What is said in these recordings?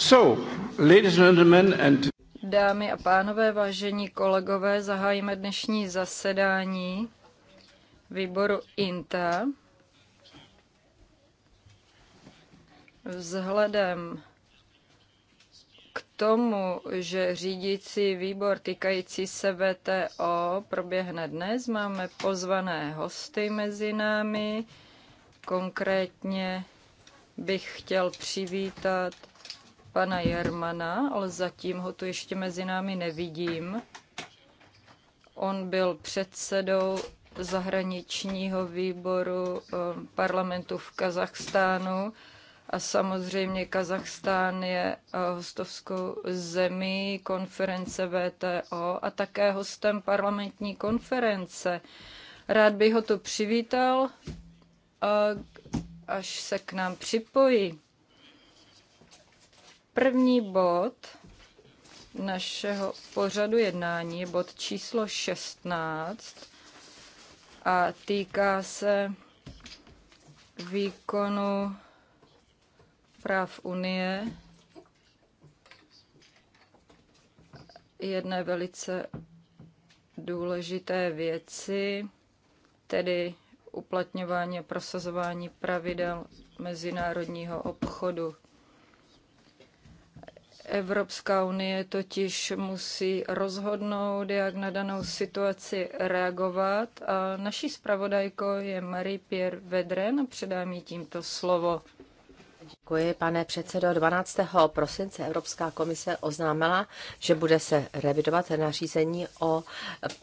So, ladies and gentlemen and... Dámy a pánové, vážení kolegové, zahájíme dnešní zasedání výboru INTA. Vzhledem k tomu, že řídící výbor týkající se VTO proběhne dnes, máme pozvané hosty mezi námi. Konkrétně bych chtěl přivítat pana Jermana, ale zatím ho tu ještě mezi námi nevidím. On byl předsedou zahraničního výboru eh, parlamentu v Kazachstánu a samozřejmě Kazachstán je eh, hostovskou zemí konference VTO a také hostem parlamentní konference. Rád bych ho tu přivítal, až se k nám připojí. První bod našeho pořadu jednání je bod číslo 16 a týká se výkonu práv Unie jedné velice důležité věci, tedy uplatňování a prosazování pravidel mezinárodního obchodu. Evropská unie totiž musí rozhodnout, jak na danou situaci reagovat. A naší zpravodajkou je Marie-Pierre Vedren a předám jí tímto slovo. Děkuji, pane předsedo. 12. prosince Evropská komise oznámila, že bude se revidovat nařízení o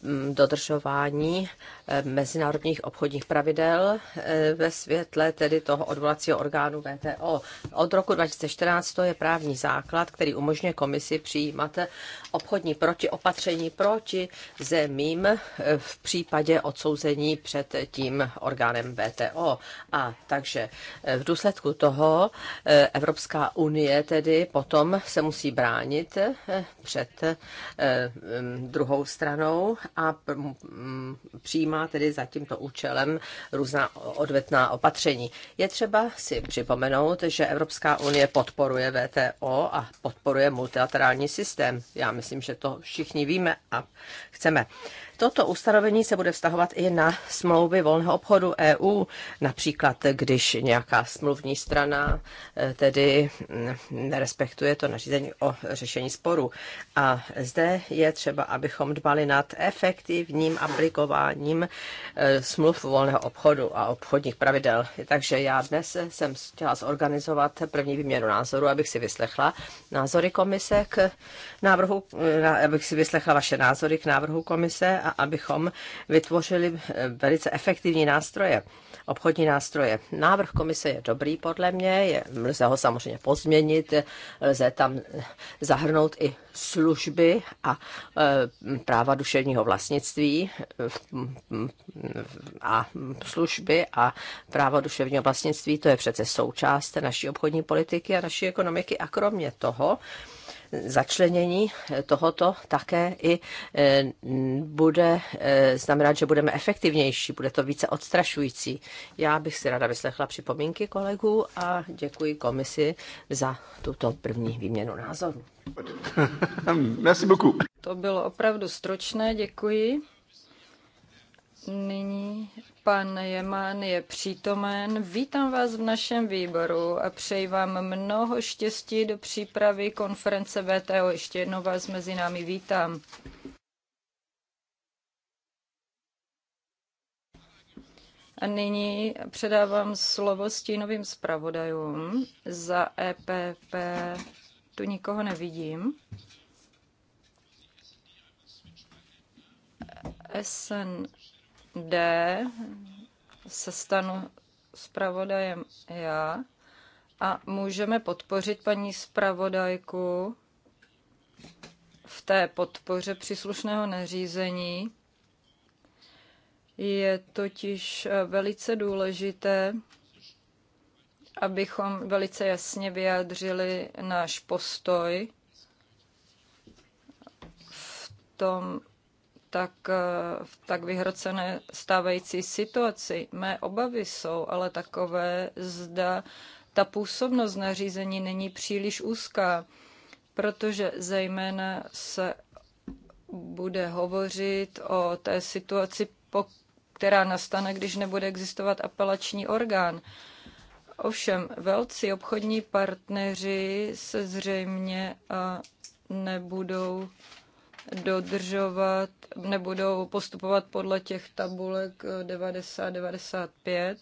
mm, dodržování eh, mezinárodních obchodních pravidel eh, ve světle tedy toho odvolacího orgánu VTO. Od roku 2014 to je právní základ, který umožňuje komisi přijímat obchodní protiopatření proti zemím eh, v případě odsouzení před tím orgánem VTO. A takže v důsledku toho Eh, Evropská unie tedy potom se musí bránit eh, před eh, mm, druhou stranou a mm, přijímá tedy za tímto účelem různá odvetná opatření. Je třeba si připomenout, že Evropská unie podporuje VTO a podporuje multilaterální systém. Já myslím, že to všichni víme a chceme. Toto ustanovení se bude vztahovat i na smlouvy volného obchodu EU, například když nějaká smluvní strana eh, tedy nerespektuje mm, to nařízení o řešení sporu. A zde je třeba, abychom dbali nad efektivním aplikováním eh, smluv volného obchodu a obchodních pravidel. Takže já dnes jsem chtěla zorganizovat první výměnu názoru, abych si vyslechla názory komise k návrhu, eh, abych si vyslechla vaše názory k návrhu komise a abychom vytvořili eh, velice efektivní nástroje, obchodní nástroje. Návrh komise je dobrý podle mě, je, lze ho samozřejmě pozměnit, lze tam zahrnout i služby a e, práva duševního vlastnictví eh, a služby a práva duševního vlastnictví, to je přece součást naší obchodní politiky a naší ekonomiky a kromě toho, začlenění tohoto také i e, bude e, znamenat, že budeme efektivnější, bude to více odstrašující. Já bych si ráda vyslechla připomínky kolegů a děkuji komisi za tuto první výměnu názorů. Merci beaucoup. To bylo opravdu stročné, děkuji. Nyní pan Jeman je přítomen. Vítám vás v našem výboru a přeji vám mnoho štěstí do přípravy konference VTO. Ještě jednou vás mezi námi vítám. A nyní předávám slovo stínovým zpravodajům za EPP. Tu nikoho nevidím. SN D se stanu zpravodajem já a můžeme podpořit paní zpravodajku v té podpoře příslušného nařízení. Je totiž eh, velice důležité, abychom velice jasně vyjádřili náš postoj v tom tak, eh, v tak vyhrocené stávající situaci. Mé obavy jsou ale takové, zda ta působnost nařízení není příliš úzká, protože zejména se bude hovořit o té situaci, která nastane, když nebude existovat apelační orgán. Ovšem, velcí obchodní partneři se zřejmě eh, nebudou dodržovat, nebudou postupovat podle těch tabulek 90-95.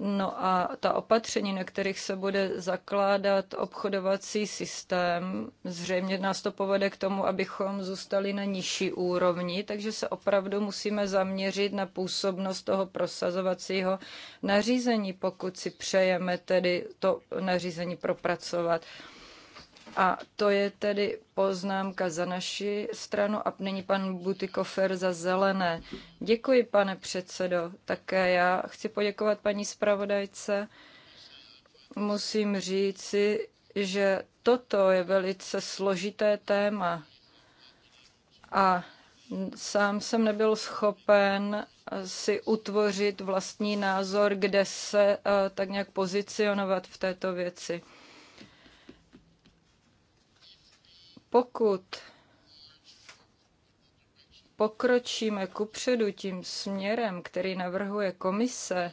No a ta opatření, na kterých se bude zakládat obchodovací systém, zřejmě nás to povede k tomu, abychom zůstali na nižší úrovni, takže se opravdu musíme zaměřit na působnost toho prosazovacího nařízení, pokud si přejeme tedy to nařízení propracovat. A to je tedy poznámka za naši stranu a nyní pan Butikofer za zelené. Děkuji, pane předsedo. Také já chci poděkovat paní zpravodajce. Musím říci, že toto je velice složité téma a sám jsem nebyl schopen si utvořit vlastní názor, kde se eh, tak nějak pozicionovat v této věci. Pokud pokročíme kupředu tím směrem, který navrhuje komise,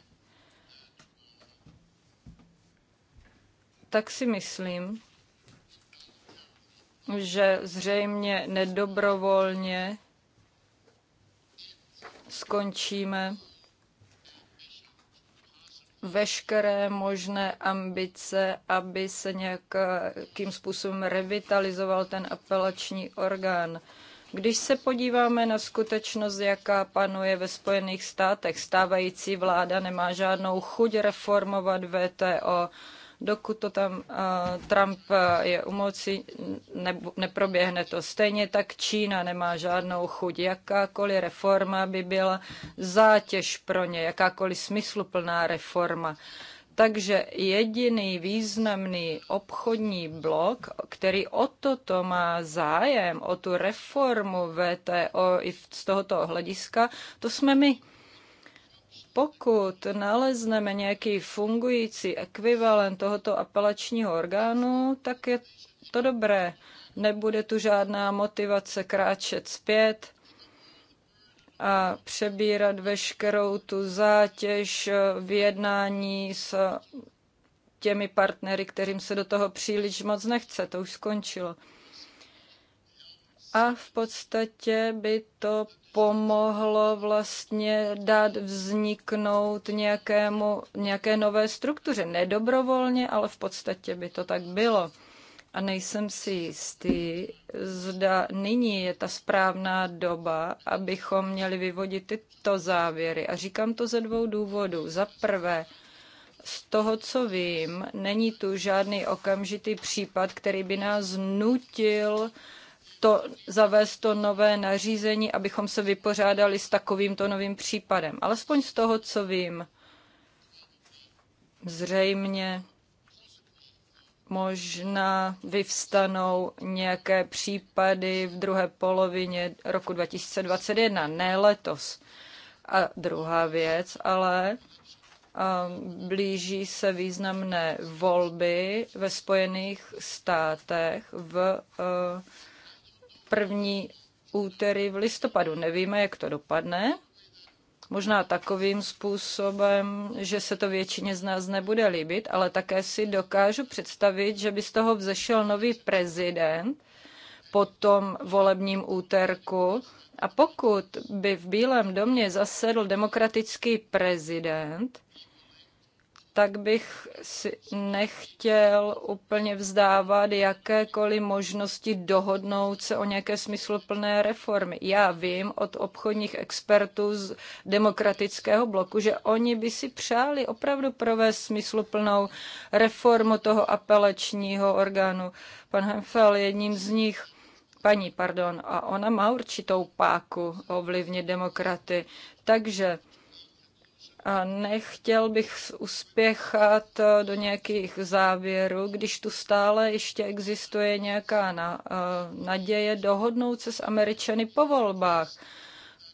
tak si myslím, že zřejmě nedobrovolně skončíme veškeré možné ambice, aby se nějakým způsobem revitalizoval ten apelační orgán. Když se podíváme na skutečnost, jaká panuje ve Spojených státech, stávající vláda nemá žádnou chuť reformovat VTO. Dokud to tam eh, Trump eh, je u moci, ne, neproběhne to. Stejně tak Čína nemá žádnou chuť. Jakákoliv reforma by byla zátěž pro ně, jakákoliv smysluplná reforma. Takže jediný významný obchodní blok, který o toto má zájem, o tu reformu VTO i z tohoto hlediska, to jsme my pokud nalezneme nějaký fungující ekvivalent tohoto apelačního orgánu, tak je to dobré. Nebude tu žádná motivace kráčet zpět a přebírat veškerou tu zátěž jednání s těmi partnery, kterým se do toho příliš moc nechce. To už skončilo a v podstatě by to pomohlo vlastně dát vzniknout nějakému, nějaké nové struktuře. Nedobrovolně, ale v podstatě by to tak bylo. A nejsem si jistý, zda nyní je ta správná doba, abychom měli vyvodit tyto závěry. A říkám to ze dvou důvodů. Za prvé, z toho, co vím, není tu žádný okamžitý případ, který by nás nutil uh, to, zavést to nové nařízení, abychom se vypořádali s takovýmto novým případem. Alespoň z toho, co vím. Zřejmě možná vyvstanou nějaké případy v druhé polovině roku 2021, ne letos. A druhá věc, ale um, blíží se významné volby ve Spojených státech v uh, první úterý v listopadu. Nevíme, jak to dopadne. Možná takovým způsobem, že se to většině z nás nebude líbit, ale také si dokážu představit, že by z toho vzešel nový prezident po tom volebním úterku. A pokud by v Bílém domě zasedl demokratický prezident, tak bych si nechtěl úplně vzdávat jakékoliv možnosti dohodnout se o nějaké smysluplné reformy. Já vím od obchodních expertů z demokratického bloku, že oni by si přáli opravdu provést smysluplnou reformu toho apelačního orgánu. Pan Hemfel je jedním z nich paní, pardon, a ona má určitou páku ovlivnit demokraty. Takže nechtěl bych uspěchat do nějakých závěrů, když tu stále ještě existuje nějaká eh, naděje dohodnout se s Američany po volbách.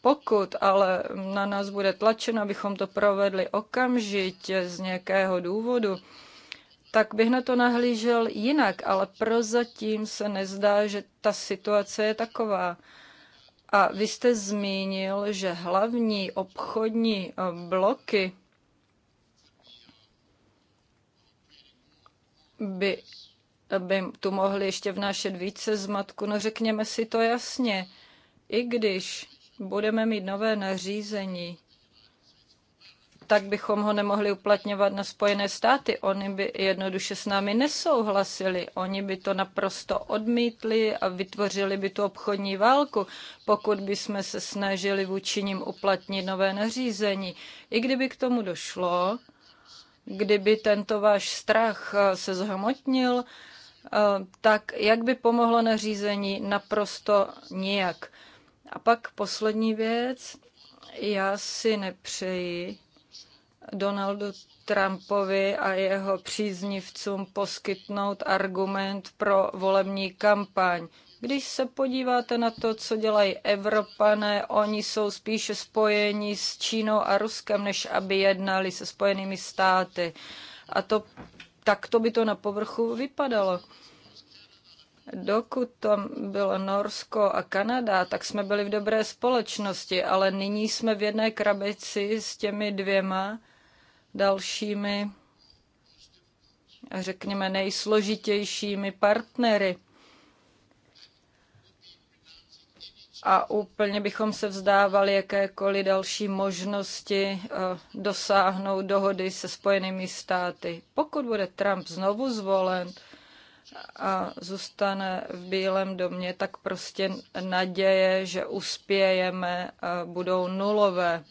Pokud ale na nás bude tlačeno, abychom to provedli okamžitě z nějakého důvodu, tak bych na to nahlížel jinak, ale prozatím se nezdá, že ta situace je taková. A vy jste zmínil, že hlavní obchodní eh, bloky by, by tu mohly ještě vnášet více zmatku. No řekněme si to jasně. I když budeme mít nové nařízení, tak bychom ho nemohli uplatňovat na Spojené státy. Oni by jednoduše s námi nesouhlasili. Oni by to naprosto odmítli a vytvořili by tu obchodní válku, pokud by jsme se snažili vůči ním uplatnit nové nařízení. I kdyby k tomu došlo, kdyby tento váš strach eh, se zhmotnil, eh, tak jak by pomohlo nařízení? Naprosto nijak. A pak poslední věc. Já si nepřeji, Donaldu Trumpovi a jeho příznivcům poskytnout argument pro volební kampaň. Když se podíváte na to, co dělají Evropané, oni jsou spíše spojeni s Čínou a Ruskem, než aby jednali se spojenými státy. A to, tak to by to na povrchu vypadalo. Dokud tam bylo Norsko a Kanada, tak jsme byli v dobré společnosti, ale nyní jsme v jedné krabici s těmi dvěma dalšími, řekněme, nejsložitějšími partnery. A úplně bychom se vzdávali jakékoliv další možnosti eh, dosáhnout dohody se Spojenými státy. Pokud bude Trump znovu zvolen, a zůstane v Bílém domě, tak prostě naděje, že uspějeme, eh, budou nulové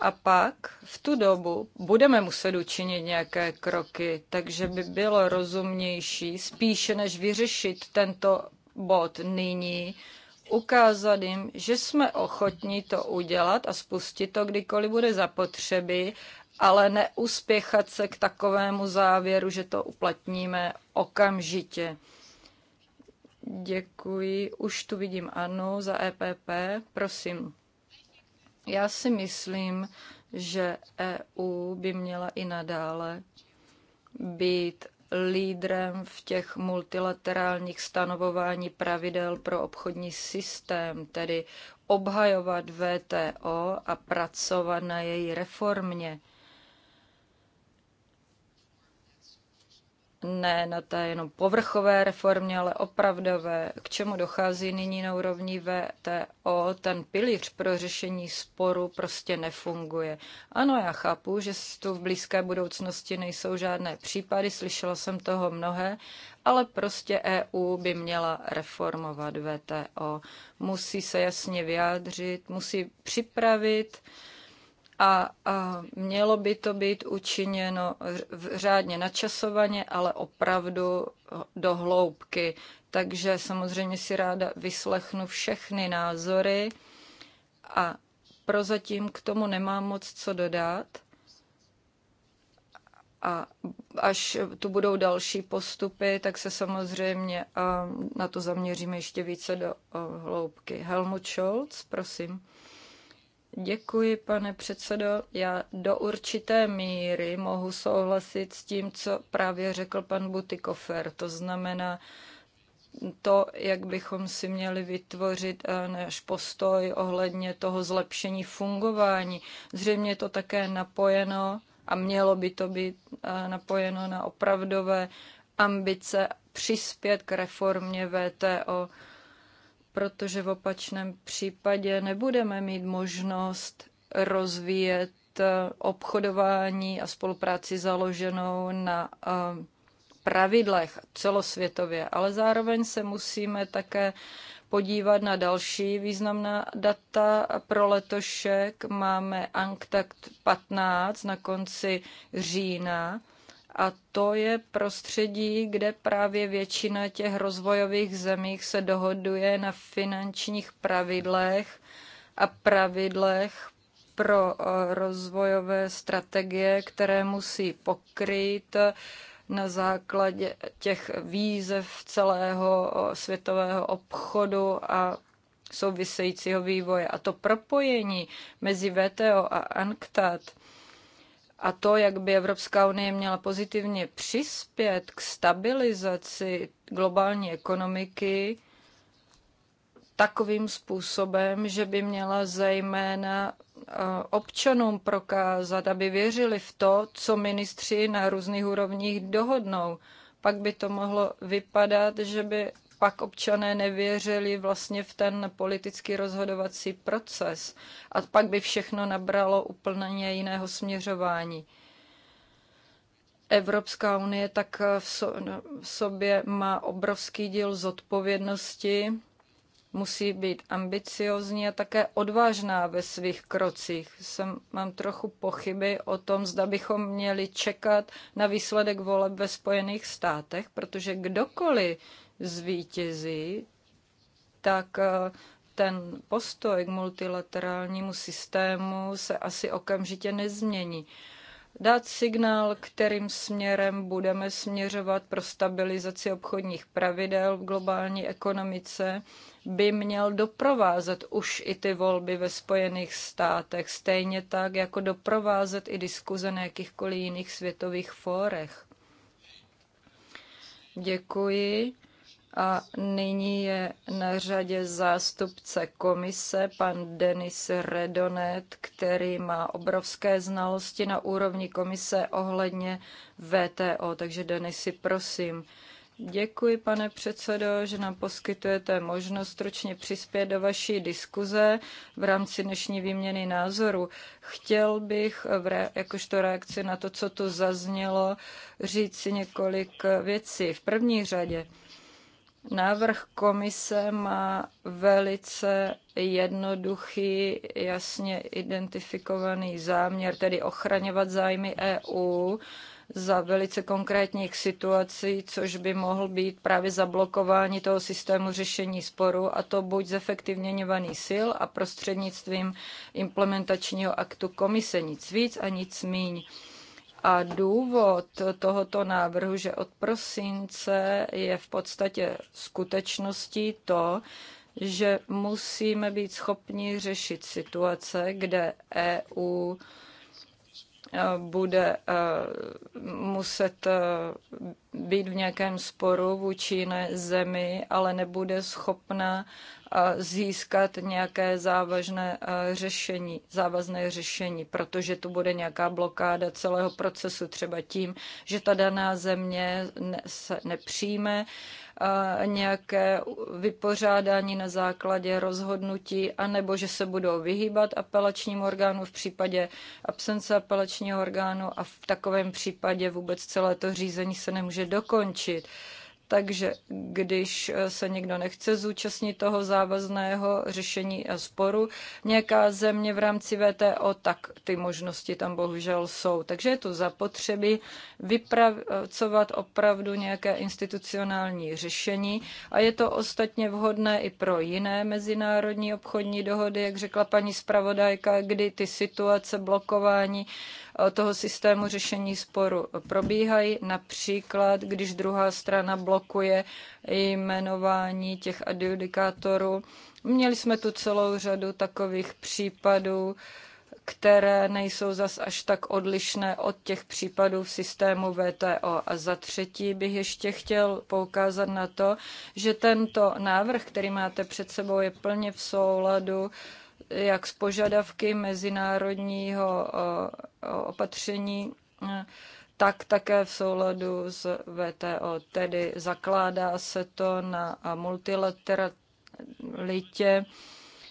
a pak v tu dobu budeme muset učinit nějaké kroky, takže by bylo rozumnější spíše než vyřešit tento bod nyní, ukázat jim, že jsme ochotní to udělat a spustit to, kdykoliv bude zapotřeby, ale neuspěchat se k takovému závěru, že to uplatníme okamžitě. Děkuji. Už tu vidím Anu za EPP. Prosím. Já si myslím, že EU by měla i nadále být lídrem v těch multilaterálních stanovování pravidel pro obchodní systém, tedy obhajovat VTO a pracovat na její reformě. ne na té jenom povrchové reformě, ale opravdové, k čemu dochází nyní na úrovni VTO, ten pilíř pro řešení sporu prostě nefunguje. Ano, já chápu, že tu v blízké budoucnosti nejsou žádné případy, slyšela jsem toho mnohé, ale prostě EU by měla reformovat VTO. Musí se jasně vyjádřit, musí připravit uh, a, a mělo by to být učiněno řádně načasovaně, ale opravdu do hloubky. Takže samozřejmě si ráda vyslechnu všechny názory a prozatím k tomu nemám moc co dodat. A až tu budou další postupy, tak se samozřejmě na to zaměříme ještě více do hloubky. Helmut Scholz, prosím. Děkuji, pane předsedo. Já do určité míry mohu souhlasit s tím, co právě řekl pan Butikofer. To znamená, to, jak bychom si měli vytvořit eh, náš postoj ohledně toho zlepšení fungování. Zřejmě je to také napojeno a mělo by to být eh, napojeno na opravdové ambice přispět k reformě VTO protože v opačném případě nebudeme mít možnost rozvíjet eh, obchodování a spolupráci založenou na eh, pravidlech celosvětově, ale zároveň se musíme také podívat na další významná data pro letošek. Máme Anktakt 15 na konci října a to je prostředí, kde právě většina těch rozvojových zemích se dohoduje na finančních pravidlech a pravidlech pro eh, rozvojové strategie, které musí pokrýt eh, na základě těch výzev celého eh, světového obchodu a souvisejícího vývoje. A to propojení mezi VTO a UNCTAD – a to, jak by Evropská unie měla pozitivně přispět k stabilizaci globální ekonomiky takovým způsobem, že by měla zejména eh, občanům prokázat, aby věřili v to, co ministři na různých úrovních dohodnou. Pak by to mohlo vypadat, že by pak občané nevěřili vlastně v ten politický rozhodovací proces a pak by všechno nabralo úplně jiného směřování. Evropská unie tak v no, sobě má obrovský díl zodpovědnosti, musí být ambiciozní a také odvážná ve svých krocích. Jsem, mám trochu pochyby o tom, zda bychom měli čekat na výsledek voleb ve Spojených státech, protože kdokoliv zvítězí, tak eh, ten postoj k multilaterálnímu systému se asi okamžitě nezmění. Dát signál, kterým směrem budeme směřovat pro stabilizaci obchodních pravidel v globální ekonomice, by měl doprovázet už i ty volby ve Spojených státech, stejně tak jako doprovázet i diskuze na jakýchkoliv jiných světových fórech. Děkuji. A nyní je na řadě zástupce komise, pan Denis Redonet, který má obrovské znalosti na úrovni komise ohledně VTO. Takže Denisi, prosím. Děkuji, pane předsedo, že nám poskytujete možnost stručně přispět do vaší diskuze v rámci dnešní výměny názoru. Chtěl bych, re, jakožto reakci na to, co tu zaznělo, říct si několik věcí. V první řadě Návrh komise má velice jednoduchý, jasně identifikovaný záměr, tedy ochraňovat zájmy EU za velice konkrétních situací, což by mohl být právě zablokování toho systému řešení sporu, a to buď zefektivnění sil a prostřednictvím implementačního aktu komise. Nic víc a nic míň. A důvod tohoto návrhu, že od prosince je v podstatě skutečností to, že musíme být schopni řešit situace, kde EU eh, bude eh, muset eh, být v nějakém sporu vůči jiné zemi, ale nebude schopna získat nějaké závažné řešení, závazné řešení, protože tu bude nějaká blokáda celého procesu, třeba tím, že ta daná země se nepřijme nějaké vypořádání na základě rozhodnutí, anebo že se budou vyhýbat apelačním orgánu v případě absence apelačního orgánu a v takovém případě vůbec celé to řízení se nemůže dokončit. Takže když eh, se někdo nechce zúčastnit toho závazného řešení a sporu, nějaká země v rámci VTO, tak ty možnosti tam bohužel jsou. Takže je tu zapotřebí vypracovat opravdu nějaké institucionální řešení a je to ostatně vhodné i pro jiné mezinárodní obchodní dohody, jak řekla paní zpravodajka, kdy ty situace blokování toho systému řešení sporu probíhají. Například, když druhá strana blokuje jmenování těch adjudikátorů. Měli jsme tu celou řadu takových případů, které nejsou zas až tak odlišné od těch případů v systému VTO. A za třetí bych ještě chtěl poukázat na to, že tento návrh, který máte před sebou, je plně v souladu jak z požadavky mezinárodního eh, opatření, eh, tak také v souladu s VTO. Tedy zakládá se to na multilateralitě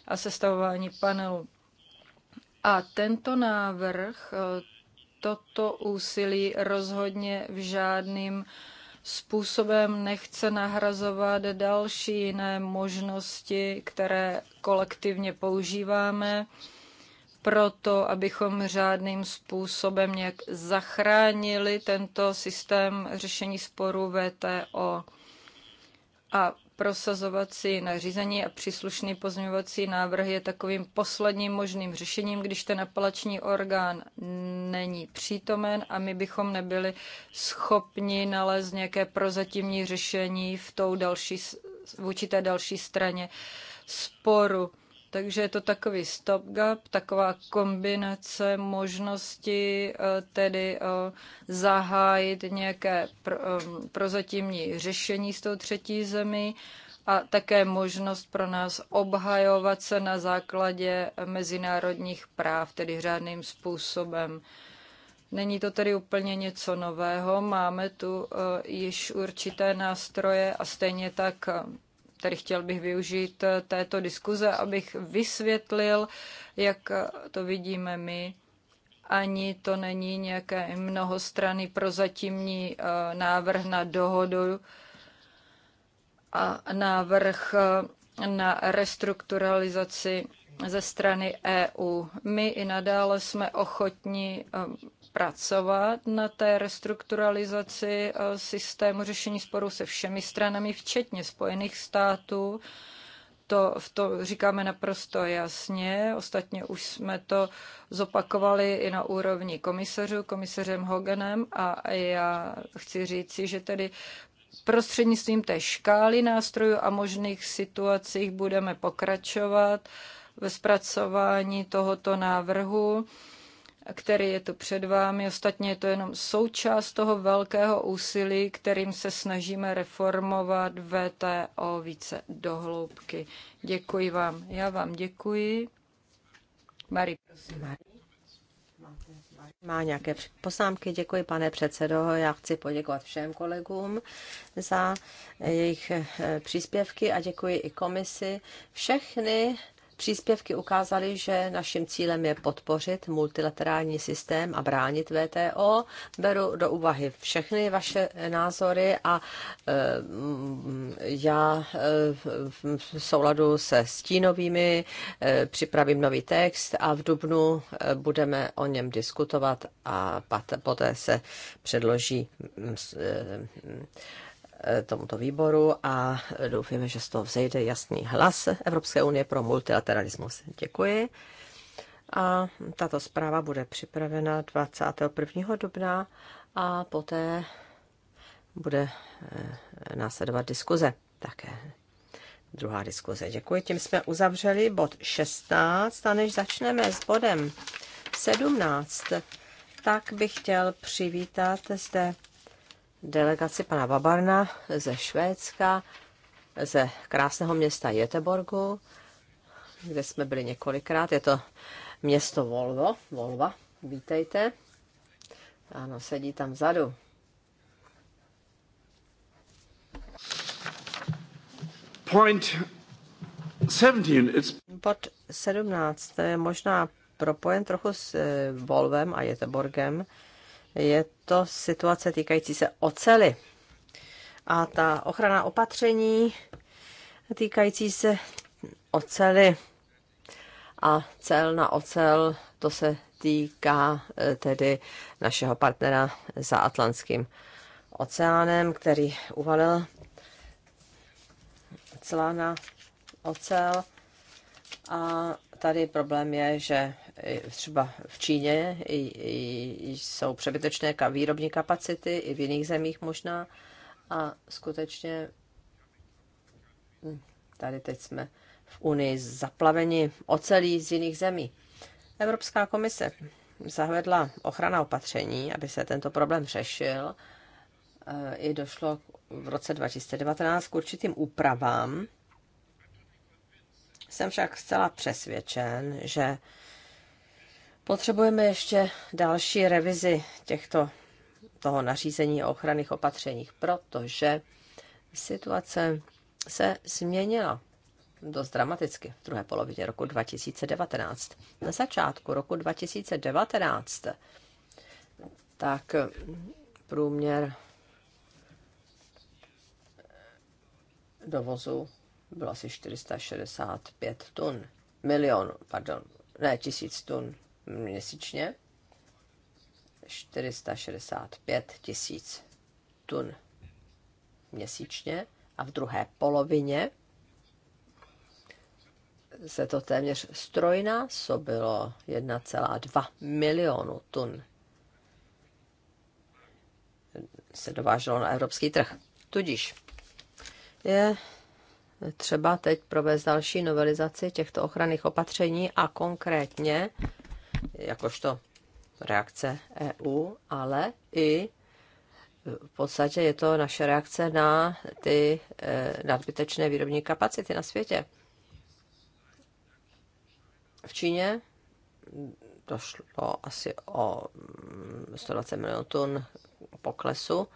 a sestavování panelu. A tento návrh eh, toto úsilí rozhodně v žádným způsobem nechce nahrazovat další jiné možnosti, které kolektivně používáme, proto abychom řádným způsobem nějak zachránili tento systém řešení sporů VTO. A prosazovací nařízení a příslušný pozměňovací návrh je takovým posledním možným řešením, když ten apelační orgán není přítomen a my bychom nebyli schopni nalézt nějaké prozatímní řešení v tou další, vůči té další straně sporu. Takže je to takový stopgap, taková kombinace možnosti eh, tedy eh, zahájit nějaké eh, prozatímní řešení s tou třetí zemí a také možnost pro nás obhajovat se na základě mezinárodních práv, tedy řádným způsobem. Není to tedy úplně něco nového, máme tu již určité nástroje a stejně tak Tady chtěl bych využít eh, této diskuze, abych vysvětlil, jak eh, to vidíme my. Ani to není nějaké mnohostranný prozatímní eh, návrh na dohodu a návrh na restrukturalizaci ze strany EU. My i nadále jsme ochotni pracovat na té restrukturalizaci eh, systému řešení sporů se všemi stranami, včetně Spojených států. To, v to říkáme naprosto jasně. Ostatně už jsme to zopakovali i na úrovni komisařů, komisařem Hoganem a já chci říci, že tedy prostřednictvím té škály nástrojů a možných situacích budeme pokračovat ve zpracování tohoto návrhu který je tu před vámi. Ostatně je to jenom součást toho velkého úsilí, kterým se snažíme reformovat VTO více dohloubky. Děkuji vám. Já vám děkuji. Marie, prosím. Má nějaké poznámky? Děkuji, pane předsedo. Já chci poděkovat všem kolegům za jejich eh, příspěvky a děkuji i komisi. Všechny Příspěvky ukázaly, že naším cílem je podpořit multilaterální systém a bránit VTO. Beru do úvahy všechny vaše názory a eh, já eh, v souladu se stínovými eh, připravím nový text a v Dubnu budeme o něm diskutovat a poté se předloží mm, Eh, tomuto výboru a doufíme, že z toho vzejde jasný hlas Evropské unie pro multilateralismus. Děkuji. A tato zpráva bude připravena 21. dubna a poté bude eh, následovat diskuze také. Druhá diskuze. Děkuji. Tím jsme uzavřeli bod 16 a než začneme s bodem 17, tak bych chtěl přivítat zde delegaci pana Babarna ze Švédska, ze krásného města Jeteborgu, kde jsme byli několikrát. Je to město Volvo, Volva, vítejte. Ano, sedí tam vzadu. Point 17, Pod 17 je možná propojen trochu s eh, Volvem a Jeteborgem. Je to situace týkající se ocely. A ta ochrana opatření týkající se ocely a cel na ocel, to se týká e, tedy našeho partnera za Atlantským oceánem, který uvalil cla na ocel. A tady problém je, že třeba v Číně jsou přebytečné výrobní kapacity, i v jiných zemích možná. A skutečně hm, tady teď jsme v Unii zaplaveni ocelí z jiných zemí. Evropská komise zavedla ochrana opatření, aby se tento problém řešil. Eh, I došlo v roce 2019 k určitým úpravám. Jsem však zcela přesvědčen, že Potřebujeme ještě další revizi těchto toho nařízení o ochranných opatřeních, protože situace se změnila dost dramaticky v druhé polovině roku 2019. Na začátku roku 2019 tak průměr dovozu byl asi 465 tun, milion, pardon, ne, tisíc tun měsíčně 465 tisíc tun měsíčně a v druhé polovině se to téměř strojnásobilo 1,2 milionu tun se dováželo na evropský trh. Tudíž je třeba teď provést další novelizaci těchto ochranných opatření a konkrétně jakožto reakce EU, ale i v podstatě je to naše reakce na ty e, nadbytečné výrobní kapacity na světě. V Číně došlo asi o 120 mm, milionů tun poklesu,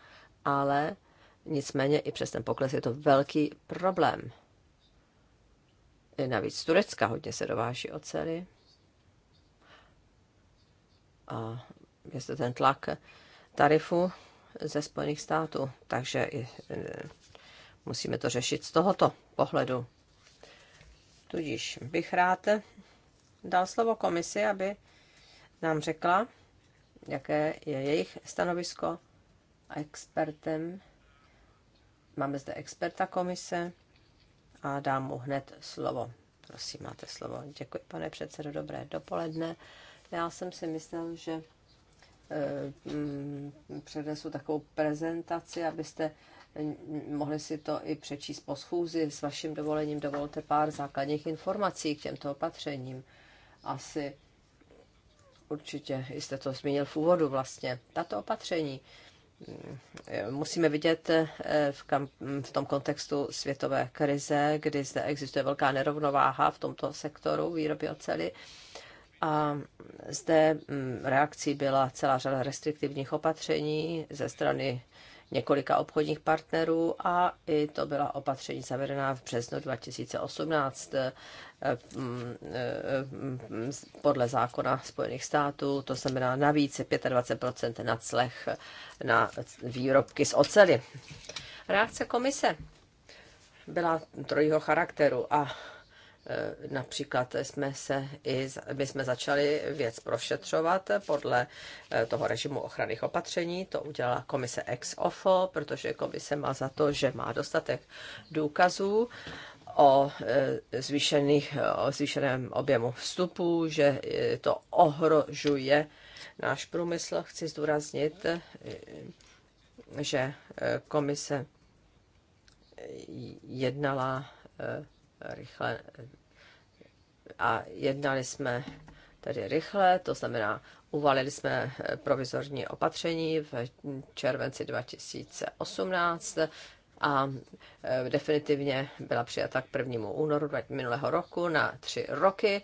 ale nicméně i přes ten pokles je to velký problém. I navíc z Turecka hodně se dováží ocely a ten tlak tarifu ze Spojených států, takže i, e, musíme to řešit z tohoto pohledu. Tudíž bych rád dal slovo komisi, aby nám řekla, jaké je jejich stanovisko expertem. Máme zde experta komise a dám mu hned slovo. Prosím, máte slovo. Děkuji, pane předsedo, dobré dopoledne. Já jsem si myslel, že e, mm, přednesu takovou prezentaci, abyste mohli si to i přečíst po schůzi. S vaším dovolením dovolte pár základních informací k těmto opatřením. Asi určitě jste to zmínil v úvodu vlastně. Tato opatření mm, musíme vidět e, v, kam, v tom kontextu světové krize, kdy zde existuje velká nerovnováha v tomto sektoru výroby oceli a zde mm, reakcí byla celá řada restriktivních opatření ze strany několika obchodních partnerů a i to byla opatření zavedená v březnu 2018 eh, mm, eh, mm, podle zákona Spojených států, to znamená navíc 25 na clech na výrobky z ocely. Reakce komise byla trojího charakteru a Eh, například jsme se i, my jsme začali věc prošetřovat podle eh, toho režimu ochranných opatření. To udělala komise ex ofo, protože komise má za to, že má dostatek důkazů o, eh, zvýšených, o zvýšeném objemu vstupu, že to ohrožuje náš průmysl. Chci zdůraznit, že komise jednala rychle a jednali jsme tedy rychle, to znamená, uvalili jsme eh, provizorní opatření v červenci 2018 a eh, definitivně byla přijata k 1. únoru minulého roku na tři roky.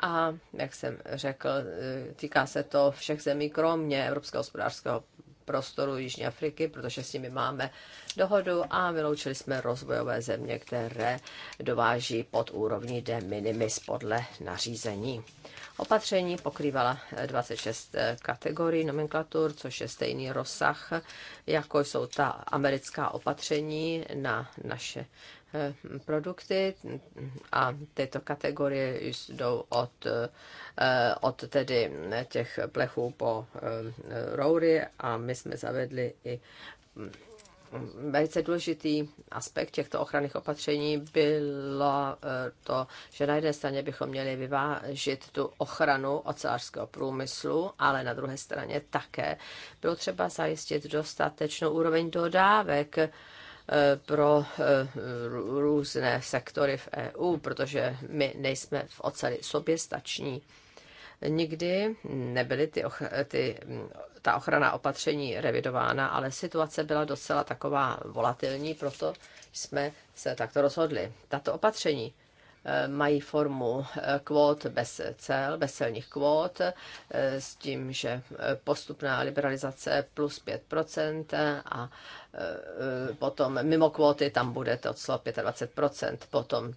A jak jsem řekl, eh, týká se to všech zemí, kromě Evropského hospodářského prostoru Jižní Afriky, protože s nimi máme dohodu a vyloučili jsme rozvojové země, které dováží pod úrovní de minimis podle nařízení. Opatření pokrývala 26 kategorií nomenklatur, což je stejný rozsah, jako jsou ta americká opatření na naše Eh, produkty a tyto kategorie jdou od, eh, od tedy těch plechů po eh, roury a my jsme zavedli i mm, velice důležitý aspekt těchto ochranných opatření bylo to, že na jedné straně bychom měli vyvážit tu ochranu ocelářského průmyslu, ale na druhé straně také bylo třeba zajistit dostatečnou úroveň dodávek Eh, pro eh, různé sektory v EU, protože my nejsme v oceli soběstační. Nikdy nebyly ty, ty, mm, ta ochrana opatření revidována, ale situace byla docela taková volatilní, proto jsme se takto rozhodli. Tato opatření eh, mají formu kvót bez cel, bez celních kvót, s tím, že postupná liberalizace plus 5% a Eh, potom mimo kvóty tam bude to clo 25%, potom,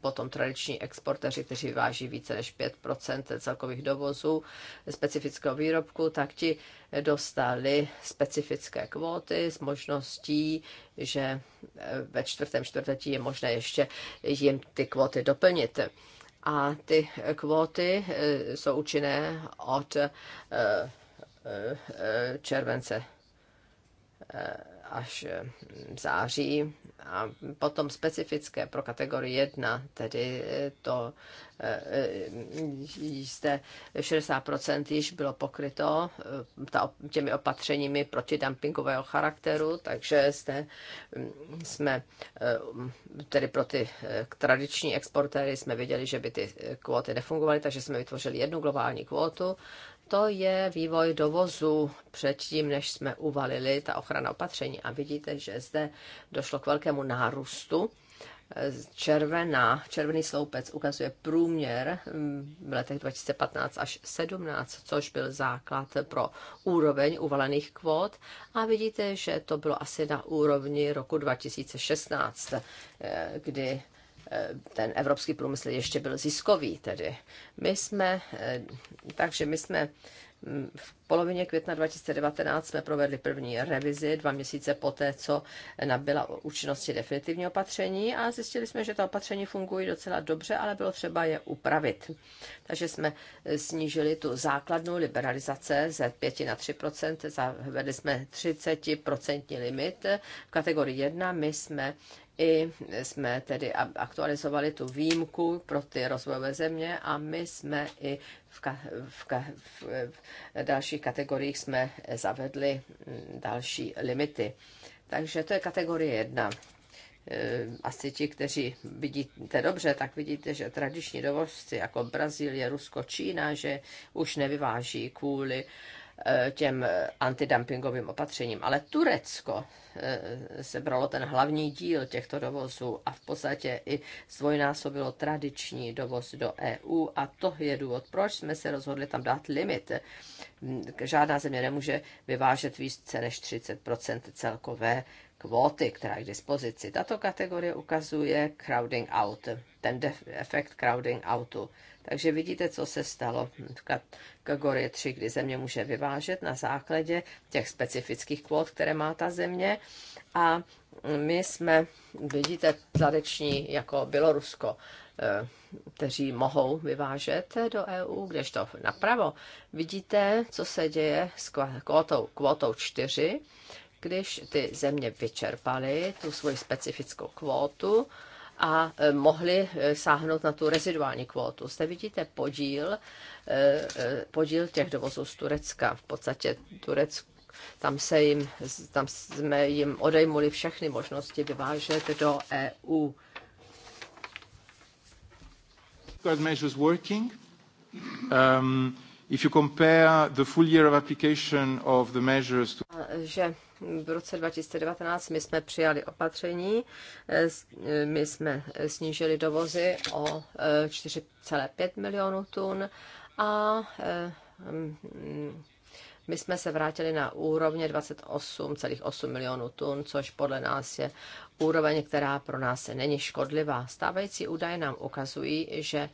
potom tradiční exporteři, kteří váží více než 5% celkových dovozů specifického výrobku, tak ti dostali specifické kvóty s možností, že eh, ve čtvrtém čtvrtletí je možné ještě jim ty kvóty doplnit. A ty kvóty eh, jsou účinné od července Eh, až v eh, září a potom specifické pro kategorii 1, tedy eh, to jste 60% již bylo pokryto těmi opatřeními protidumpingového charakteru, takže jste, mm, jsme tedy pro ty tradiční exportéry jsme viděli, že by ty kvóty nefungovaly, takže jsme vytvořili jednu globální kvótu to je vývoj dovozu předtím, než jsme uvalili ta ochrana opatření. A vidíte, že zde došlo k velkému nárůstu. Červená, červený sloupec ukazuje průměr mm, v letech 2015 až 17, což byl základ pro úroveň uvalených kvót. A vidíte, že to bylo asi na úrovni roku 2016, eh, kdy Eh, ten evropský průmysl ještě byl ziskový tedy. My jsme, eh, takže my jsme mm, v polovině května 2019 jsme provedli první revizi, dva měsíce poté, co nabyla účinnosti definitivní opatření a zjistili jsme, že ta opatření fungují docela dobře, ale bylo třeba je upravit. Takže jsme eh, snížili tu základnou liberalizace ze 5 na 3 zavedli jsme 30% limit. V kategorii 1 my jsme i jsme tedy aktualizovali tu výjimku pro ty rozvojové země a my jsme i v, ka, v, ka, v, v dalších kategoriích jsme zavedli mm, další limity. Takže to je kategorie jedna. Eh, asi ti, kteří vidíte dobře, tak vidíte, že tradiční dovozci jako Brazílie, Rusko, Čína, že už nevyváží kvůli uh, Eh, těm antidumpingovým opatřením. Ale Turecko eh, sebralo ten hlavní díl těchto dovozů a v podstatě i zdvojnásobilo tradiční dovoz do EU a to je důvod, proč jsme se rozhodli tam dát limit. Hm, žádná země nemůže vyvážet více než 30 celkové kvóty, která je k dispozici. Tato kategorie ukazuje crowding out, ten efekt crowding outu. Takže vidíte, co se stalo v kategorii 3, kdy země může vyvážet na základě těch specifických kvót, které má ta země. A my jsme, vidíte, tradiční jako Bělorusko, eh, kteří mohou vyvážet do EU, kdežto napravo vidíte, co se děje s kvótou kvotou 4, když ty země vyčerpaly tu svoji specifickou kvótu a e, mohly e, sáhnout na tu reziduální kvótu. Zde vidíte podíl, e, podíl těch dovozů z Turecka. V podstatě Turecku tam, se jim, tam jsme jim odejmuli všechny možnosti vyvážet do EU. measures working. Um, if you compare the full year of application of the measures to... Že v roce 2019 my jsme přijali opatření, eh, eh, my jsme snížili dovozy o 4,5 eh, milionů tun a mm, my jsme se vrátili na úrovně 28,8 milionů tun, což podle nás je úroveň, která pro nás není škodlivá. Stávající údaje nám ukazují, že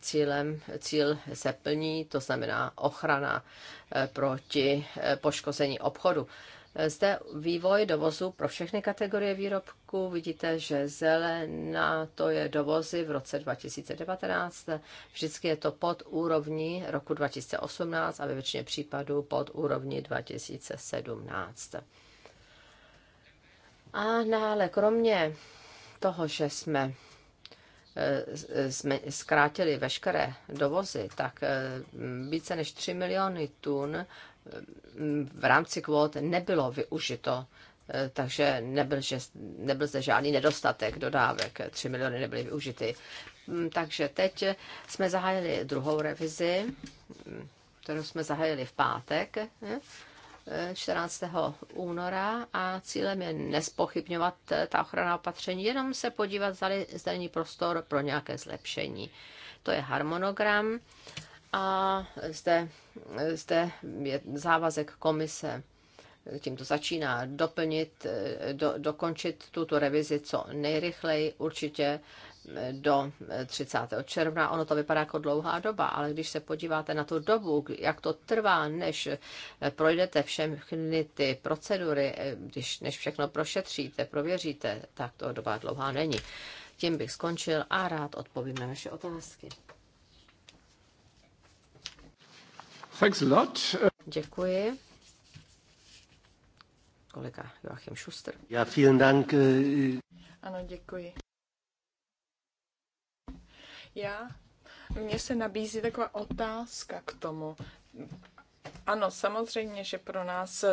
cílem, cíl se plní, to znamená ochrana eh, proti eh, poškození obchodu. Zde vývoj dovozu pro všechny kategorie výrobků. Vidíte, že zelená to je dovozy v roce 2019. Vždycky je to pod úrovní roku 2018 a ve většině případů pod úrovni 2017. A nále, kromě toho, že jsme Eh, zkrátili veškeré dovozy, tak eh, více než 3 miliony tun eh, v rámci kvót nebylo využito, takže nebyl, že, nebyl zde žádný nedostatek dodávek, 3 miliony nebyly využity. Mm, takže teď jsme zahájili druhou revizi, mm, kterou jsme zahájili v pátek. 14. února a cílem je nespochybňovat ta ochrana opatření, jenom se podívat, zda není prostor pro nějaké zlepšení. To je harmonogram a zde, zde je závazek komise tím to začíná doplnit, do, dokončit tuto revizi co nejrychleji. Určitě do 30. Eh, června. Ono to vypadá jako dlouhá doba, ale když se podíváte na tu dobu, jak to trvá, než eh, projdete všechny ty procedury, eh, když, než všechno prošetříte, prověříte, tak to doba dlouhá není. Tím bych skončil a rád odpovím na vaše otázky. Thanks a lot. Děkuji. Kolega Joachim Schuster. Ja, vielen Dank. Ano, děkuji. Já, mně se nabízí taková otázka k tomu. Ano, samozřejmě, že pro nás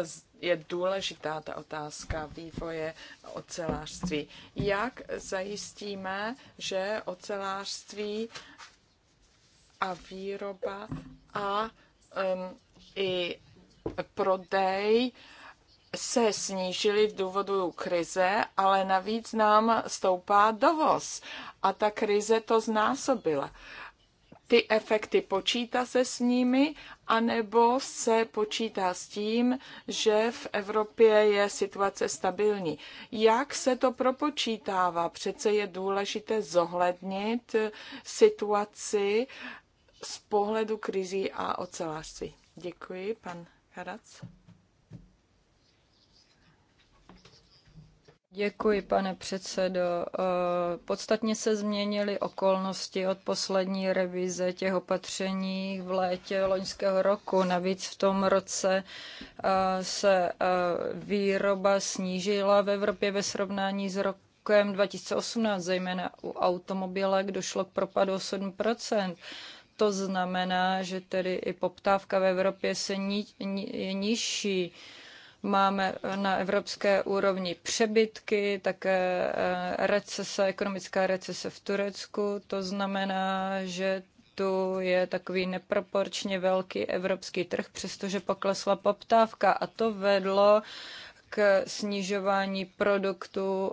je důležitá ta otázka vývoje ocelářství. Jak zajistíme, že ocelářství a výroba a um, i prodej uh, se snížily v důvodu krize, ale navíc nám stoupá dovoz a ta krize to znásobila. Ty efekty počítá se s nimi, anebo se počítá s tím, že v Evropě je situace stabilní. Jak se to propočítává? Přece je důležité zohlednit situaci z pohledu krizí a ocelářství. Děkuji, pan Karac. Děkuji, pane předsedo. Eh, podstatně se změnily okolnosti od poslední revize těch opatření v létě loňského roku. Navíc v tom roce eh, se eh, výroba snížila v Evropě ve srovnání s rokem rokem 2018, zejména u automobilek, došlo k propadu 8%. To znamená, že tedy i poptávka v Evropě se ni, ni, je nižší. Máme eh, na evropské úrovni přebytky, také eh, recese, ekonomická recese v Turecku. To znamená, že tu je takový neproporčně velký evropský trh, přestože poklesla poptávka a to vedlo k snižování produktu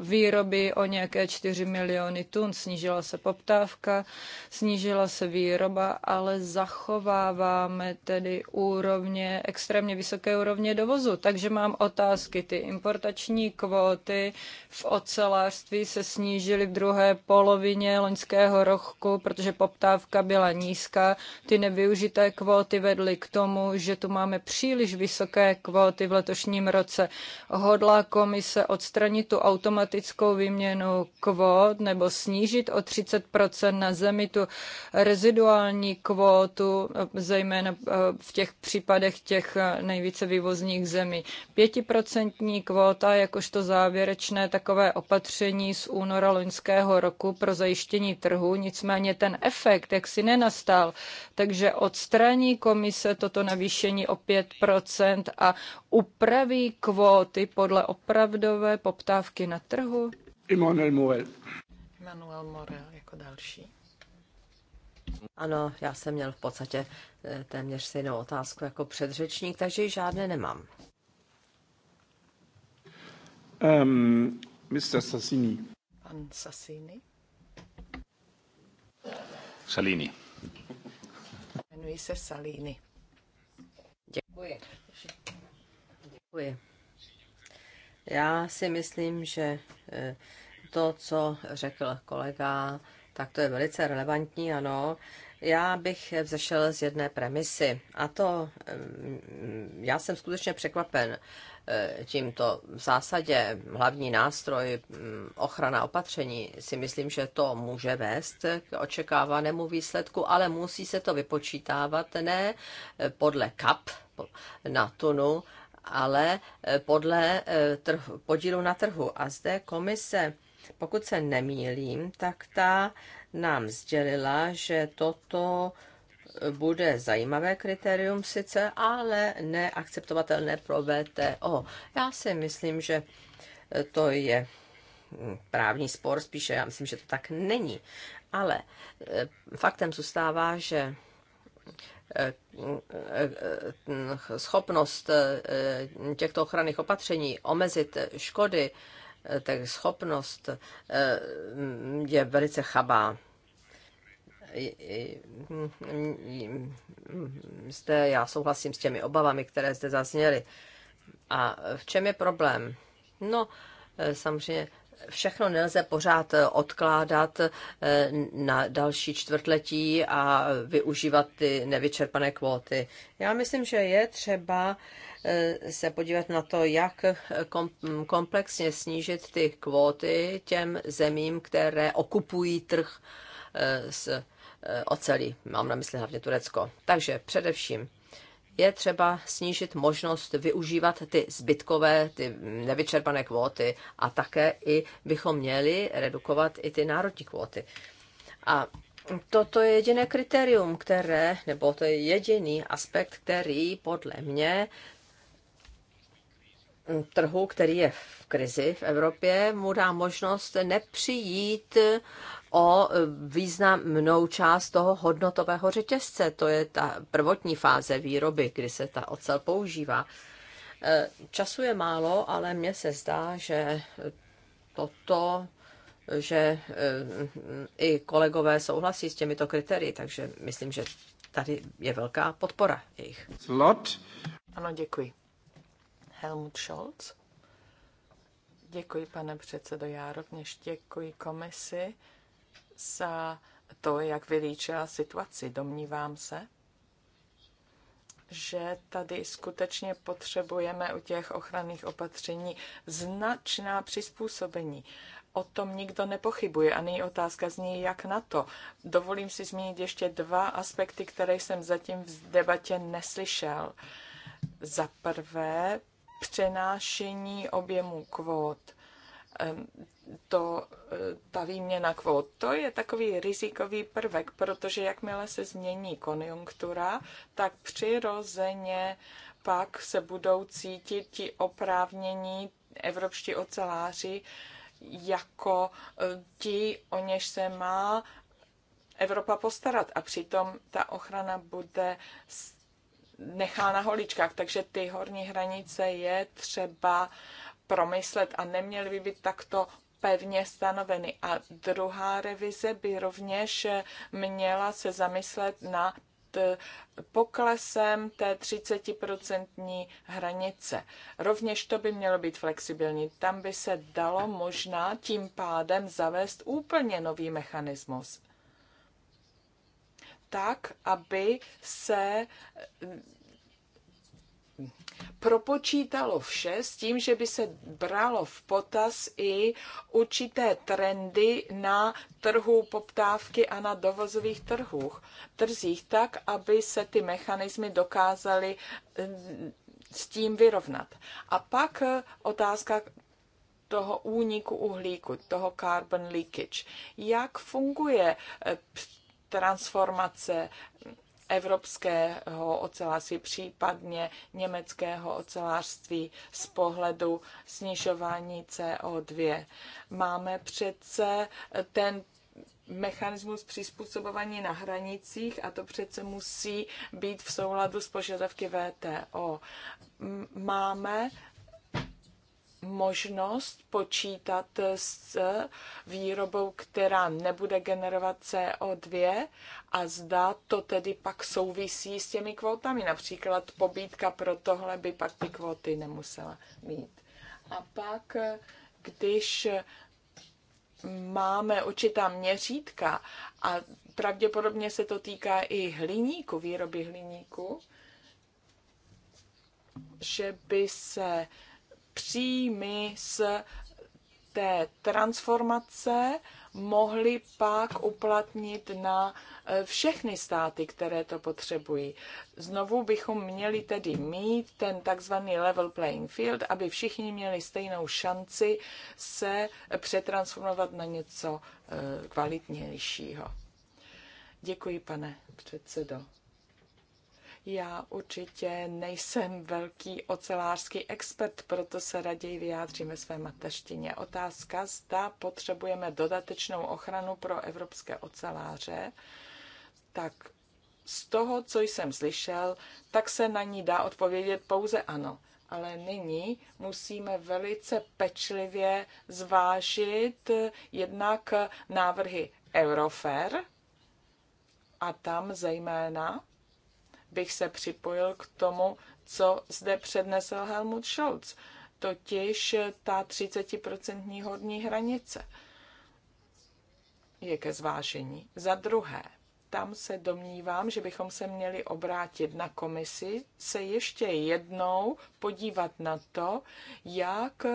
výroby o nějaké 4 miliony tun. Snížila se poptávka, snížila se výroba, ale zachováváme tedy úrovně, extrémně vysoké úrovně dovozu. Takže mám otázky. Ty importační kvóty v ocelářství se snížily v druhé polovině loňského roku, protože poptávka byla nízká. Ty nevyužité kvóty vedly k tomu, že tu máme příliš vysoké kvóty v letošní letošním roce. Hodlá komise odstranit tu automatickou výměnu kvót nebo snížit o 30 na zemi tu reziduální kvótu, zejména eh, v těch případech těch eh, nejvíce vývozních zemí. pětiprocentní kvóta jakožto závěrečné takové opatření z února loňského roku pro zajištění trhu, nicméně ten efekt jak si nenastal, takže odstraní komise toto navýšení o 5% a upraví zdraví, kvóty podle opravdové poptávky na trhu? Immanuel Morel. Immanuel Morel jako další. Ano, já jsem měl v podstatě eh, téměř stejnou otázku jako předřečník, takže ji žádné nemám. Um, Mr. Sassini. Pan Sassini. Salini. Jmenuji se Salini. Děkuji. Děkuji. Já si myslím, že eh, to, co řekl kolega, tak to je velice relevantní, ano. Já bych vzešel z jedné premisy a to mm, já jsem skutečně překvapen eh, tímto. V zásadě hlavní nástroj mm, ochrana opatření si myslím, že to může vést k očekávanému výsledku, ale musí se to vypočítávat ne eh, podle kap na tunu, ale eh, podle eh, trh, podílu na trhu. A zde komise, pokud se nemýlím, tak ta nám sdělila, že toto eh, bude zajímavé kritérium sice, ale neakceptovatelné pro VTO. Já si myslím, že to je hm, právní spor spíše, já myslím, že to tak není. Ale faktem zůstává, že schopnost eh, těchto ochranných opatření omezit škody, eh, tak schopnost eh, je velice chabá. Mm, zde já souhlasím s těmi obavami, které zde zazněly. A v čem je problém? No, samozřejmě všechno nelze pořád eh, odkládat eh, na další čtvrtletí a využívat ty nevyčerpané kvóty. Já myslím, že je třeba eh, se podívat na to, jak komplexně snížit ty kvóty těm zemím, které okupují trh s ocelí. Mám na mysli hlavně Turecko. Takže především je třeba snížit možnost využívat ty zbytkové, ty nevyčerpané kvóty a také i bychom měli redukovat i ty národní kvóty. A toto je jediné kritérium, které, nebo to je jediný aspekt, který podle mě trhu, který je v krizi v Evropě, mu dá možnost nepřijít o e, významnou část toho hodnotového řetězce. To je ta prvotní fáze výroby, kdy se ta ocel používá. E, času je málo, ale mně se zdá, že toto že e, i kolegové souhlasí s těmito kritérii, takže myslím, že tady je velká podpora jejich. Slot. Ano, děkuji. Helmut Scholz. Děkuji, pane předsedo. Já děkuji komisi za to, jak vylíčila situaci. Domnívám se, že tady skutečně potřebujeme u těch ochranných opatření značná přizpůsobení. O tom nikdo nepochybuje a nyní otázka něj, jak na to. Dovolím si zmínit ještě dva aspekty, které jsem zatím v debatě neslyšel. Za prvé, přenášení objemu kvót Eh, to, eh, ta výměna kvót, to je takový rizikový prvek, protože jakmile se změní konjunktura, tak přirozeně pak se budou cítit ti oprávnění evropští oceláři jako eh, ti, o něž se má Evropa postarat. A přitom ta ochrana bude nechá na holičkách, takže ty horní hranice je třeba promyslet a neměly by být takto pevně stanoveny. A druhá revize by rovněž měla se zamyslet na poklesem té 30% hranice. Rovněž to by mělo být flexibilní. Tam by se dalo možná tím pádem zavést úplně nový mechanismus. Tak, aby se propočítalo vše s tím, že by se bralo v potaz i určité trendy na trhu poptávky a na dovozových trhůch, trzích tak, aby se ty mechanismy dokázaly eh, s tím vyrovnat. A pak eh, otázka toho úniku uhlíku, toho carbon leakage. Jak funguje eh, transformace evropského ocelářství, případně německého ocelářství z pohledu snižování CO2. Máme přece ten mechanismus přizpůsobování na hranicích a to přece musí být v souladu s požadavky VTO. Máme možnost počítat s výrobou, která nebude generovat CO2 a zda to tedy pak souvisí s těmi kvótami. Například pobídka pro tohle by pak ty kvóty nemusela mít. A pak, když máme určitá měřítka a pravděpodobně se to týká i hliníku, výroby hliníku, že by se příjmy z té transformace mohli pak uplatnit na e, všechny státy, které to potřebují. Znovu bychom měli tedy mít ten takzvaný level playing field, aby všichni měli stejnou šanci se přetransformovat na něco e, kvalitnějšího. Děkuji, pane předsedo. Já určitě nejsem velký ocelářský expert, proto se raději vyjádříme své mateřtině. Otázka, zda potřebujeme dodatečnou ochranu pro evropské oceláře, tak z toho, co jsem slyšel, tak se na ní dá odpovědět pouze ano. Ale nyní musíme velice pečlivě zvážit jednak návrhy Eurofair a tam zejména bych se připojil k tomu, co zde přednesl Helmut Scholz, totiž ta 30% horní hranice je ke zvážení. Za druhé, tam se domnívám, že bychom se měli obrátit na komisi, se ještě jednou podívat na to, jak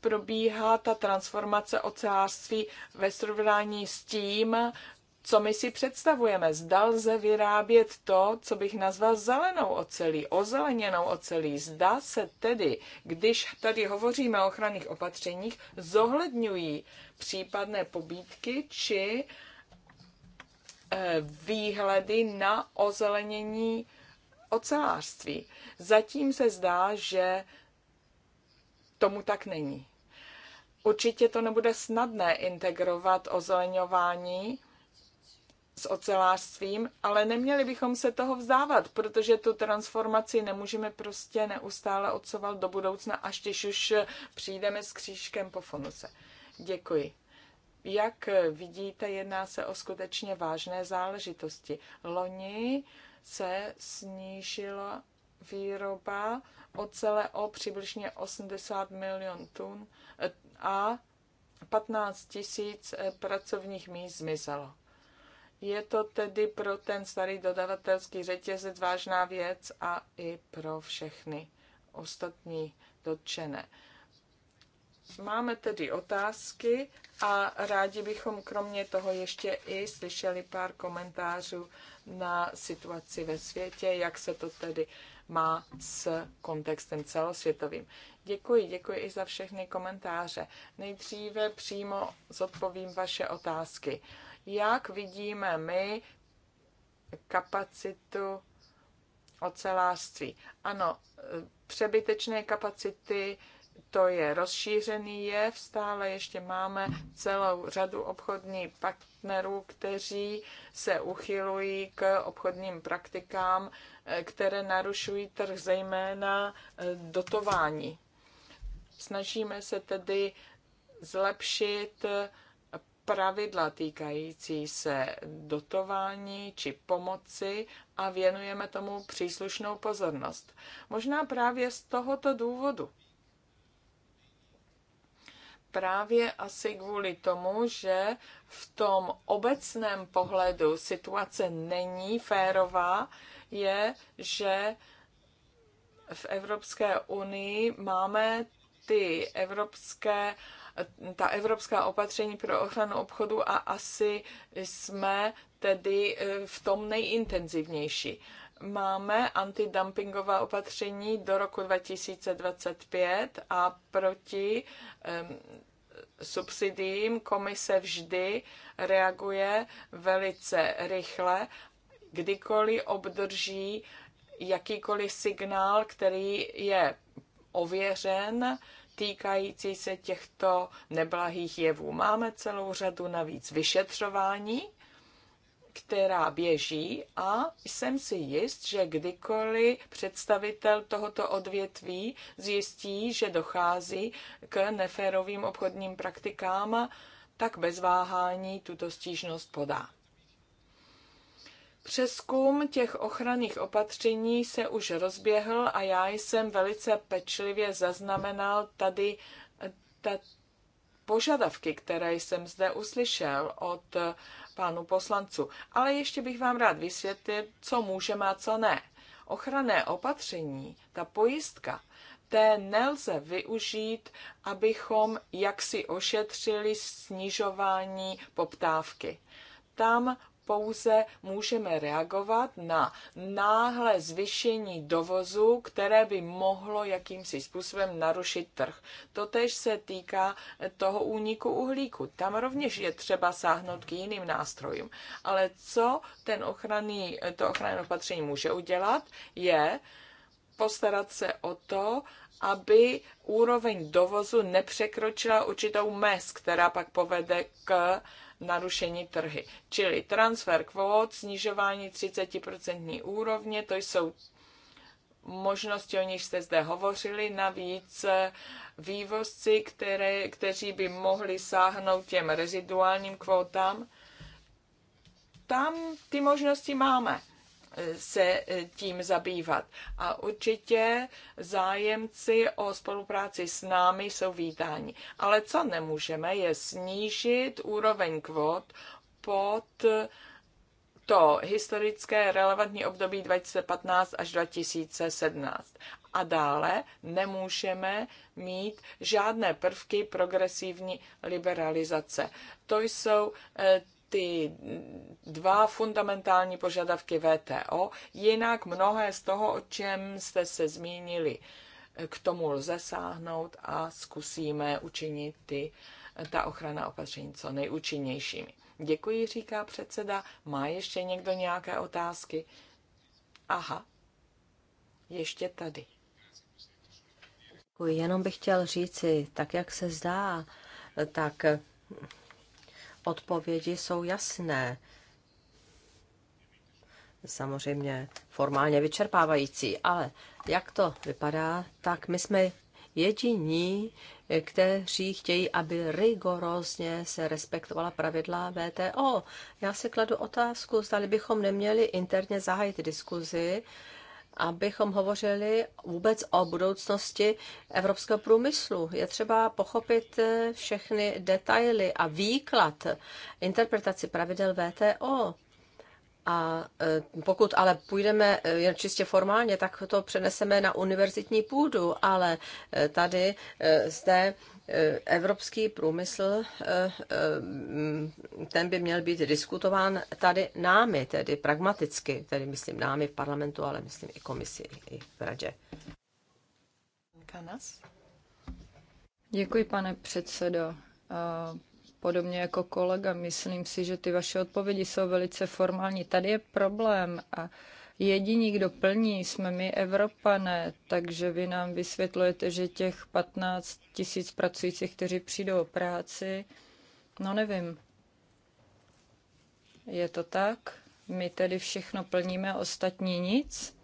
probíhá ta transformace ocelářství ve srovnání s tím, co my si představujeme. Zda lze vyrábět to, co bych nazval zelenou ocelí, ozeleněnou ocelí. Zda se tedy, když tady hovoříme o ochranných opatřeních, zohledňují případné pobídky či eh, výhledy na ozelenění ocelářství. Zatím se zdá, že tomu tak není. Určitě to nebude snadné integrovat ozeleňování s ocelářstvím, ale neměli bychom se toho vzdávat, protože tu transformaci nemůžeme prostě neustále odsovat do budoucna, až když už přijdeme s křížkem po fonuse. Děkuji. Jak vidíte, jedná se o skutečně vážné záležitosti. Loni se snížila výroba ocele o přibližně 80 milion tun a 15 tisíc pracovních míst zmizelo. Je to tedy pro ten starý dodavatelský řetězec vážná věc a i pro všechny ostatní dotčené. Máme tedy otázky a rádi bychom kromě toho ještě i slyšeli pár komentářů na situaci ve světě, jak se to tedy má s kontextem celosvětovým. Děkuji, děkuji i za všechny komentáře. Nejdříve přímo zodpovím vaše otázky. Uh, jak vidíme my kapacitu ocelářství. Ano, přebytečné kapacity, to je rozšířený jev, stále ještě máme celou řadu obchodních partnerů, kteří se uchylují k obchodním praktikám, které narušují trh, zejména eh, dotování. Snažíme se tedy zlepšit eh, pravidla týkající se dotování či pomoci a věnujeme tomu příslušnou pozornost. Možná právě z tohoto důvodu. Právě asi kvůli tomu, že v tom obecném pohledu situace není férová, je, že v Evropské unii máme ty evropské uh, ta evropská opatření pro ochranu obchodu a asi jsme tedy e, v tom nejintenzivnější. Máme antidumpingová opatření do roku 2025 a proti subsidiím komise vždy reaguje velice rychle, kdykoliv obdrží jakýkoliv signál, který je ověřen, týkající se těchto neblahých jevů. Máme celou řadu navíc vyšetřování, která běží a jsem si jist, že kdykoliv představitel tohoto odvětví zjistí, že dochází k neférovým obchodním praktikám, tak bez váhání tuto stížnost podá. Přeskum těch ochranných opatření se už rozběhl a já jsem velice pečlivě zaznamenal tady eh, ta požadavky, které jsem zde uslyšel od eh, pánu poslanců. Ale ještě bych vám rád vysvětlil, co můžeme a co ne. Ochranné opatření, ta pojistka, té nelze využít, abychom jaksi ošetřili snižování poptávky. Tam pouze můžeme reagovat na náhle zvyšení dovozu, které by mohlo jakýmsi způsobem narušit trh. Totež se týká toho úniku uhlíku. Tam rovněž je třeba sáhnout k jiným nástrojům. Ale co ten ochranný, to ochranné opatření může udělat, je postarat se o to, aby úroveň dovozu nepřekročila určitou mez, která pak povede k narušení trhy. Čili transfer kvót, snižování 30% úrovně, to jsou možnosti, o nich jste zde hovořili, navíc eh, vývozci, které, kteří by mohli sáhnout těm reziduálním kvótám, tam ty možnosti máme se eh, tím zabývat. A určitě zájemci o spolupráci s námi jsou vítáni. Ale co nemůžeme, je snížit úroveň kvot pod to historické relevantní období 2015 až 2017. A dále nemůžeme mít žádné prvky progresivní liberalizace. To jsou eh, ty dva fundamentální požadavky VTO, jinak mnohé z toho, o čem jste se zmínili, k tomu lze sáhnout a zkusíme učinit ty, ta ochrana opatření co nejúčinnějšími. Děkuji, říká předseda. Má ještě někdo nějaké otázky? Aha, ještě tady. jenom bych chtěl říci, tak jak se zdá, tak odpovědi jsou jasné. Samozřejmě formálně vyčerpávající, ale jak to vypadá, tak my jsme jediní, kteří chtějí, aby rigorózně se respektovala pravidla VTO. Já si kladu otázku, zda bychom neměli interně zahájit diskuzi, abychom hovořili vůbec o budoucnosti evropského průmyslu. Je třeba pochopit eh, všechny detaily a výklad interpretaci pravidel VTO. A e, pokud ale půjdeme e, jen čistě formálně, tak to přeneseme na univerzitní půdu, ale e, tady zde evropský průmysl, ten by měl být diskutován tady námi, tedy pragmaticky, tedy myslím námi v parlamentu, ale myslím i komisi, i v radě. Kanas? Děkuji, pane předsedo podobně jako kolega. Myslím si, že ty vaše odpovědi jsou velice formální. Tady je problém a jediní, kdo plní, jsme my Evropané, takže vy nám vysvětlujete, že těch 15 tisíc pracujících, kteří přijdou o práci, no nevím. Je to tak? My tedy všechno plníme, ostatní nic?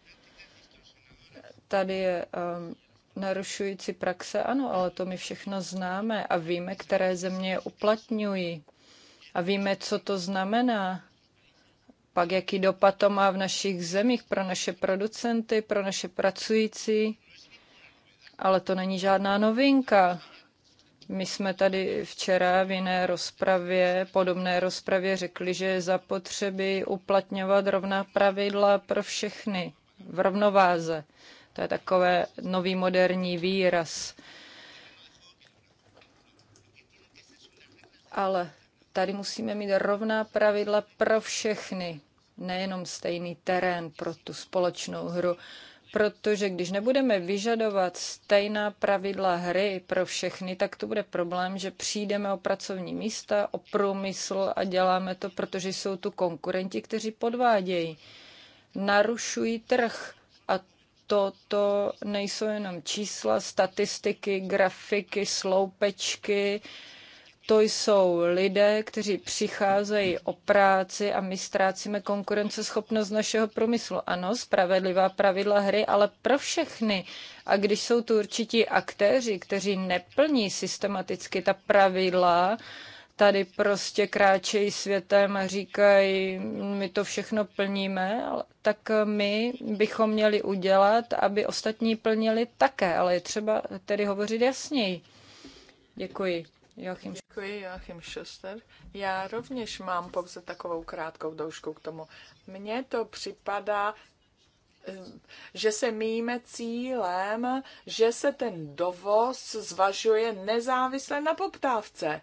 Tady je um, narušující praxe, ano, ale to my všechno známe a víme, které země uplatňují. A víme, co to znamená. Pak jaký dopad to má v našich zemích pro naše producenty, pro naše pracující. Ale to není žádná novinka. My jsme tady včera v jiné rozpravě, podobné rozpravě, řekli, že je zapotřebí uplatňovat rovná pravidla pro všechny v rovnováze. To je takové nový moderní výraz. Ale tady musíme mít rovná pravidla pro všechny, nejenom stejný terén pro tu společnou hru. Protože když nebudeme vyžadovat stejná pravidla hry pro všechny, tak to bude problém, že přijdeme o pracovní místa, o průmysl a děláme to, protože jsou tu konkurenti, kteří podvádějí, narušují trh toto nejsou jenom čísla, statistiky, grafiky, sloupečky, to jsou lidé, kteří přicházejí o práci a my ztrácíme konkurenceschopnost našeho průmyslu. Ano, spravedlivá pravidla hry, ale pro všechny. A když jsou tu určití aktéři, kteří neplní systematicky ta pravidla, tady prostě kráčejí světem a říkají, my to všechno plníme, tak my bychom měli udělat, aby ostatní plnili také, ale je třeba tedy hovořit jasněji. Děkuji. Joachim. Děkuji, Joachim Schuster. Já rovněž mám pouze takovou krátkou doušku k tomu. Mně to připadá eh, že se míme cílem, že se ten dovoz zvažuje nezávisle na poptávce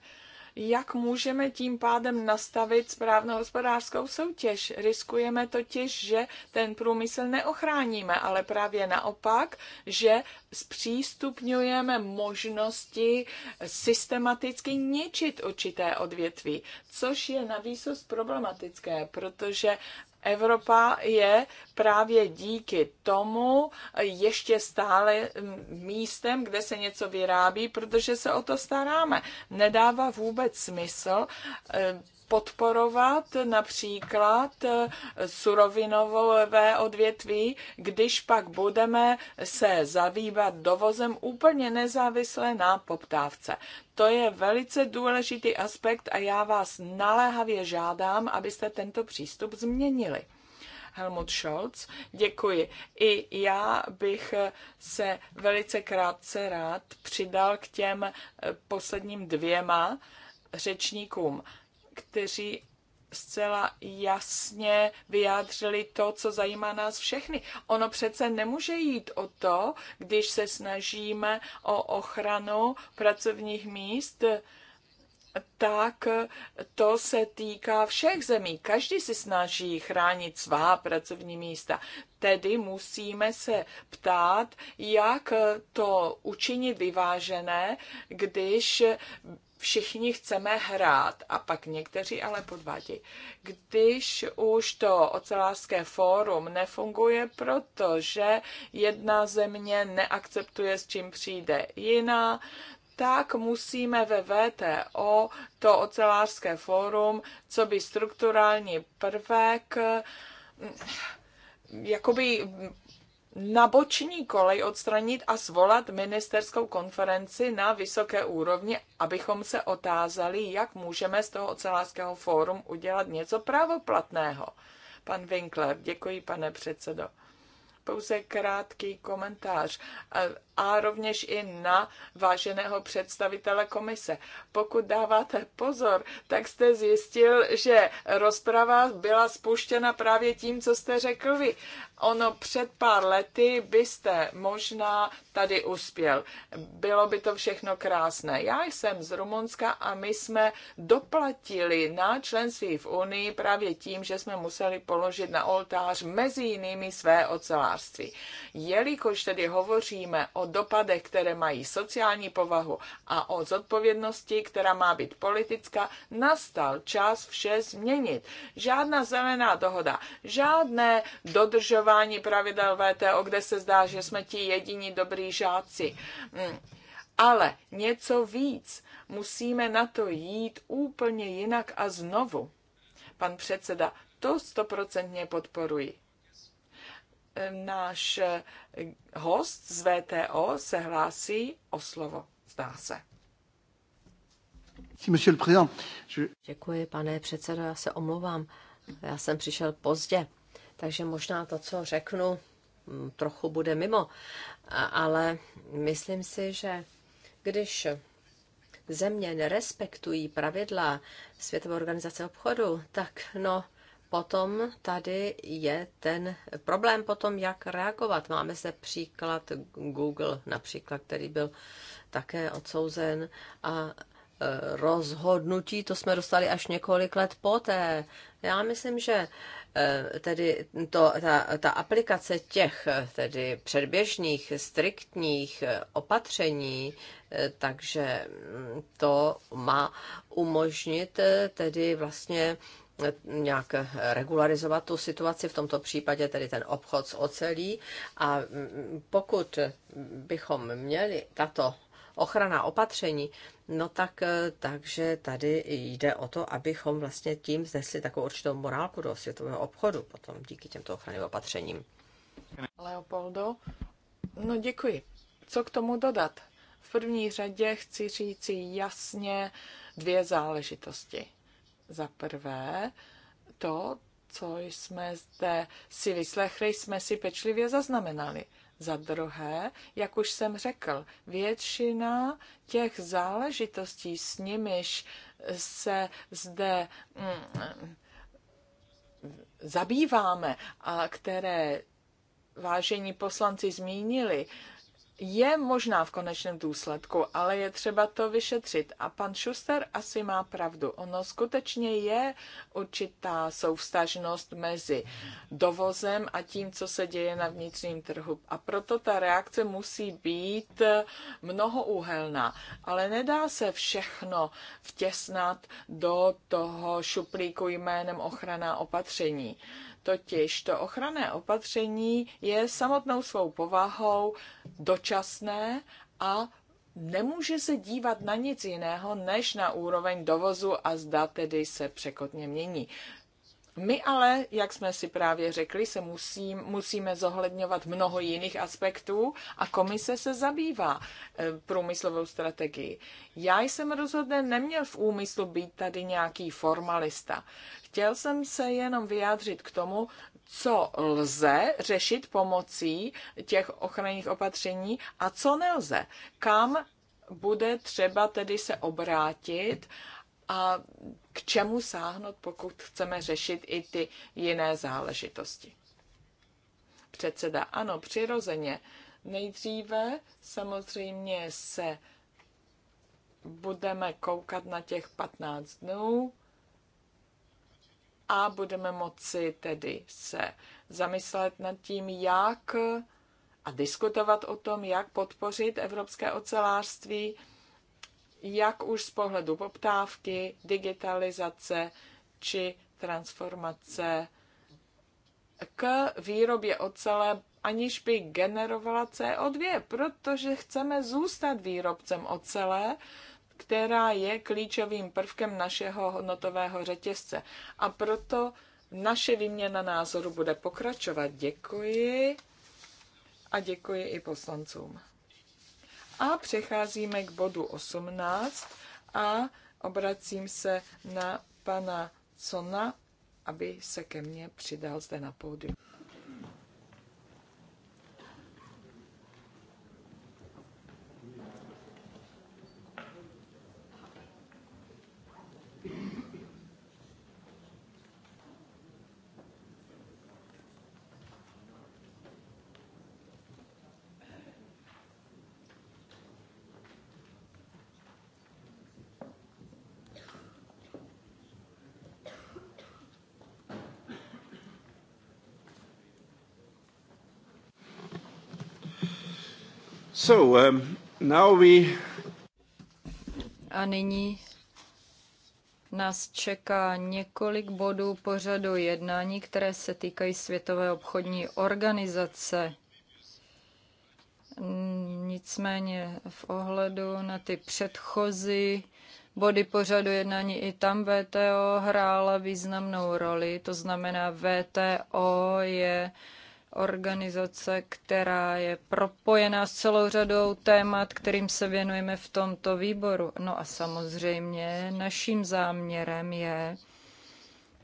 jak můžeme tím pádem nastavit správnou hospodářskou soutěž. Riskujeme totiž, že ten průmysl neochráníme, ale právě naopak, že zpřístupňujeme možnosti systematicky ničit určité odvětví, což je na problematické, protože Evropa je právě díky tomu ještě stále mm, místem, kde se něco vyrábí, protože se o to staráme. Nedává vůbec smysl eh, podporovat například eh, surovinové odvětví, když pak budeme se zabývat dovozem úplně nezávisle na poptávce. To je velice důležitý aspekt a já vás naléhavě žádám, abyste tento přístup změnili. Helmut Scholz. Děkuji. I já bych se velice krátce rád přidal k těm eh, posledním dvěma řečníkům kteří zcela jasně vyjádřili to, co zajímá nás všechny. Ono přece nemůže jít o to, když se snažíme o ochranu pracovních míst, tak to se týká všech zemí. Každý si snaží chránit svá pracovní místa. Tedy musíme se ptát, jak to učinit vyvážené, když všichni chceme hrát a pak někteří ale podvádějí. Když už to ocelářské fórum nefunguje, protože jedna země neakceptuje, s čím přijde jiná, tak musíme ve VTO to ocelářské fórum, co by strukturální prvek, mm, jakoby na boční kolej odstranit a svolat ministerskou konferenci na vysoké úrovni, abychom se otázali, jak můžeme z toho ocelářského fórum udělat něco právoplatného. Pan Winkler, děkuji, pane předsedo pouze krátký komentář a rovněž i na váženého představitele komise. Pokud dáváte pozor, tak jste zjistil, že rozprava byla spuštěna právě tím, co jste řekl vy. Ono před pár lety byste možná tady uspěl. Bylo by to všechno krásné. Já jsem z Rumunska a my jsme doplatili na členství v Unii právě tím, že jsme museli položit na oltář mezi jinými své oceláře hospodářství. Jelikož tedy hovoříme o dopadech, které mají sociální povahu a o zodpovědnosti, která má být politická, nastal čas vše změnit. Žádná zelená dohoda, žádné dodržování pravidel VTO, kde se zdá, že jsme ti jediní dobrý žáci. Hmm. Ale něco víc. Musíme na to jít úplně jinak a znovu. Pan předseda, to stoprocentně podporuji náš eh, host z VTO se hlásí o slovo, zdá se. Děkuji, pane předsedo, já se omlouvám. Já jsem přišel pozdě, takže možná to, co řeknu, mm, trochu bude mimo. Ale myslím si, že když země nerespektují pravidla Světové organizace obchodu, tak no, potom tady je ten problém potom, jak reagovat. Máme se příklad Google například, který byl také odsouzen a e, rozhodnutí, to jsme dostali až několik let poté. Já myslím, že e, tedy to, ta, ta aplikace těch e, tedy předběžných, striktních opatření, takže mm, to má umožnit tedy vlastně nějak regularizovat tu situaci, v tomto případě tedy ten obchod s ocelí. A mm, pokud bychom měli tato ochrana opatření, no tak eh, takže tady jde o to, abychom vlastně tím znesli takovou určitou morálku do světového obchodu potom díky těmto ochranným opatřením. Leopoldo, no děkuji. Co k tomu dodat? V první řadě chci říci jasně dvě záležitosti. Za prvé, to, co jsme zde si vyslechli, jsme si pečlivě zaznamenali. Za druhé, jak už jsem řekl, většina těch záležitostí, s nimiž se zde mm, zabýváme a které vážení poslanci zmínili, je možná v konečném důsledku, ale je třeba to vyšetřit. A pan Schuster asi má pravdu. Ono skutečně je určitá souvstažnost mezi dovozem a tím, co se děje na vnitřním trhu. A proto ta reakce musí být mnohouhelná. Ale nedá se všechno vtěsnat do toho šuplíku jménem ochrana opatření Totiž to ochranné opatření je samotnou svou povahou dočasné a nemůže se dívat na nic jiného než na úroveň dovozu a zda tedy se překotně mění. My ale, jak jsme si právě řekli, se musí, musíme zohledňovat mnoho jiných aspektů a komise se zabývá eh, průmyslovou strategií. Já jsem rozhodně neměl v úmyslu být tady nějaký formalista. Chtěl jsem se jenom vyjádřit k tomu, co lze řešit pomocí těch ochranných opatření a co nelze. Kam bude třeba tedy se obrátit a k čemu sáhnout, pokud chceme řešit i ty jiné záležitosti. Předseda, ano, přirozeně. Nejdříve samozřejmě se budeme koukat na těch 15 dnů a budeme moci tedy se zamyslet nad tím, jak a diskutovat o tom, jak podpořit evropské ocelářství jak už z pohledu poptávky, digitalizace či transformace k výrobě ocele, aniž by generovala CO2, protože chceme zůstat výrobcem ocele, která je klíčovým prvkem našeho hodnotového řetězce. A proto naše výměna názoru bude pokračovat. Děkuji a děkuji i poslancům. A přecházíme k bodu 18 a obracím se na pana Cona, aby se ke mně přidal zde na pódium. Um, A nyní nás čeká několik bodů pořadu jednání, které se týkají Světové obchodní organizace. Nicméně v ohledu na ty předchozí body pořadu jednání i tam VTO hrála významnou roli, to znamená VTO je uh, organizace, která je propojená s celou řadou témat, kterým se věnujeme v tomto výboru. No a samozřejmě naším záměrem je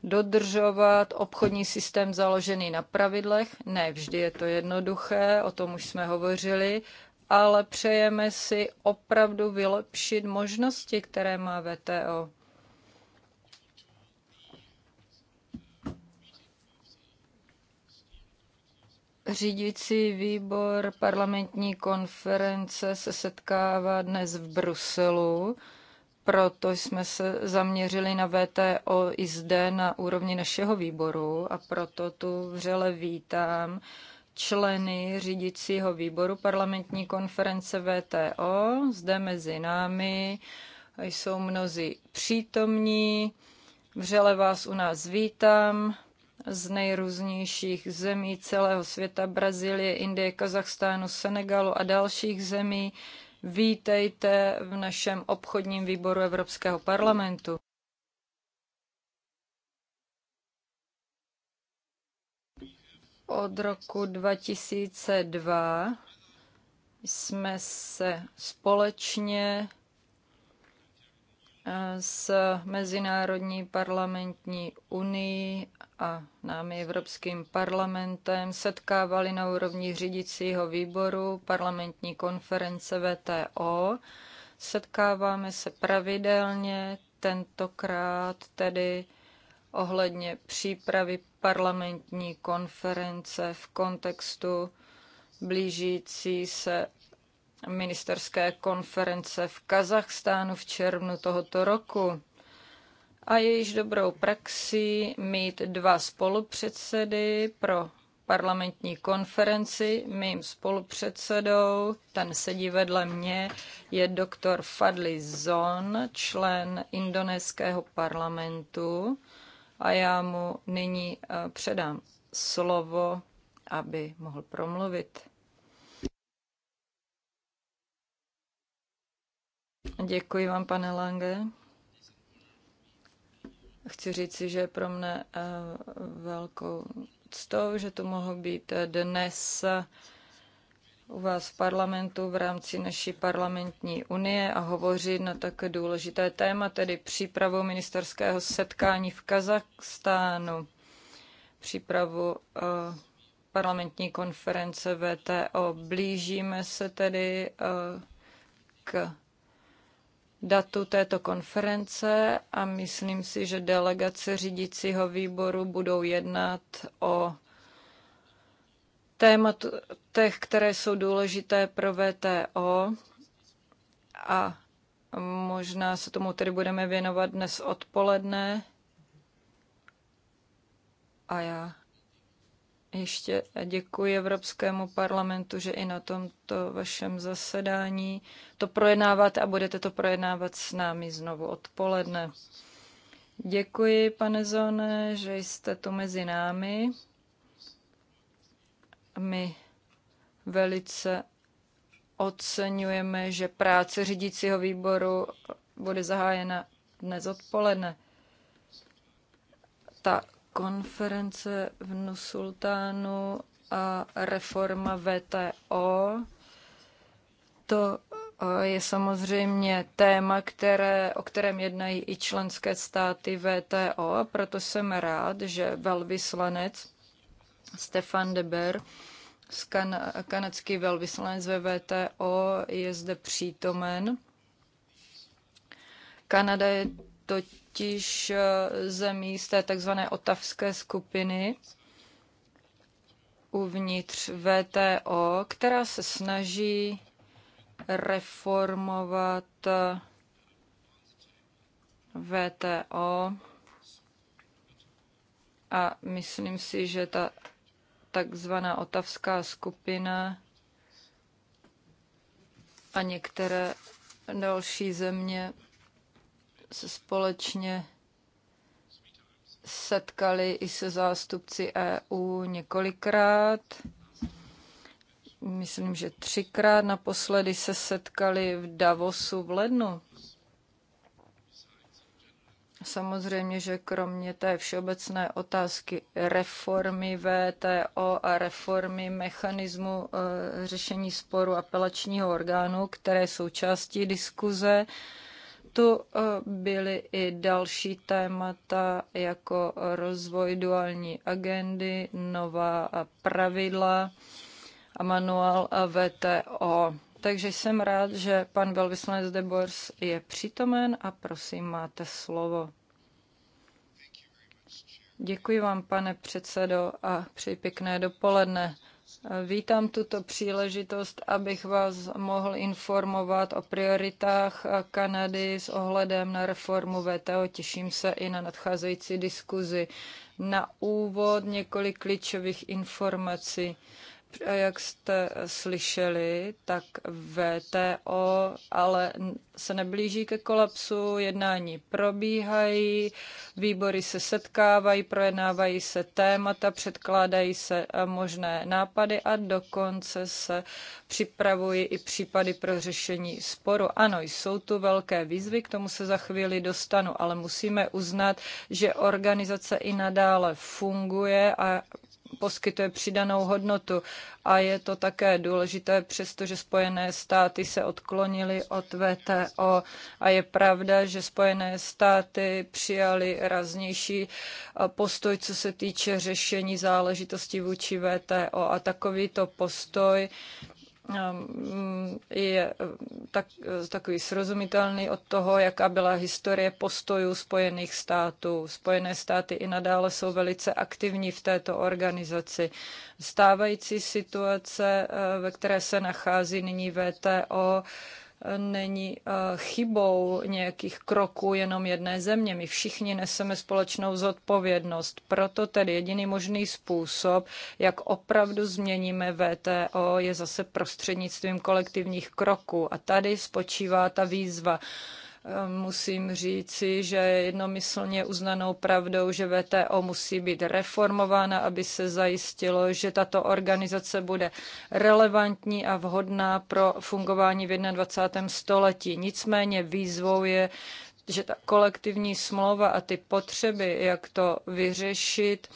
dodržovat obchodní systém založený na pravidlech. Ne vždy je to jednoduché, o tom už jsme hovořili, ale přejeme si opravdu vylepšit možnosti, které má VTO. Řídící výbor parlamentní konference se setkává dnes v Bruselu, proto jsme se zaměřili na VTO i zde na úrovni našeho výboru a proto tu vřele vítám členy řídícího výboru parlamentní konference VTO. Zde mezi námi jsou mnozí přítomní. Vřele vás u nás vítám z nejrůznějších zemí celého světa, Brazílie, Indie, Kazachstánu, Senegalu a dalších zemí. Vítejte v našem obchodním výboru Evropského parlamentu. Od roku 2002 jsme se společně s Mezinárodní parlamentní unii a námi Evropským parlamentem setkávali na úrovni řídícího výboru parlamentní konference VTO. Setkáváme se pravidelně, tentokrát tedy ohledně přípravy parlamentní konference v kontextu blížící se ministerské konference v Kazachstánu v červnu tohoto roku. A je již dobrou praxí mít dva spolupředsedy pro parlamentní konferenci. Mým spolupředsedou, ten sedí vedle mě, je doktor Fadli Zon, člen indonéského parlamentu. A já mu nyní eh, předám slovo, aby mohl promluvit. Děkuji vám, pane Lange. Chci říci, že je pro mne eh, velkou ctou, že to mohlo být eh, dnes eh, u vás v parlamentu v rámci naší parlamentní unie a hovořit na tak důležité téma, tedy přípravu ministerského setkání v Kazachstánu, přípravu parlamentní konference VTO. Blížíme se tedy k datu této konference a myslím si, že delegace řídícího výboru budou jednat o tématech, které jsou důležité pro VTO a možná se tomu tedy budeme věnovat dnes odpoledne. A já ještě děkuji Evropskému parlamentu, že i na tomto vašem zasedání to projednáváte a budete to projednávat s námi znovu odpoledne. Děkuji, pane Zone, že jste tu mezi námi. My velice oceňujeme, že práce řídícího výboru bude zahájena dnes odpoledne. Ta konference v Nusultánu a reforma VTO. To eh, je samozřejmě téma, které, o kterém jednají i členské státy VTO a proto jsem rád, že velvyslanec Stefan Deber, kan, kanadský velvyslanec ve VTO, je zde přítomen. Kanada je totiž eh, zemí z té takzvané otavské skupiny uvnitř VTO, která se snaží reformovat eh, VTO a myslím si, že ta takzvaná otavská skupina a některé další země se společně setkali i se zástupci EU několikrát. Myslím, že třikrát naposledy se setkali v Davosu v lednu. Samozřejmě, že kromě té všeobecné otázky reformy VTO a reformy mechanismu e, řešení sporu apelačního orgánu, které jsou částí diskuze, tu eh, byly i další témata jako rozvoj duální agendy, nová eh, pravidla a manuál eh, VTO. Takže jsem rád, že pan velvyslanec de Bors je přítomen a prosím, máte slovo. Děkuji vám, pane předsedo, a přeji pěkné dopoledne. Vítám tuto příležitost, abych vás mohl informovat o prioritách Kanady s ohledem na reformu VTO. Těším se i na nadcházející diskuzi. Na úvod několik klíčových informací. Jak jste slyšeli, tak VTO ale se neblíží ke kolapsu, jednání probíhají, výbory se setkávají, projednávají se témata, předkládají se e, možné nápady a dokonce se připravují i případy pro řešení sporu. Ano, jsou tu velké výzvy, k tomu se za chvíli dostanu, ale musíme uznat, že organizace i nadále funguje a poskytuje přidanou hodnotu. A je to také důležité, přestože Spojené státy se odklonily od VTO. A je pravda, že Spojené státy přijali raznější eh, postoj, co se týče řešení záležitostí vůči VTO. A takovýto postoj Ehm, je ehm, tak, takový srozumitelný od toho, jaká byla historie postojů Spojených států. Spojené státy i nadále jsou velice aktivní v této organizaci. Stávající situace, eh, ve které se nachází nyní VTO, není eh, chybou nějakých kroků jenom jedné země. My všichni neseme společnou zodpovědnost. Proto tedy jediný možný způsob, jak opravdu změníme VTO, je zase prostřednictvím kolektivních kroků. A tady spočívá ta výzva. Ehm, musím říci, že je jednomyslně uznanou pravdou, že VTO musí být reformována, aby se zajistilo, že tato organizace bude relevantní a vhodná pro fungování v 21. století. Nicméně výzvou je, že ta kolektivní smlouva a ty potřeby, jak to vyřešit,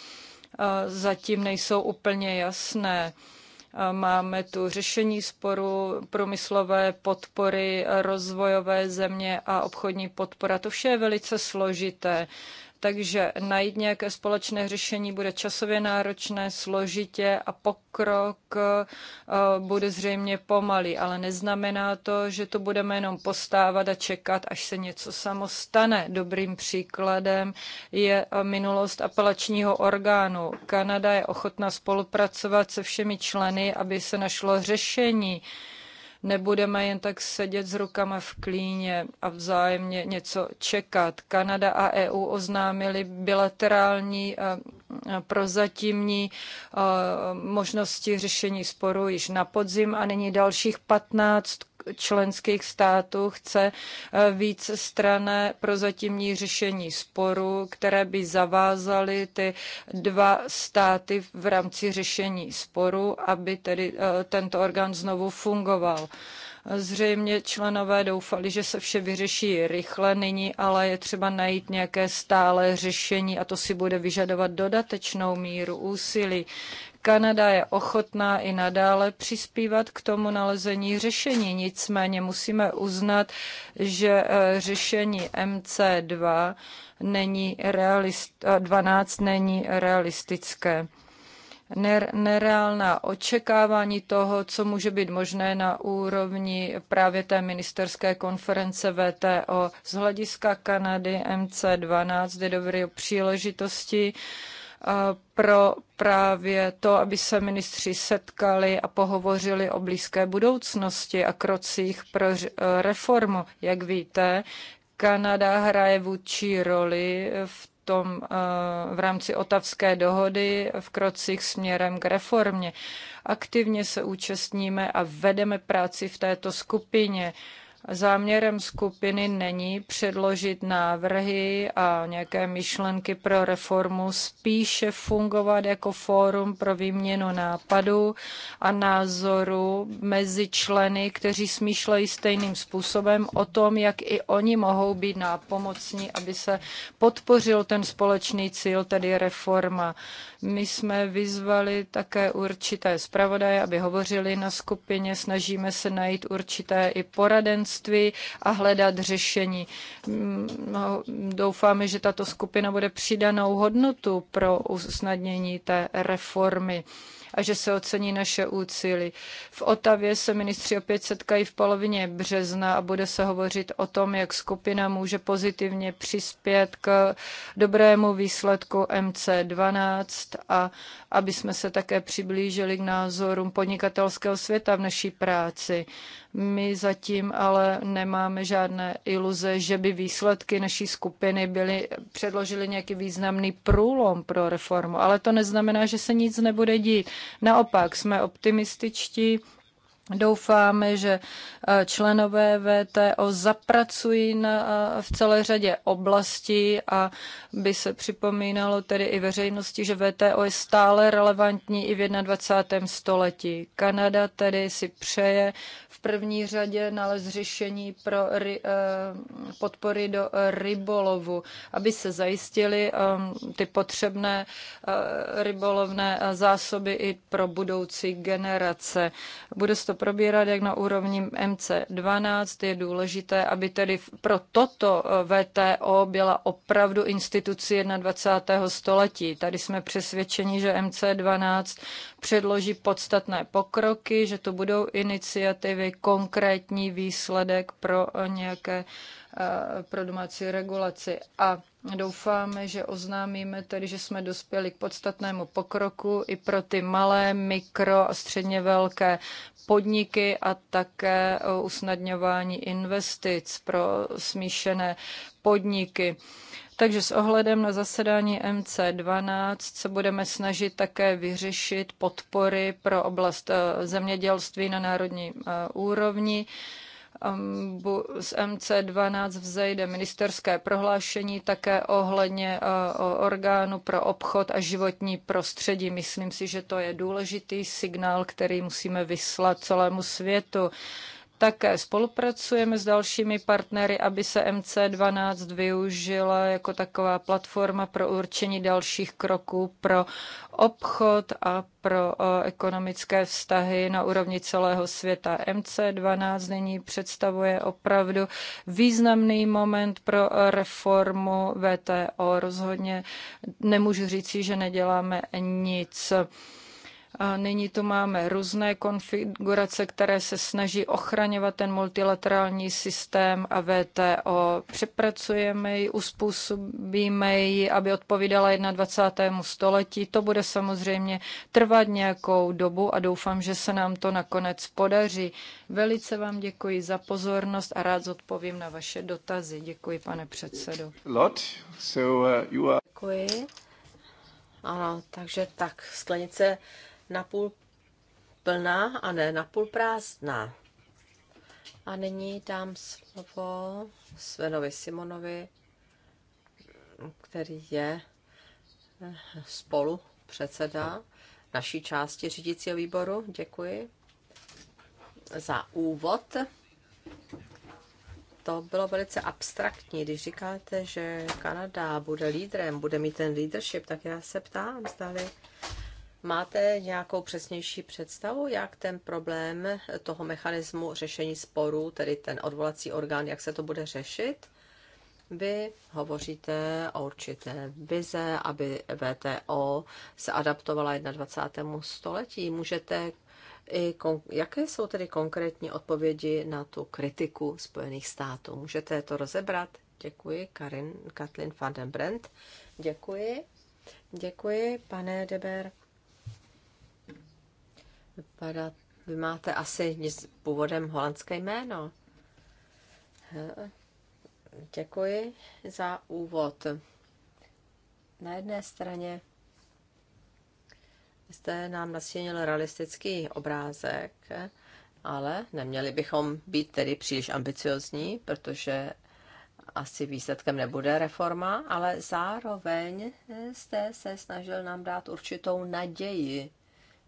eh, zatím nejsou úplně jasné. Máme tu řešení sporu, průmyslové podpory, rozvojové země a obchodní podpora. To vše je velice složité. Takže najít nějaké společné řešení bude časově náročné, složitě a pokrok eh, bude zřejmě pomalý, ale neznamená to, že to budeme jenom postávat a čekat, až se něco samo stane. Dobrým příkladem je eh, minulost apelačního orgánu. Kanada je ochotná spolupracovat se všemi členy, aby se našlo řešení. Nebudeme jen tak sedět s rukama v klíně a vzájemně něco čekat. Kanada a EU oznámili bilaterální eh, eh, prozatímní eh, možnosti řešení sporu již na podzim a nyní dalších 15 členských států chce eh, víc strané prozatímní řešení sporu, které by zavázaly ty dva státy v rámci řešení sporu, aby tedy eh, tento orgán znovu fungoval. Zřejmě členové doufali, že se vše vyřeší rychle nyní, ale je třeba najít nějaké stále řešení a to si bude vyžadovat dodatečnou míru úsilí. Kanada je ochotná i nadále přispívat k tomu nalezení řešení. Nicméně musíme uznat, že eh, řešení MC2 není realist, 12 eh, není realistické nereálná očekávání toho, co může být možné na úrovni právě té ministerské konference VTO. Z hlediska Kanady MC12 je dobré příležitosti eh, pro právě to, aby se ministři setkali a pohovořili o blízké budoucnosti a krocích pro eh, reformu. Jak víte, Kanada hraje vůči roli v tom eh, v rámci otavské dohody v krocích směrem k reformě. Aktivně se účastníme a vedeme práci v této skupině. Záměrem skupiny není předložit návrhy a nějaké myšlenky pro reformu, spíše fungovat jako fórum pro výměnu nápadů a názorů mezi členy, kteří smýšlejí stejným způsobem o tom, jak i oni mohou být nápomocní, aby se podpořil ten společný cíl, tedy reforma. My jsme vyzvali také určité zpravodaje, aby hovořili na skupině, snažíme se najít určité i poradenské dědictví a hledat řešení. Mm, no, doufáme, že tato skupina bude přidanou hodnotu pro usnadnění té reformy a že se ocení naše úcily. V Otavě se ministři opět setkají v polovině března a bude se hovořit o tom, jak skupina může pozitivně přispět k dobrému výsledku MC12 a aby jsme se také přiblížili k názorům podnikatelského světa v naší práci. My zatím ale nemáme žádné iluze, že by výsledky naší skupiny byly, předložily nějaký významný průlom pro reformu. Ale to neznamená, že se nic nebude dít. Naopak, jsme optimističtí Doufáme, že eh, členové VTO zapracují na, eh, v celé řadě oblastí a by se připomínalo tedy i veřejnosti, že VTO je stále relevantní i v 21. století. Kanada tedy si přeje v první řadě nalézt řešení pro ry, eh, podpory do rybolovu, aby se zajistily ty potřebné rybolovné zásoby i pro budoucí generace. Bude to probírat jak na úrovni MC12. Je důležité, aby tedy pro toto eh, VTO byla opravdu instituci 21. století. Tady jsme přesvědčeni, že MC12 předloží podstatné pokroky, že to budou iniciativy, konkrétní výsledek pro eh, nějaké Eh, pro domácí regulaci. A doufáme, že oznámíme tedy, že jsme dospěli k podstatnému pokroku i pro ty malé, mikro a středně velké podniky a také usnadňování investic pro smíšené podniky. Takže s ohledem na zasedání MC12 se budeme snažit také vyřešit podpory pro oblast eh, zemědělství na národní eh, úrovni z MC12 vzejde ministerské prohlášení také ohledně orgánu pro obchod a životní prostředí. Myslím si, že to je důležitý signál, který musíme vyslat celému světu. Také spolupracujeme s dalšími partnery, aby se MC12 využila jako taková platforma pro určení dalších kroků pro obchod a pro ekonomické vztahy na úrovni celého světa. MC12 nyní představuje opravdu významný moment pro reformu VTO. Rozhodně nemůžu říci, že neděláme nic. A nyní tu máme různé konfigurace, které se snaží ochraňovat ten multilaterální systém a VTO. Přepracujeme ji, uspůsobíme ji, aby odpovídala 21. století. To bude samozřejmě trvat nějakou dobu a doufám, že se nám to nakonec podaří. Velice vám děkuji za pozornost a rád zodpovím na vaše dotazy. Děkuji, pane předsedo. Lot. So, uh, you are... Děkuji. Ano, takže tak, sklenice napůl plná a ne napůl prázdná. A nyní dám slovo Svenovi Simonovi, který je eh, spolu předseda naší části řídícího výboru. Děkuji za úvod. To bylo velice abstraktní. Když říkáte, že Kanada bude lídrem, bude mít ten leadership, tak já se ptám, zdali Máte nějakou přesnější představu, jak ten problém toho mechanismu řešení sporů, tedy ten odvolací orgán, jak se to bude řešit? Vy hovoříte o určité vize, aby VTO se adaptovala 21. století. Můžete i jaké jsou tedy konkrétní odpovědi na tu kritiku Spojených států? Můžete to rozebrat? Děkuji, Karin, Katlin van den Brandt. Děkuji. Děkuji, pane Deber. Vypadá, vy máte asi původem holandské jméno. Děkuji za úvod. Na jedné straně jste nám nasvěnil realistický obrázek, ale neměli bychom být tedy příliš ambiciozní, protože asi výsledkem nebude reforma, ale zároveň jste se snažil nám dát určitou naději,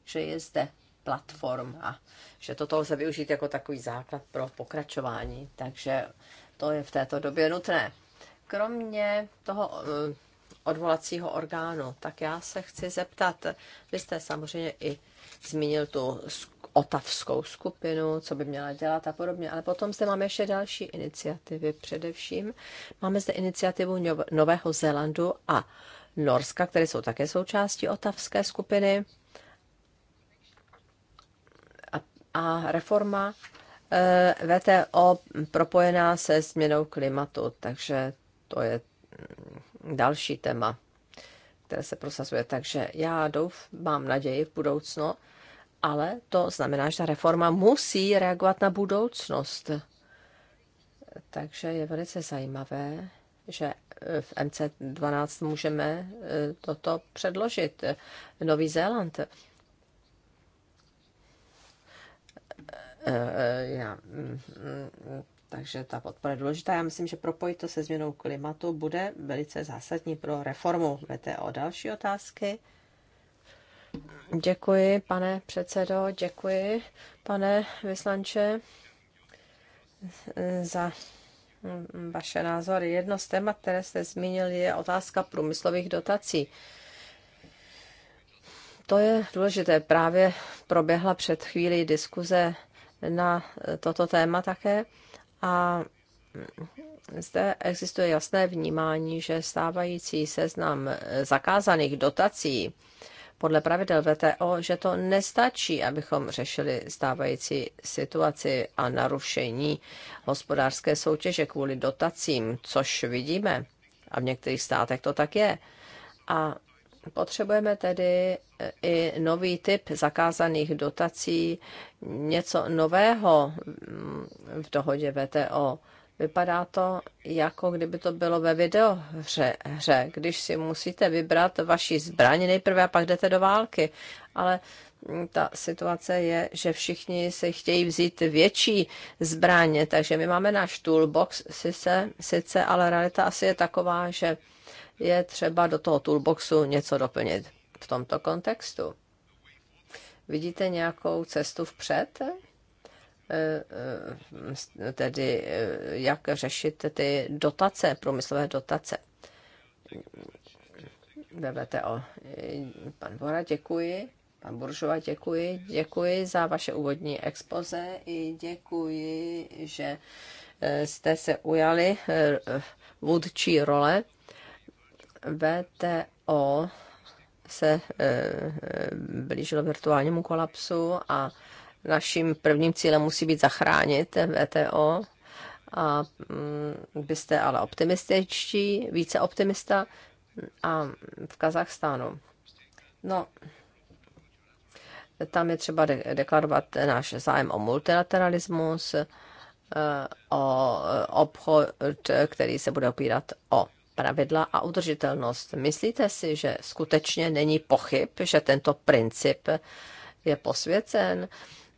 že je zde platform a že toto lze využít jako takový základ pro pokračování. Takže to je v této době nutné. Kromě toho eh, odvolacího orgánu, tak já se chci zeptat, vy jste samozřejmě i zmínil tu otavskou skupinu, co by měla dělat a podobně, ale potom zde máme ještě další iniciativy. Především máme zde iniciativu Nového Zélandu a Norska, které jsou také součástí otavské skupiny. a reforma eh, VTO propojená se změnou klimatu, takže to je mm, další téma, které se prosazuje. Takže já doufám mám naději v budoucnu, ale to znamená, že ta reforma musí reagovat na budoucnost. Takže je velice zajímavé, že eh, v MC12 můžeme eh, toto předložit. Nový Zéland Eh, eh, já, mm, mm, takže ta podpora je důležitá. Já myslím, že propojit to se změnou klimatu bude velice zásadní pro reformu VTO. Další otázky? Děkuji, pane předsedo, děkuji, pane vyslanče, za mm, vaše názory. Jedno z témat, které jste zmínil, je otázka průmyslových dotací. To je důležité. Právě proběhla před chvílí diskuze na toto téma také. A zde existuje jasné vnímání, že stávající seznam zakázaných dotací podle pravidel VTO, že to nestačí, abychom řešili stávající situaci a narušení hospodářské soutěže kvůli dotacím, což vidíme. A v některých státech to tak je. A Potřebujeme tedy eh, i nový typ zakázaných dotací, něco nového mm, v dohodě VTO. Vypadá to, jako kdyby to bylo ve videohře, hře, když si musíte vybrat vaši zbraň nejprve a pak jdete do války. Ale mm, ta situace je, že všichni se chtějí vzít větší zbraně, takže my máme náš toolbox sice, sice ale realita asi je taková, že je třeba do toho toolboxu něco doplnit v tomto kontextu. Vidíte nějakou cestu vpřed? Eh, eh, tedy eh, jak řešit ty dotace, průmyslové dotace? o. Pan Vora, děkuji. Pan Buržova, děkuji. Děkuji za vaše úvodní expoze i děkuji, že jste se ujali vůdčí role VTO se eh, blížilo virtuálnímu kolapsu a naším prvním cílem musí být zachránit VTO. A byste mm, ale optimističtí, více optimista a v Kazachstánu. No, tam je třeba deklarovat náš zájem o multilateralismus, eh, o eh, obchod, který se bude opírat o pravidla a udržitelnost. Myslíte si, že skutečně není pochyb, že tento princip je posvěcen?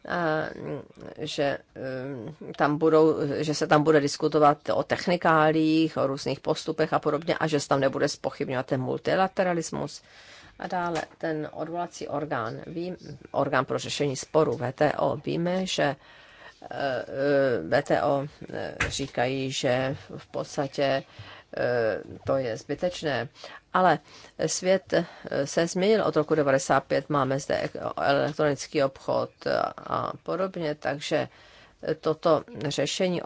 A, že um, tam budou, že se tam bude diskutovat o technikálích, o různých postupech a podobně a že se tam nebude spochybňovat ten multilateralismus. A dále ten odvolací orgán, vím, orgán pro řešení sporu VTO, víme, že uh, uh, VTO uh, říkají, že v podstatě Eh, to je zbytečné. Ale svět eh, se změnil od roku 95, máme zde elektronický obchod a podobně, takže toto řešení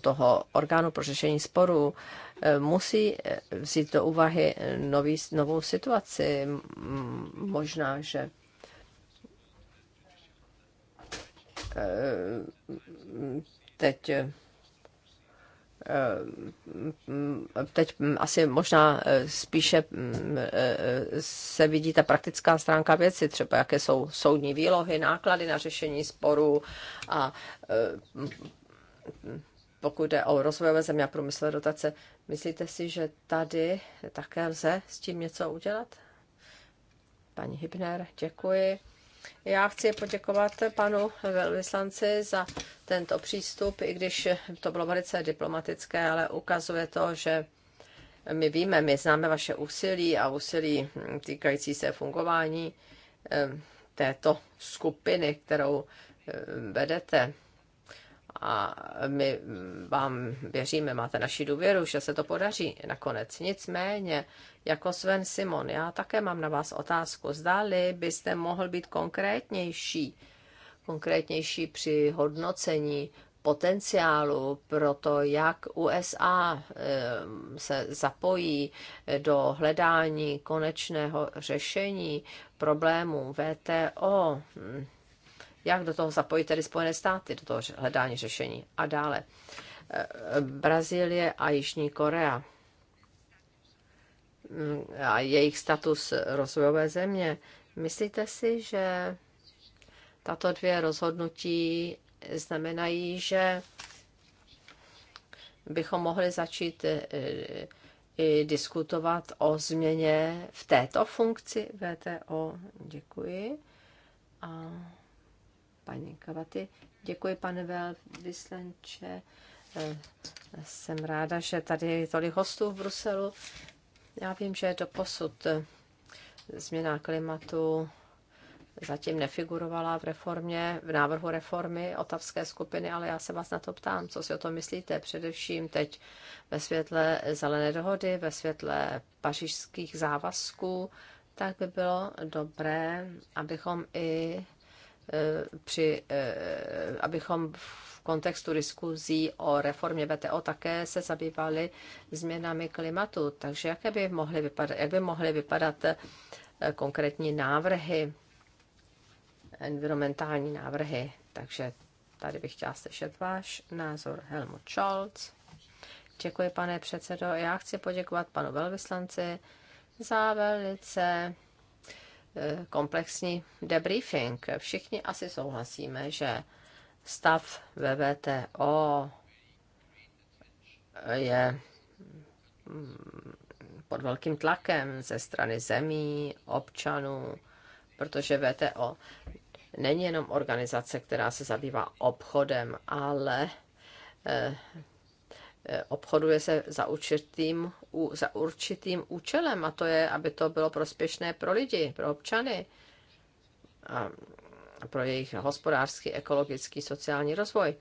toho orgánu pro řešení sporů eh, musí vzít do úvahy nový, novou situaci. Možná, že teď Eh, teď asi možná eh, spíše mm, eh, se vidí ta praktická stránka věci, třeba jaké jsou soudní výlohy, náklady na řešení sporů a pokud jde o rozvojové země a průmyslové dotace, myslíte si, že tady také lze s tím něco udělat? Paní Hybner, děkuji. Já chci poděkovat panu velvyslanci za tento přístup, i když to bylo velice diplomatické, ale ukazuje to, že my víme, my známe vaše úsilí a úsilí týkající se fungování eh, této skupiny, kterou eh, vedete a my vám věříme, máte naši důvěru, že se to podaří nakonec. Nicméně, jako Sven Simon, já také mám na vás otázku. Zdali byste mohl být konkrétnější, konkrétnější při hodnocení potenciálu pro to, jak USA eh, se zapojí do hledání konečného řešení problémů VTO jak do toho zapojit tedy Spojené státy, do toho hledání řešení. A dále eh, Brazílie a Jižní Korea mm, a jejich status rozvojové země. Myslíte si, že tato dvě rozhodnutí znamenají, že bychom mohli začít eh, i diskutovat o změně v této funkci VTO. Děkuji. A paní Kavaty. Děkuji, pane velvyslanče. Eh, jsem ráda, že tady je tolik hostů v Bruselu. Já vím, že do posud eh, změna klimatu zatím nefigurovala v reformě, v návrhu reformy otavské skupiny, ale já se vás na to ptám, co si o tom myslíte, především teď ve světle zelené dohody, ve světle pařížských závazků, tak by bylo dobré, abychom i Eh, při, eh, abychom v kontextu diskuzí o reformě VTO také se zabývali změnami klimatu. Takže jaké by mohly vypadat, jak by mohly vypadat eh, konkrétní návrhy, environmentální návrhy. Takže tady bych chtěla slyšet váš názor. Helmut Scholz. Děkuji, pane předsedo. Já chci poděkovat panu velvyslanci za velice komplexní debriefing. Všichni asi souhlasíme, že stav VVTO je mm, pod velkým tlakem ze strany zemí, občanů, protože VTO není jenom organizace, která se zabývá obchodem, ale eh, Eh, obchoduje se za určitým, za určitým účelem a to je, aby to bylo prospěšné pro lidi, pro občany a pro jejich hospodářský, ekologický, sociální rozvoj.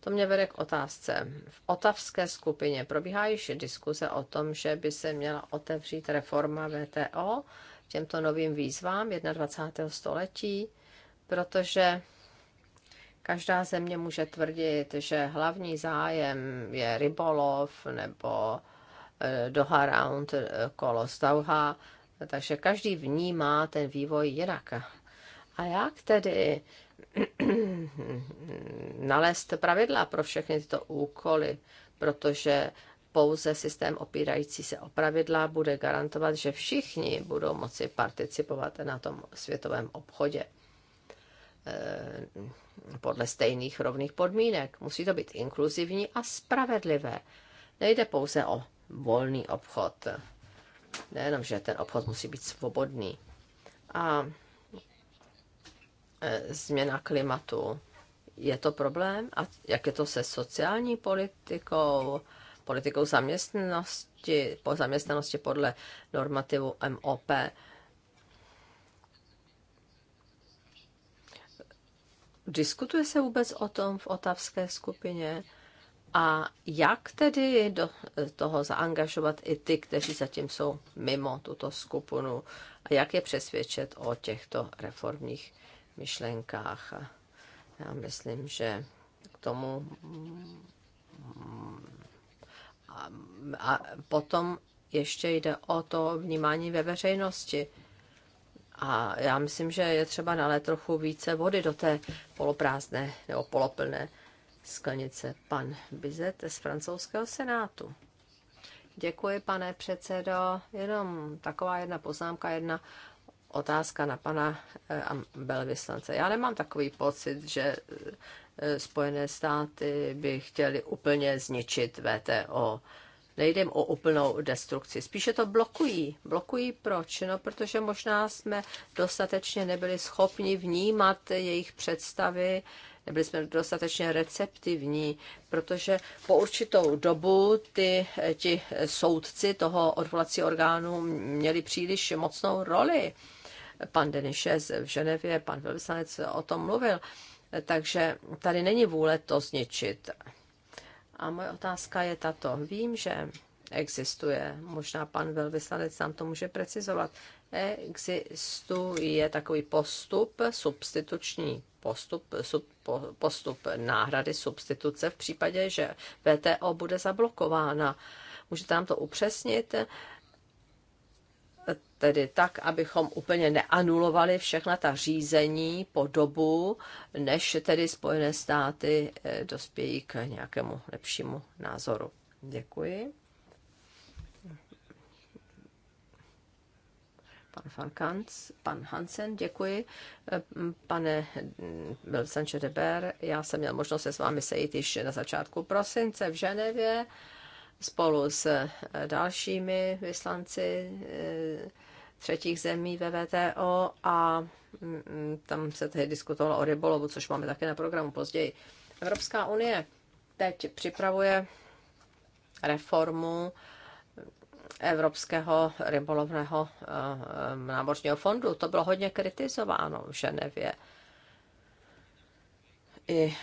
To mě vede k otázce. V otavské skupině probíhá již diskuze o tom, že by se měla otevřít reforma VTO těmto novým výzvám 21. století, protože Každá země může tvrdit, že hlavní zájem je rybolov nebo eh, doha round eh, kolo Stauha, takže každý vnímá ten vývoj jinak. A jak tedy nalézt pravidla pro všechny tyto úkoly, protože pouze systém opírající se o pravidla bude garantovat, že všichni budou moci participovat na tom světovém obchodě. Eh, podle stejných rovných podmínek. Musí to být inkluzivní a spravedlivé. Nejde pouze o volný obchod. Nejenom, že ten obchod musí být svobodný. A eh, změna klimatu. Je to problém? A jak je to se sociální politikou, politikou zaměstnanosti, po zaměstnanosti podle normativu MOP? Diskutuje se vůbec o tom v otavské skupině? A jak tedy do toho zaangažovat i ty, kteří zatím jsou mimo tuto skupinu? A jak je přesvědčit o těchto reformních myšlenkách? A já myslím, že k tomu a potom ještě jde o to vnímání ve veřejnosti. A já myslím, že je třeba nalé trochu více vody do té poloprázdné nebo poloplné sklenice. Pan Bizet z francouzského senátu. Děkuji, pane předsedo. Jenom taková jedna poznámka, jedna otázka na pana Belvislance. Eh, já nemám takový pocit, že eh, Spojené státy by chtěli úplně zničit VTO. Nejde o úplnou destrukci, spíše to blokují. Blokují proč? No, protože možná jsme dostatečně nebyli schopni vnímat jejich představy, nebyli jsme dostatečně receptivní, protože po určitou dobu ty, ti soudci toho odvolacího orgánu měli příliš mocnou roli. Pan Deniše v Ženevě, pan velvyslanec o tom mluvil. Takže tady není vůle to zničit. A moje otázka je tato. Vím, že existuje, možná pan velvyslanec nám to může precizovat, existuje takový postup, substituční postup, sub, postup náhrady, substituce v případě, že VTO bude zablokována. Můžete nám to upřesnit? tedy tak, abychom úplně neanulovali všechna ta řízení po dobu, než tedy Spojené státy eh, dospějí k nějakému lepšímu názoru. Děkuji. pan Farkanc, pan Hansen, děkuji. Eh, pane Belsanče mm, Deber, já jsem měl možnost se s vámi sejít již na začátku prosince v Ženevě spolu s eh, dalšími vyslanci eh, třetích zemí ve VTO a mm, mm, tam se tehdy diskutovalo o rybolovu, což máme také na programu později. Evropská unie teď připravuje reformu Evropského rybolovného eh, námořního fondu. To bylo hodně kritizováno v Ženevě. I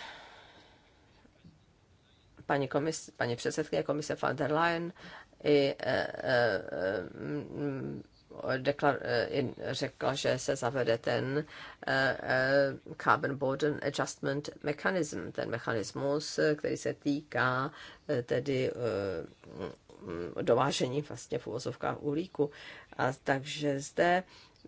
paní, komis, paní předsedkyně komise van der Leyen i e, e, deklar, eh, i řekla, že se zavede ten Carbon Border Adjustment Mechanism, ten mechanismus, který se týká tedy dovážení vlastně v uvozovkách uhlíku. A takže zde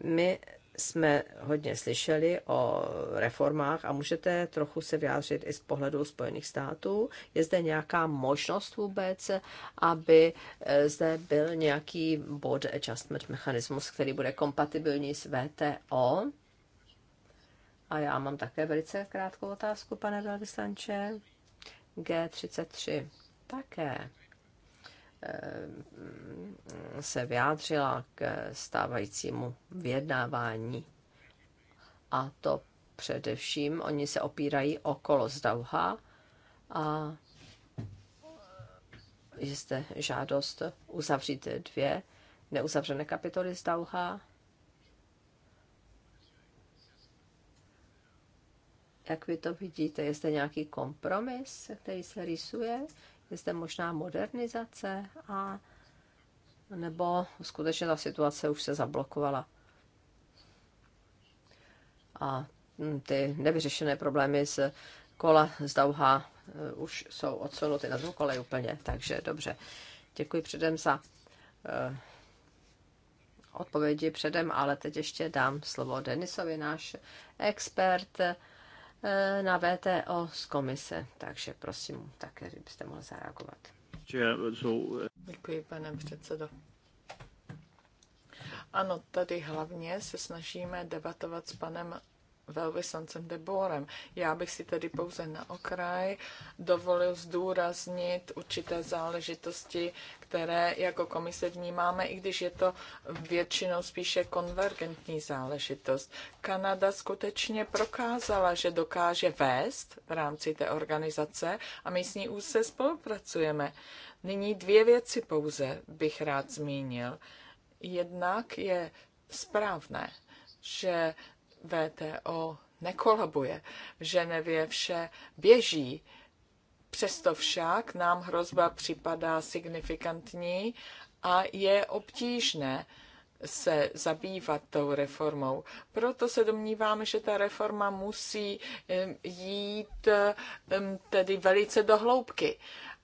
my jsme hodně slyšeli o reformách a můžete trochu se vyjádřit i z pohledu Spojených států. Je zde nějaká možnost vůbec, aby eh, zde byl nějaký bod adjustment mechanismus, který bude kompatibilní s VTO? A já mám také velice krátkou otázku, pane velvyslanče. G33 také Eh, se vyjádřila k stávajícímu vyjednávání. A to především, oni se opírají okolo zdauha a je zde žádost uzavřít dvě neuzavřené kapitoly z Dauha. Jak vy to vidíte? Je zde nějaký kompromis, který se rýsuje? je zde možná modernizace a nebo skutečně ta situace už se zablokovala. A hm, ty nevyřešené problémy z kola z Dauha e, už jsou odsunuty na druhou kolej úplně, takže dobře. Děkuji předem za e, odpovědi předem, ale teď ještě dám slovo Denisovi, náš expert. Eh, na VTO z komise. Takže prosím, také byste mohl zareagovat. Eh, eh, Děkuji, pane předsedo. Ano, tady hlavně se snažíme debatovat s panem velvyslancem Deborem. Já bych si tedy pouze na okraj dovolil zdůraznit určité záležitosti, které jako komise vnímáme, i když je to většinou spíše konvergentní záležitost. Kanada skutečně prokázala, že dokáže vést v rámci té organizace a my s ní se spolupracujeme. Nyní dvě věci pouze bych rád zmínil. Jednak je správné, že VTO nekolabuje. V Ženevě vše běží. Přesto však nám hrozba připadá signifikantní a je obtížné se zabývat tou reformou. Proto se domníváme, že ta reforma musí jít tedy velice do hloubky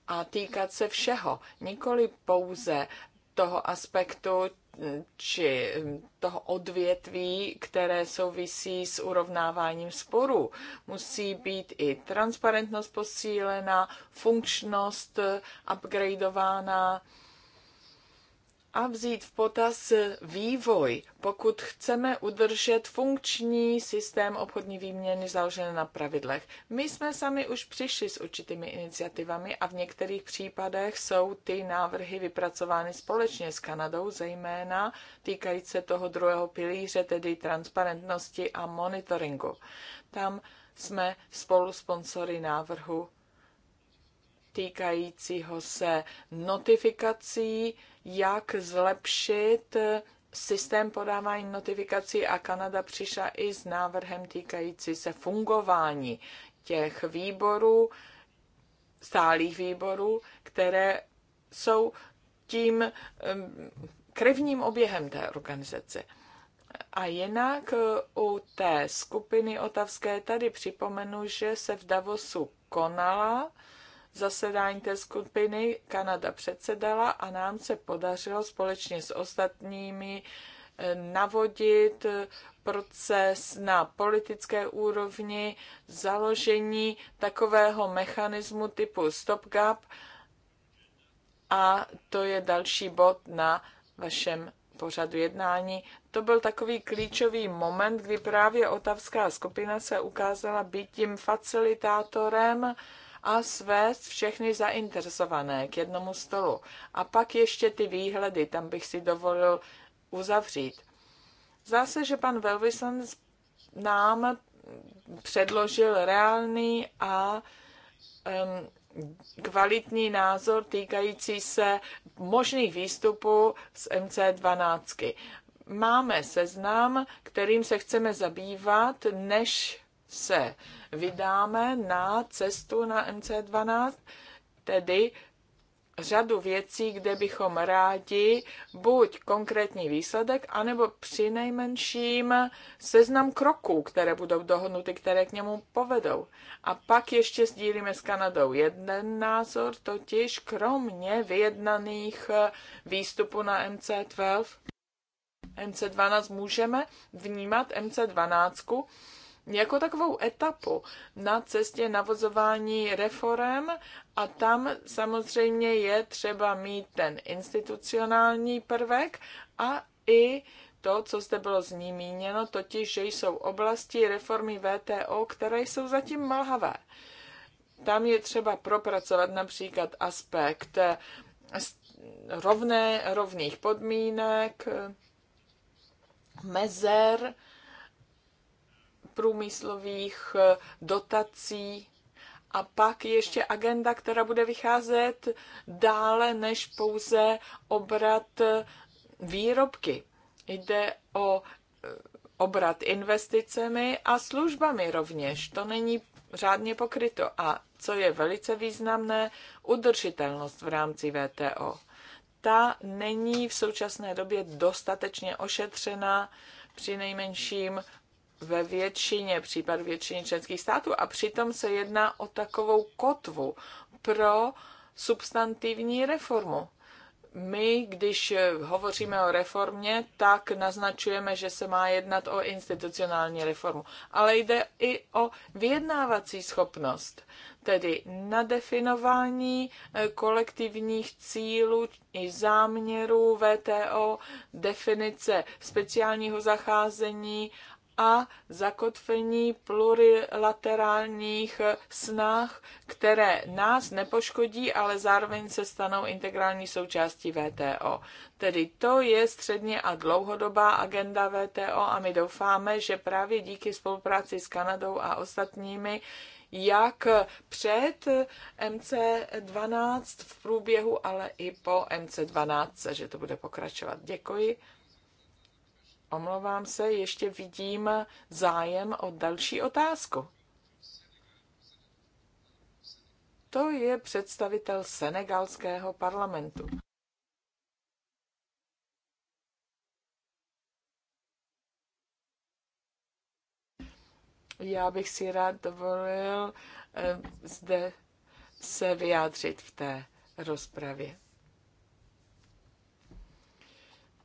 a týkat se všeho, nikoli pouze toho aspektu či toho odvětví, které souvisí s urovnáváním sporů. Musí být i transparentnost posílena, funkčnost upgradeována, a vzít v potaz vývoj, pokud chceme udržet funkční systém obchodní výměny založený na pravidlech. My jsme sami už přišli s určitými iniciativami a v některých případech jsou ty návrhy vypracovány společně s Kanadou, zejména týkající se toho druhého pilíře, tedy transparentnosti a monitoringu. Tam jsme spolu sponsory návrhu týkajícího se notifikací, jak zlepšit systém podávání notifikací a Kanada přišla i s návrhem týkající se fungování těch výborů, stálých výborů, které jsou tím krevním oběhem té organizace. A jinak eh, u té skupiny otavské tady připomenu, že se v Davosu konala zasedání té skupiny Kanada předsedala a nám se podařilo společně s ostatními eh, navodit eh, proces na politické úrovni založení takového mechanismu typu stop gap a to je další bod na vašem pořadu jednání. To byl takový klíčový moment, kdy právě otavská skupina se ukázala být tím facilitátorem a svést všechny zainteresované k jednomu stolu. A pak ještě ty výhledy, tam bych si dovolil uzavřít. Zdá se, že pan Velvison nám předložil reálný a um, kvalitní názor týkající se možných výstupů z MC12. Máme seznam, kterým se chceme zabývat, než se uh, vydáme na cestu na MC12, tedy řadu věcí, kde bychom rádi buď konkrétní výsledek, anebo při nejmenším seznam kroků, které budou dohodnuty, které k němu povedou. A pak ještě sdílíme s Kanadou jeden názor, totiž kromě vyjednaných eh, výstupů na MC12, MC12 můžeme vnímat MC12 jako takovou etapu na cestě navozování reform a tam samozřejmě je třeba mít ten institucionální prvek a i to, co zde bylo zmíněno, totiž, že jsou oblasti reformy VTO, které jsou zatím malhavé. Tam je třeba propracovat například aspekt eh, rovné, rovných podmínek, eh, mezer, průmyslových eh, dotací a pak ještě agenda, která bude vycházet dále než pouze obrat eh, výrobky. Jde o eh, obrat investicemi a službami rovněž. To není řádně pokryto. A co je velice významné, udržitelnost v rámci VTO. Ta není v současné době dostatečně ošetřena, při nejmenším ve většině případů většině členských států a přitom se jedná o takovou kotvu pro substantivní reformu. My, když hovoříme o reformě, tak naznačujeme, že se má jednat o institucionální reformu. Ale jde i o vyjednávací schopnost, tedy nadefinování eh, kolektivních cílů i záměrů VTO, definice speciálního zacházení a zakotvení plurilaterálních snah, které nás nepoškodí, ale zároveň se stanou integrální součástí VTO. Tedy to je středně a dlouhodobá agenda VTO a my doufáme, že právě díky spolupráci s Kanadou a ostatními jak před MC12 v průběhu, ale i po MC12, že to bude pokračovat. Děkuji Omlouvám se, ještě vidím zájem o další otázku. To je představitel senegalského parlamentu. Já bych si rád dovolil eh, zde se vyjádřit v té rozpravě.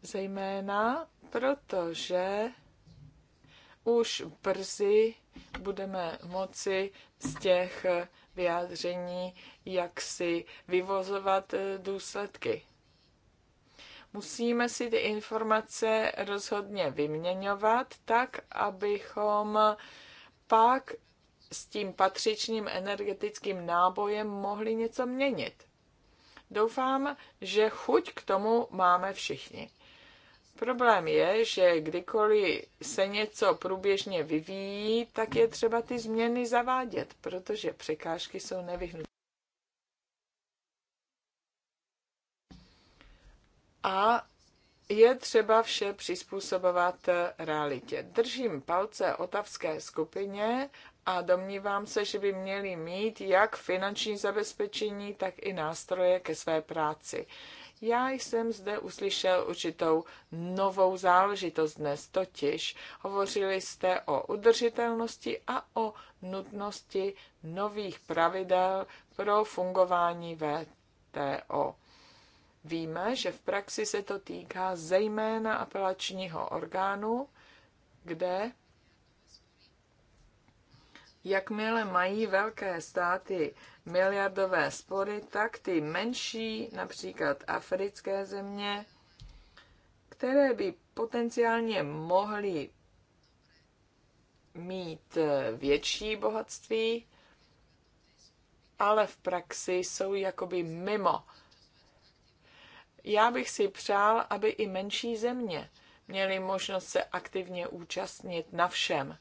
Zejména protože už brzy budeme moci z těch vyjádření jak si vyvozovat eh, důsledky. Musíme si ty informace rozhodně vyměňovat tak, abychom pak s tím patřičným energetickým nábojem mohli něco měnit. Doufám, že chuť k tomu máme všichni. Problém je, že kdykoliv se něco průběžně vyvíjí, tak je třeba ty změny zavádět, protože překážky jsou nevyhnutelné. A je třeba vše přizpůsobovat realitě. Držím palce otavské skupině a domnívám se, že by měli mít jak finanční zabezpečení, tak i nástroje ke své práci. Já jsem zde uslyšel určitou novou záležitost dnes, totiž hovořili jste o udržitelnosti a o nutnosti nových pravidel pro fungování VTO. Víme, že v praxi se to týká zejména apelačního orgánu, kde jakmile mají velké státy miliardové spory, tak ty menší, například africké země, které by potenciálně mohly mít eh, větší bohatství, ale v praxi jsou jakoby mimo. Já bych si přál, aby i menší země měly možnost se aktivně účastnit na všem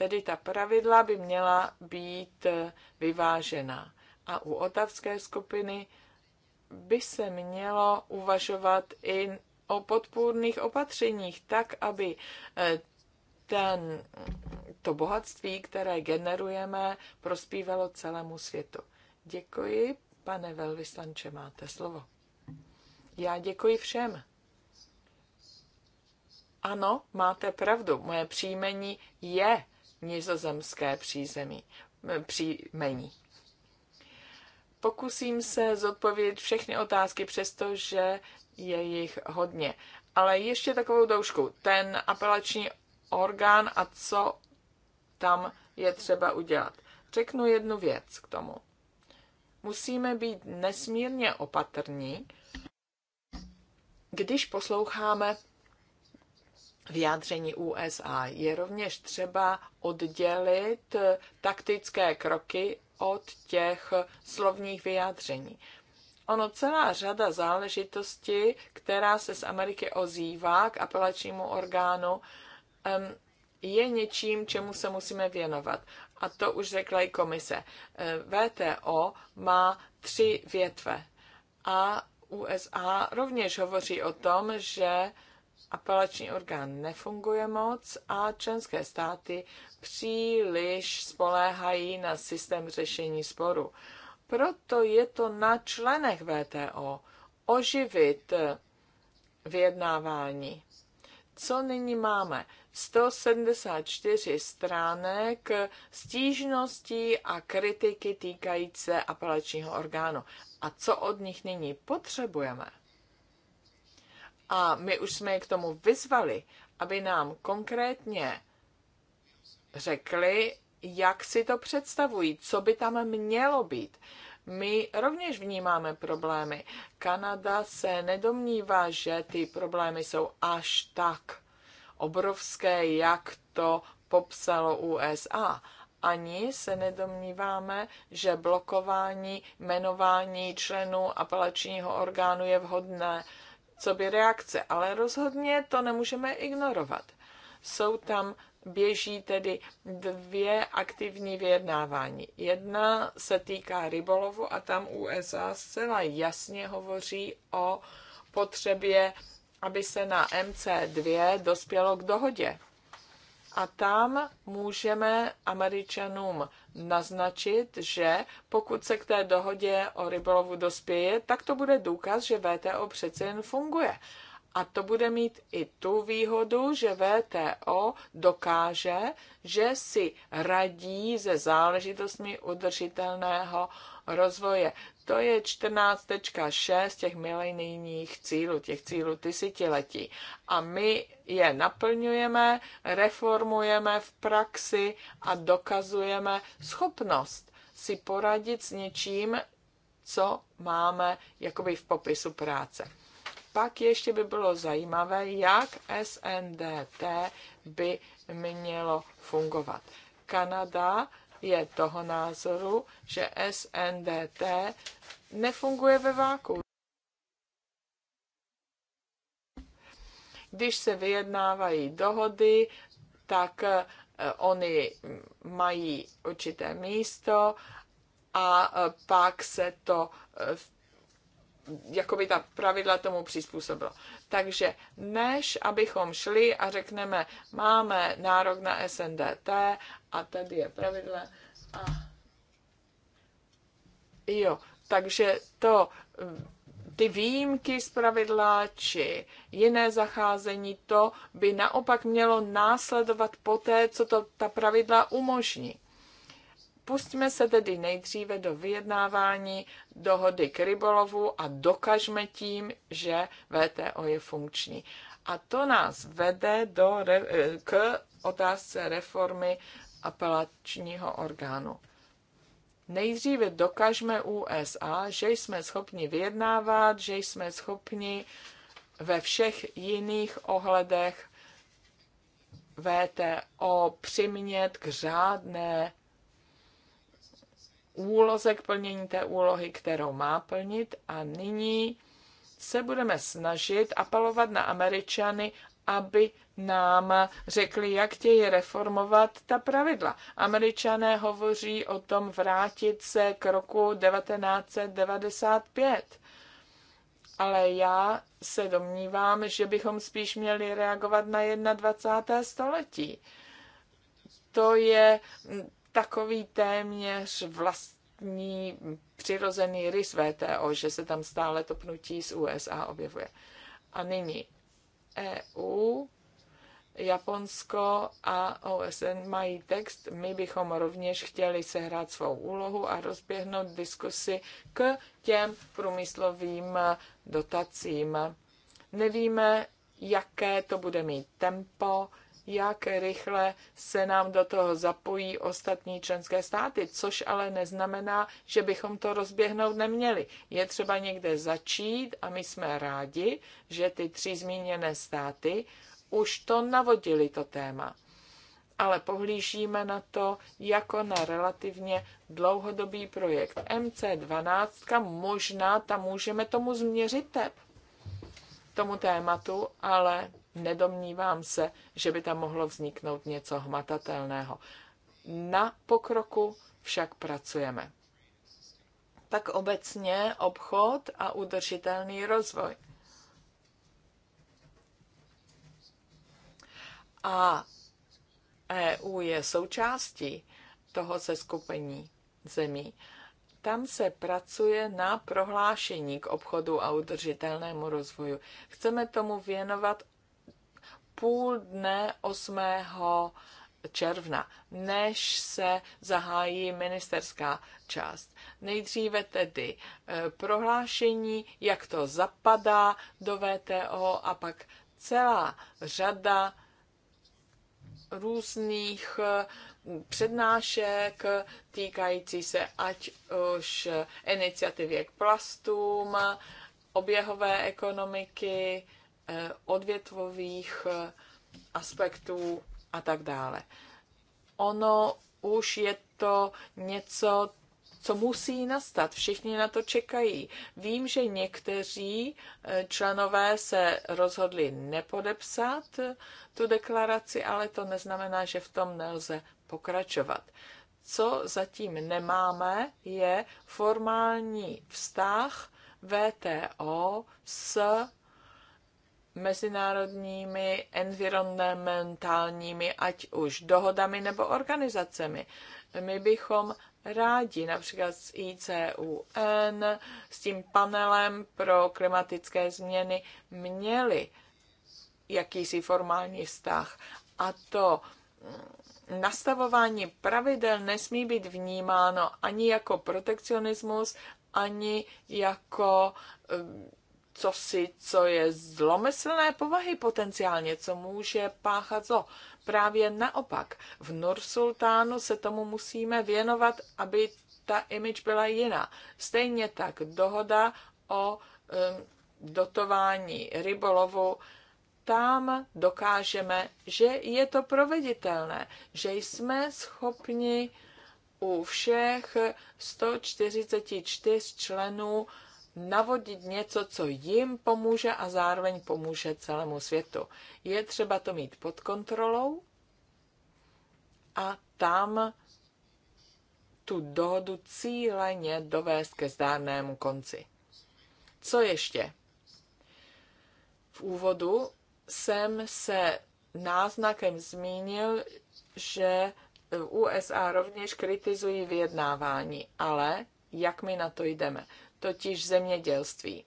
Tedy ta pravidla by měla být eh, vyvážená. A u otavské skupiny by se mělo uvažovat i o podpůrných opatřeních, tak aby eh, ten, to bohatství, které generujeme, prospívalo celému světu. Děkuji, pane velvyslanče, máte slovo. Já děkuji všem. Ano, máte pravdu, moje příjmení je nizozemské přízemí, příjmení. Pokusím se zodpovědět všechny otázky, přestože je jich hodně. Ale ještě takovou doušku. Ten apelační orgán a co tam je třeba udělat. Řeknu jednu věc k tomu. Musíme být nesmírně opatrní, když posloucháme vyjádření USA. Je rovněž třeba oddělit taktické kroky od těch slovních vyjádření. Ono celá řada záležitostí, která se z Ameriky ozývá k apelačnímu orgánu, je něčím, čemu se musíme věnovat. A to už řekla i komise. E, VTO má tři větve a USA rovněž hovoří o tom, že apelační orgán nefunguje moc a členské státy příliš spoléhají na systém řešení sporu. Proto je to na členech VTO oživit vyjednávání. Co nyní máme? 174 stránek stížností a kritiky týkající se apelačního orgánu. A co od nich nyní potřebujeme? A my už jsme je k tomu vyzvali, aby nám konkrétně řekli, jak si to představují, co by tam mělo být. My rovněž vnímáme problémy. Kanada se nedomnívá, že ty problémy jsou až tak obrovské, jak to popsalo USA. Ani se nedomníváme, že blokování jmenování členů apelačního orgánu je vhodné co by reakce, ale rozhodně to nemůžeme ignorovat. Jsou tam běží tedy dvě aktivní vyjednávání. Jedna se týká rybolovu a tam USA zcela jasně hovoří o potřebě, aby se na MC2 dospělo k dohodě. A tam můžeme Američanům naznačit, že pokud se k té dohodě o rybolovu dospěje, tak to bude důkaz, že VTO přece jen funguje. A to bude mít i tu výhodu, že VTO dokáže, že si radí se záležitostmi udržitelného rozvoje to je 14.6 těch milenijních cílů, těch cílů tisíciletí. A my je naplňujeme, reformujeme v praxi a dokazujeme schopnost si poradit s něčím, co máme jakoby v popisu práce. Pak ještě by bylo zajímavé, jak SNDT by mělo fungovat. Kanada je toho názoru, že SNDT nefunguje ve váku. Když se vyjednávají dohody, tak eh, oni mají určité místo a eh, pak se to eh, jakoby ta pravidla tomu přizpůsobila. Takže než abychom šli a řekneme, máme nárok na SNDT a tady je pravidla a jo, takže to eh, ty výjimky z pravidla či jiné zacházení, to by naopak mělo následovat poté, co to ta pravidla umožní. Pustíme se tedy nejdříve do vyjednávání dohody k rybolovu a dokažme tím, že VTO je funkční. A to nás vede do, eh, k otázce reformy apelačního orgánu nejdříve dokažme USA, že jsme schopni vyjednávat, že jsme schopni ve všech jiných ohledech VTO přimět k řádné úloze k plnění té úlohy, kterou má plnit a nyní se budeme snažit apelovat na Američany, aby nám řekli, jak chtějí reformovat ta pravidla. Američané hovoří o tom vrátit se k roku 1995. Ale já se domnívám, že bychom spíš měli reagovat na 21. století. To je takový téměř vlastní přirozený rys VTO, že se tam stále to pnutí z USA objevuje. A nyní EU Japonsko a OSN mají text, my bychom rovněž chtěli sehrát svou úlohu a rozběhnout diskusy k těm průmyslovým dotacím. Nevíme, jaké to bude mít tempo, jak rychle se nám do toho zapojí ostatní členské státy, což ale neznamená, že bychom to rozběhnout neměli. Je třeba někde začít a my jsme rádi, že ty tři zmíněné státy už to navodili, to téma. Ale pohlížíme na to jako na relativně dlouhodobý projekt. MC12, možná tam můžeme tomu změřit tep, tomu tématu, ale nedomnívám se, že by tam mohlo vzniknout něco hmatatelného. Na pokroku však pracujeme. Tak obecně obchod a udržitelný rozvoj. a EU je součástí toho seskupení zemí, tam se pracuje na prohlášení k obchodu a udržitelnému rozvoju. Chceme tomu věnovat půl dne 8. června, než se zahájí ministerská část. Nejdříve tedy e, prohlášení, jak to zapadá do VTO a pak celá řada různých eh, přednášek týkající se ať už iniciativě k plastům, oběhové ekonomiky, eh, odvětvových eh, aspektů a tak dále. Ono už je to něco, co musí nastat. Všichni na to čekají. Vím, že někteří eh, členové se rozhodli nepodepsat eh, tu deklaraci, ale to neznamená, že v tom nelze pokračovat. Co zatím nemáme, je formální vztah VTO s mezinárodními environmentálními, ať už dohodami nebo organizacemi. My bychom rádi, například s ICUN, s tím panelem pro klimatické změny, měli jakýsi formální vztah. A to mm, nastavování pravidel nesmí být vnímáno ani jako protekcionismus, ani jako mm, co si, co je zlomyslné povahy potenciálně, co může páchat zlo. Právě naopak, v Nursultánu se tomu musíme věnovat, aby ta image byla jiná. Stejně tak dohoda o um, dotování rybolovu, tam dokážeme, že je to proveditelné, že jsme schopni u všech 144 členů navodit něco, co jim pomůže a zároveň pomůže celému světu. Je třeba to mít pod kontrolou a tam tu dohodu cíleně dovést ke zdárnému konci. Co ještě? V úvodu jsem se náznakem zmínil, že USA rovněž kritizují vyjednávání, ale jak my na to jdeme? totiž zemědělství.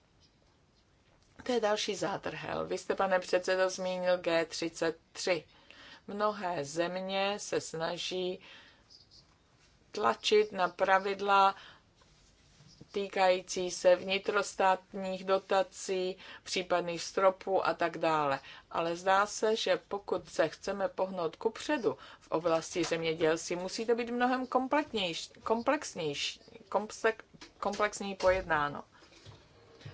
To je další zátrhel. Vy jste, pane předsedo, zmínil G33. Mnohé země se snaží tlačit na pravidla týkající se vnitrostátních dotací, případných stropů a tak dále. Ale zdá se, že pokud se chceme pohnout kupředu v oblasti zemědělství, musí to být mnohem komplexnější, komplexnější komplexněji pojednáno.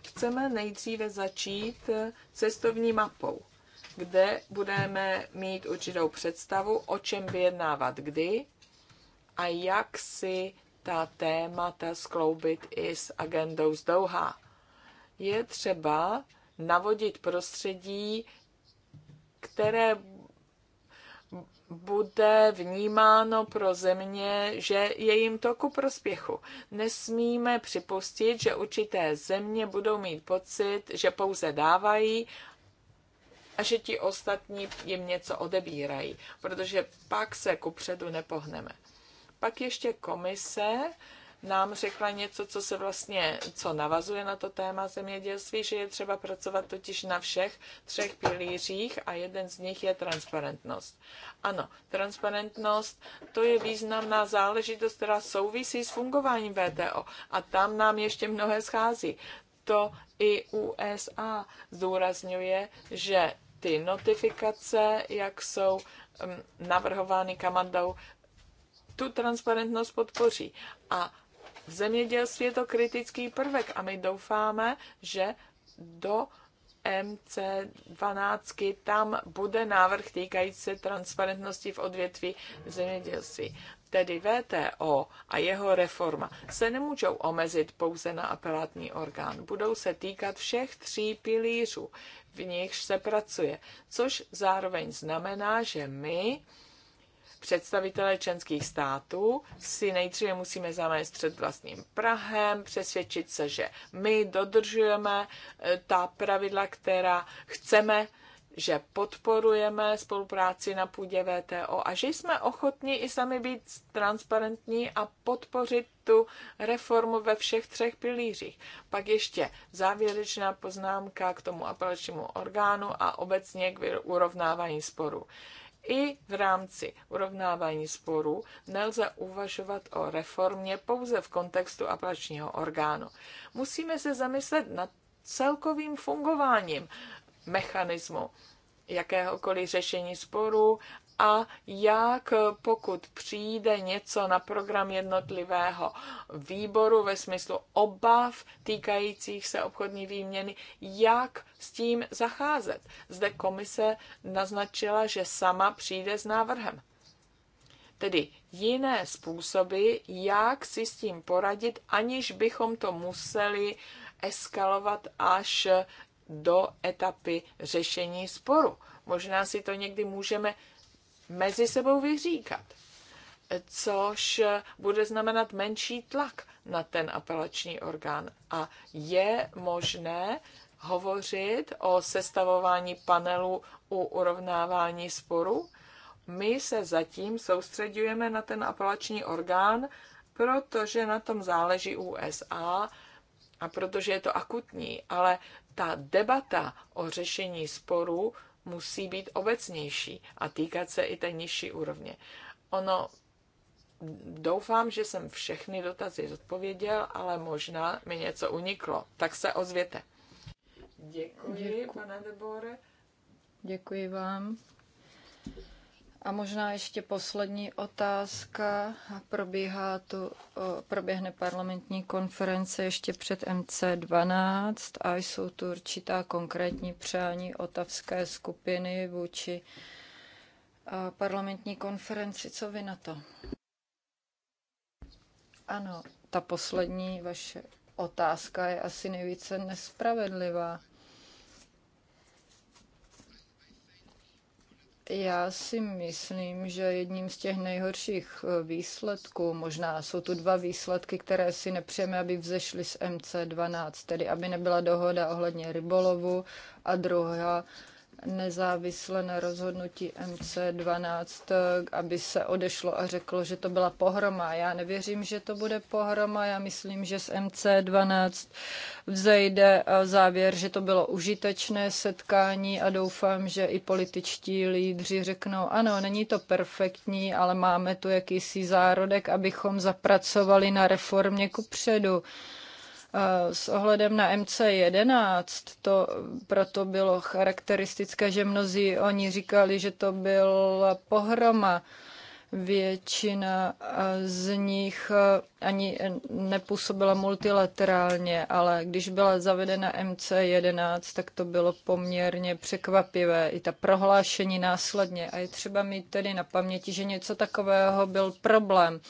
Chceme nejdříve začít cestovní mapou, kde budeme mít určitou představu, o čem vyjednávat kdy a jak si ta témata skloubit i s agendou z Doha. Je třeba navodit prostředí, které bude vnímáno pro země, že je jim to ku prospěchu. Nesmíme připustit, že určité země budou mít pocit, že pouze dávají a že ti ostatní jim něco odebírají, protože pak se kupředu nepohneme. Pak ještě komise nám řekla něco, co se vlastně, co navazuje na to téma zemědělství, že je třeba pracovat totiž na všech třech pilířích a jeden z nich je transparentnost. Ano, transparentnost to je významná záležitost, která souvisí s fungováním VTO a tam nám ještě mnohé schází. To i USA zdůrazňuje, že ty notifikace, jak jsou mm, navrhovány Kamandou, tu transparentnost podpoří. A v zemědělství je to kritický prvek a my doufáme, že do MC12 tam bude návrh týkající se transparentnosti v odvětví zemědělství. Tedy VTO a jeho reforma se nemůžou omezit pouze na apelátní orgán. Budou se týkat všech tří pilířů, v nichž se pracuje, což zároveň znamená, že my představitelé členských států si nejdříve musíme zamést před vlastním Prahem, přesvědčit se, že my dodržujeme eh, ta pravidla, která chceme že podporujeme spolupráci na půdě VTO a že jsme ochotní i sami být transparentní a podpořit tu reformu ve všech třech pilířích. Pak ještě závěrečná poznámka k tomu apelačnímu orgánu a obecně k urovnávání sporů. I v rámci urovnávání sporů nelze uvažovat o reformě pouze v kontextu apelačního orgánu. Musíme se zamyslet nad celkovým fungováním mechanismu jakéhokoliv řešení sporu a jak pokud přijde něco na program jednotlivého výboru ve smyslu obav týkajících se obchodní výměny, jak s tím zacházet. Zde komise naznačila, že sama přijde s návrhem. Tedy jiné způsoby, jak si s tím poradit, aniž bychom to museli eskalovat až do etapy řešení sporu. Možná si to někdy můžeme mezi sebou vyříkat, což bude znamenat menší tlak na ten apelační orgán. A je možné hovořit o sestavování panelu u urovnávání sporu. My se zatím soustředujeme na ten apelační orgán, protože na tom záleží USA a protože je to akutní, ale ta debata o řešení sporu musí být obecnější a týkat se i té nižší úrovně. Ono Doufám, že jsem všechny dotazy zodpověděl, ale možná mi něco uniklo. Tak se ozvěte. Děkuji, Děkuji. pane Debore. Děkuji vám. A možná ještě poslední otázka. Probíhá tu, proběhne parlamentní konference ještě před MC12 a jsou tu určitá konkrétní přání otavské skupiny vůči parlamentní konferenci. Co vy na to? Ano, ta poslední vaše otázka je asi nejvíce nespravedlivá. Já si myslím, že jedním z těch nejhorších eh, výsledků, možná jsou tu dva výsledky, které si nepřejeme, aby vzešly z MC12, tedy aby nebyla dohoda ohledně rybolovu a druhá nezávisle na rozhodnutí MC12, aby se odešlo a řeklo, že to byla pohroma. Já nevěřím, že to bude pohroma. Já myslím, že z MC12 vzejde závěr, že to bylo užitečné setkání a doufám, že i političtí lídři řeknou, ano, není to perfektní, ale máme tu jakýsi zárodek, abychom zapracovali na reformě kupředu. předu Eh, s ohledem na MC11 to proto bylo charakteristické, že mnozí oni říkali, že to byla pohroma. Většina eh, z nich eh, ani nepůsobila multilaterálně, ale když byla zavedena MC11, tak to bylo poměrně překvapivé. I ta prohlášení následně. A je třeba mít tedy na paměti, že něco takového byl problém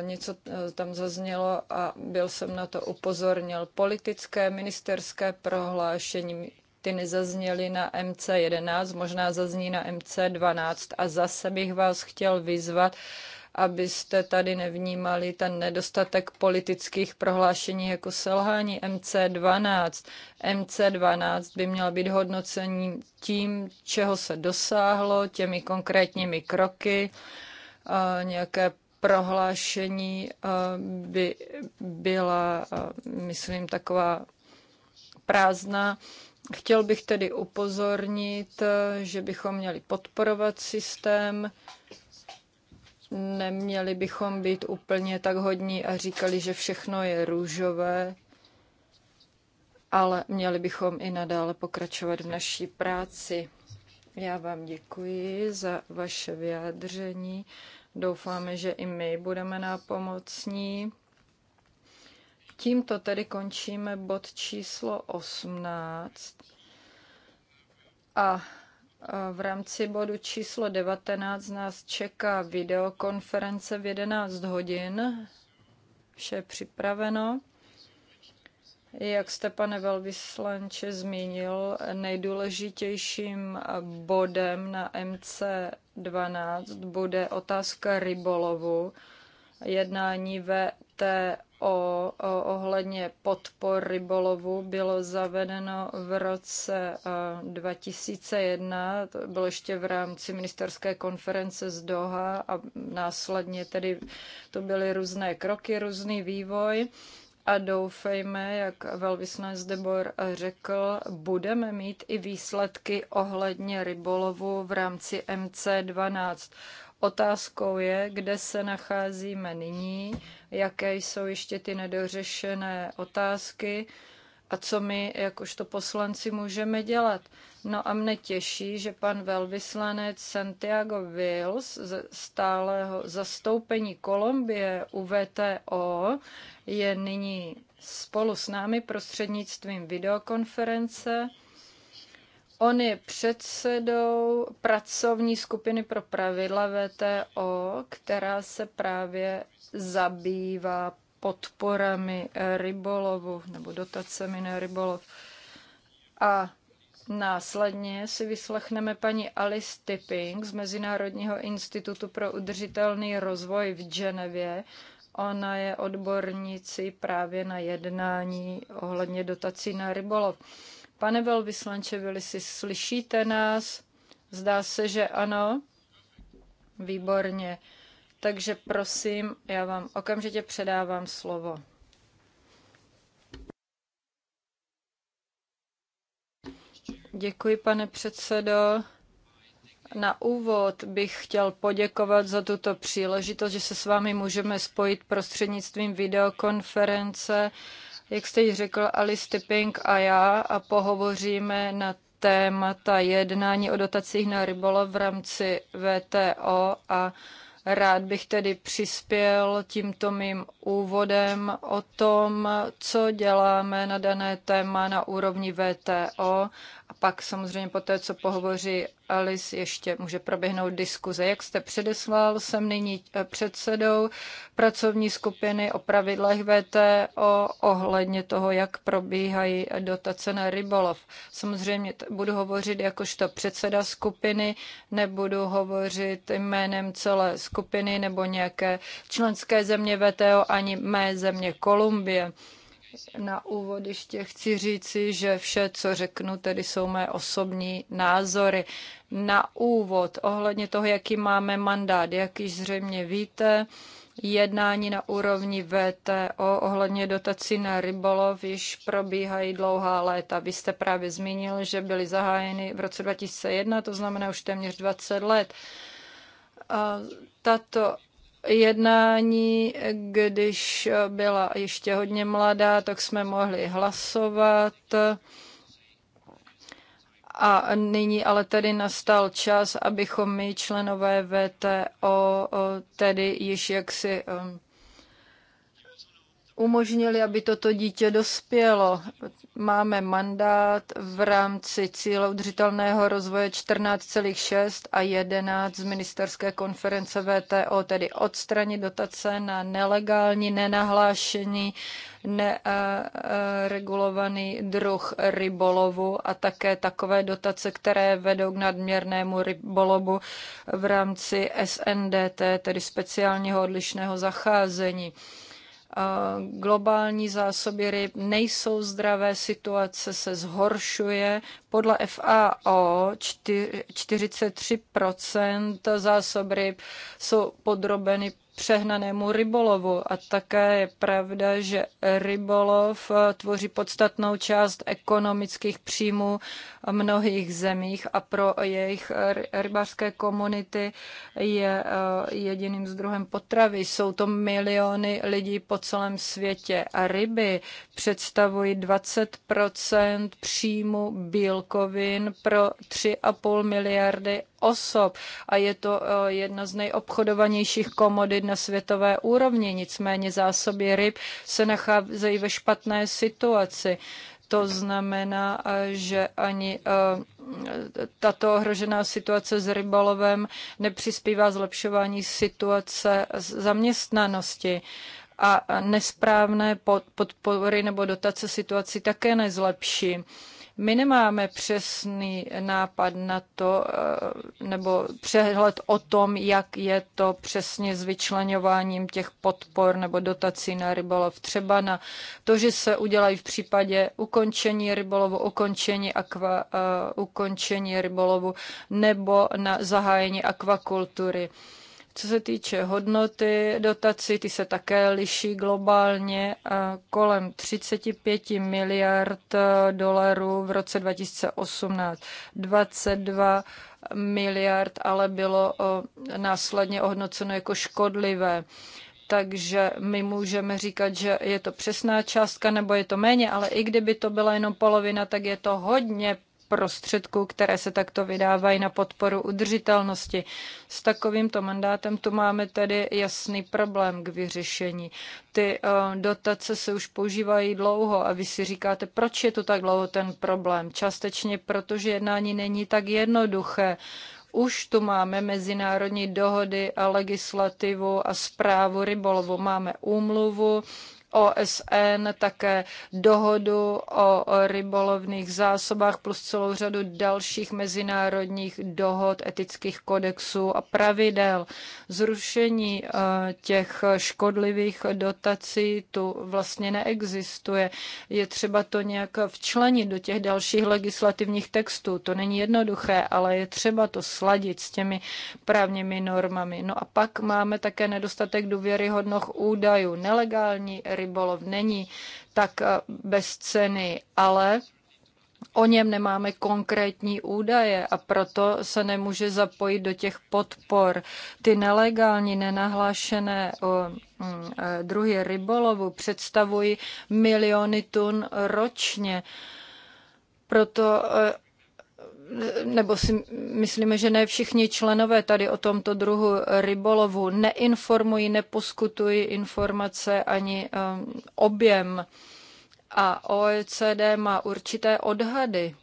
něco e, tam zaznělo a byl jsem na to upozornil. Politické ministerské prohlášení ty nezazněly na MC11, možná zazní na MC12 a zase bych vás chtěl vyzvat, abyste tady nevnímali ten nedostatek politických prohlášení jako selhání MC12. MC12 by měla být hodnocení tím, čeho se dosáhlo, těmi konkrétními kroky, nějaké prohlášení eh, by byla, eh, myslím, taková prázdná. Chtěl bych tedy upozornit, eh, že bychom měli podporovat systém, neměli bychom být úplně tak hodní a říkali, že všechno je růžové, ale měli bychom i nadále pokračovat v naší práci. Já vám děkuji za vaše vyjádření Doufáme, že i my budeme nápomocní. Tímto tedy končíme bod číslo 18. A v rámci bodu číslo 19 nás čeká videokonference v 11 hodin. Vše je připraveno. Jak jste, pane velvyslanče, zmínil, nejdůležitějším bodem na MC12 bude otázka rybolovu, jednání o ohledně podpor rybolovu bylo zavedeno v roce 2001, eh, to bylo ještě v rámci ministerské konference z Doha a následně tedy to byly různé kroky, různý vývoj a doufejme, jak velvyslanec Debor řekl, budeme mít i výsledky ohledně rybolovu v rámci MC12. Otázkou je, kde se nacházíme nyní, jaké jsou ještě ty nedořešené otázky a co my jakožto poslanci můžeme dělat. No a mne těší, že pan velvyslanec Santiago Wills z stáleho zastoupení Kolumbie u VTO je nyní spolu s námi prostřednictvím videokonference. On je předsedou pracovní skupiny pro pravidla VTO, která se právě zabývá podporami eh, rybolovu nebo dotacemi na rybolov. A Následně si vyslechneme paní Alice Tipping z Mezinárodního institutu pro udržitelný rozvoj v Ženevě. Ona je odbornici právě na jednání ohledně dotací na rybolov. Pane velvyslanče, byli si slyšíte nás? Zdá se, že ano. Výborně. Takže prosím, já vám okamžitě předávám slovo. Děkuji, pane předsedo. Na úvod bych chtěl poděkovat za tuto příležitost, že se s vámi můžeme spojit prostřednictvím videokonference. Jak jste ji řekl, Alice Tipping a já a pohovoříme na témata jednání o dotacích na rybolov v rámci VTO a Rád bych tedy přispěl tímto mým úvodem o tom, co děláme na dané téma na úrovni VTO a pak samozřejmě po té, co pohovoří Alice, ještě může proběhnout diskuze. Jak jste předeslal, jsem nyní eh, předsedou pracovní skupiny o pravidlech VTO ohledně toho, jak probíhají dotace na rybolov. Samozřejmě budu hovořit jakožto předseda skupiny, nebudu hovořit jménem celé skupiny nebo nějaké členské země VTO ani mé země Kolumbie na úvod ještě chci říci, že vše, co řeknu, tedy jsou mé osobní názory. Na úvod ohledně toho, jaký máme mandát, jak již zřejmě víte, jednání na úrovni VTO ohledně dotací na rybolov již probíhají dlouhá léta. Vy jste právě zmínil, že byly zahájeny v roce 2001, to znamená už téměř 20 let. Tato jednání, když byla ještě hodně mladá, tak jsme mohli hlasovat. A nyní ale tedy nastal čas, abychom my, členové VTO, tedy již jaksi um, umožnili, aby toto dítě dospělo. Máme mandát v rámci cíle udržitelného rozvoje 14,6 a 11 z ministerské konference VTO, tedy odstranit dotace na nelegální, nenahlášený, neregulovaný eh, eh, druh rybolovu a také takové dotace, které vedou k nadměrnému rybolovu v rámci SNDT, tedy speciálního odlišného zacházení globální zásoby ryb nejsou zdravé, situace se zhoršuje. Podle FAO 43 zásob ryb jsou podrobeny přehnanému rybolovu. A také je pravda, že rybolov eh, tvoří podstatnou část ekonomických příjmů mnohých zemích a pro jejich rybářské komunity je eh, jediným zdrojem potravy. Jsou to miliony lidí po celém světě a ryby představují 20 příjmu bílkovin pro 3,5 miliardy osob a je to eh, jedna z nejobchodovanějších komodit na světové úrovni, nicméně zásoby ryb se nacházejí ve špatné situaci. To znamená, že ani eh, tato ohrožená situace s rybolovem nepřispívá zlepšování situace zaměstnanosti a nesprávné podpory nebo dotace situaci také nezlepší. My nemáme přesný nápad na to, eh, nebo přehled o tom, jak je to přesně s vyčlenováním těch podpor nebo dotací na rybolov. Třeba na to, že se udělají v případě ukončení rybolovu, ukončení, akva, eh, ukončení rybolovu nebo na zahájení akvakultury. Co se týče hodnoty dotací, ty se také liší globálně kolem 35 miliard eh, dolarů v roce 2018. 22 miliard ale bylo eh, následně ohodnoceno jako škodlivé takže my můžeme říkat, že je to přesná částka nebo je to méně, ale i kdyby to byla jenom polovina, tak je to hodně prostředků, které se takto vydávají na podporu udržitelnosti. S takovýmto mandátem tu máme tedy jasný problém k vyřešení. Ty eh, dotace se už používají dlouho a vy si říkáte, proč je to tak dlouho ten problém. Částečně proto, že jednání není tak jednoduché. Už tu máme mezinárodní dohody a legislativu a zprávu rybolovu. Máme úmluvu, OSN, také dohodu o rybolovných zásobách plus celou řadu dalších mezinárodních dohod, etických kodexů a pravidel. Zrušení eh, těch škodlivých dotací tu vlastně neexistuje. Je třeba to nějak včlenit do těch dalších legislativních textů. To není jednoduché, ale je třeba to sladit s těmi právními normami. No a pak máme také nedostatek důvěryhodných údajů. Nelegální rybolov není tak eh, bez ceny, ale O něm nemáme konkrétní údaje a proto se nemůže zapojit do těch podpor. Ty nelegální, nenahlášené eh, mm, eh, druhy rybolovu představují miliony tun ročně. Proto nebo si myslíme, že ne všichni členové tady o tomto druhu rybolovu neinformují, neposkutují informace ani um, objem. A OECD má určité odhady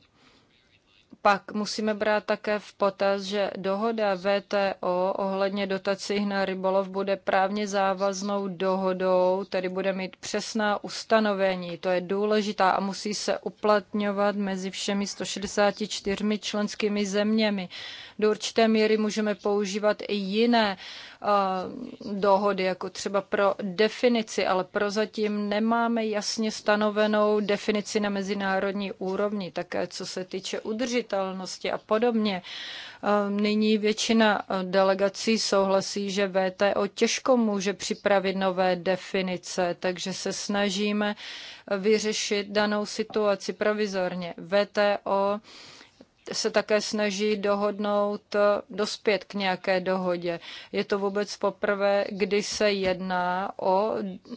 pak musíme brát také v potaz, že dohoda VTO ohledně dotací na rybolov bude právně závaznou dohodou, tedy bude mít přesná ustanovení. To je důležitá a musí se uplatňovat mezi všemi 164 členskými zeměmi. Do určité míry můžeme používat i jiné eh, dohody, jako třeba pro definici, ale prozatím nemáme jasně stanovenou definici na mezinárodní úrovni, také co se týče udržitelnosti a podobně. Eh, nyní většina eh, delegací souhlasí, že VTO těžko může připravit nové definice, takže se snažíme vyřešit danou situaci provizorně. VTO se také snaží dohodnout, eh, dospět k nějaké dohodě. Je to vůbec poprvé, kdy se jedná o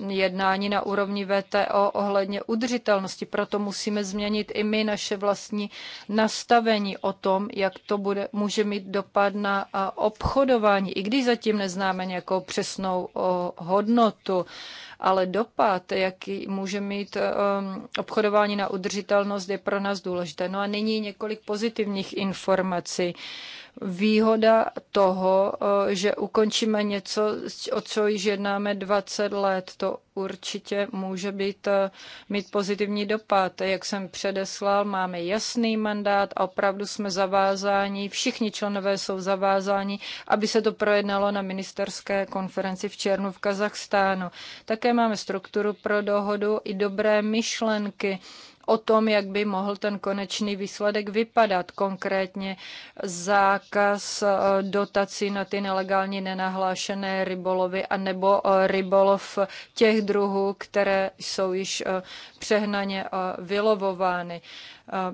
jednání na úrovni VTO ohledně udržitelnosti. Proto musíme změnit i my naše vlastní nastavení o tom, jak to bude, může mít dopad na eh, obchodování, i když zatím neznáme nějakou přesnou eh, hodnotu ale dopad, jaký může mít eh, um, obchodování na udržitelnost, je pro nás důležité. No a nyní několik pozitivních informací výhoda toho, eh, že ukončíme něco, o co již jednáme 20 let. To určitě může být, eh, mít pozitivní dopad. Jak jsem předeslal, máme jasný mandát a opravdu jsme zavázáni, všichni členové jsou zavázáni, aby se to projednalo na ministerské konferenci v Černu v Kazachstánu. Také máme strukturu pro dohodu i dobré myšlenky o tom, jak by mohl ten konečný výsledek vypadat, konkrétně zákaz eh, dotací na ty nelegální nenahlášené rybolovy a nebo eh, rybolov těch druhů, které jsou již eh, přehnaně vylovovány.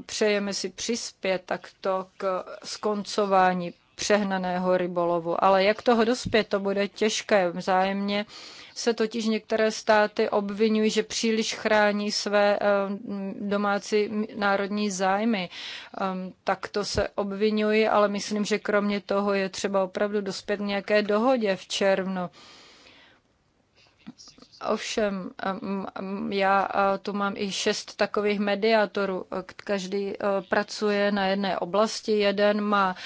Přejeme si přispět takto k skoncování přehnaného rybolovu. Ale jak toho dospět, to bude těžké. Vzájemně se totiž některé státy obvinují, že příliš chrání své eh, domácí národní zájmy. Ehm, tak to se obvinují, ale myslím, že kromě toho je třeba opravdu dospět nějaké dohodě v červnu. Ovšem, já tu mám i šest takových mediátorů. E, každý e, pracuje na jedné oblasti. Jeden má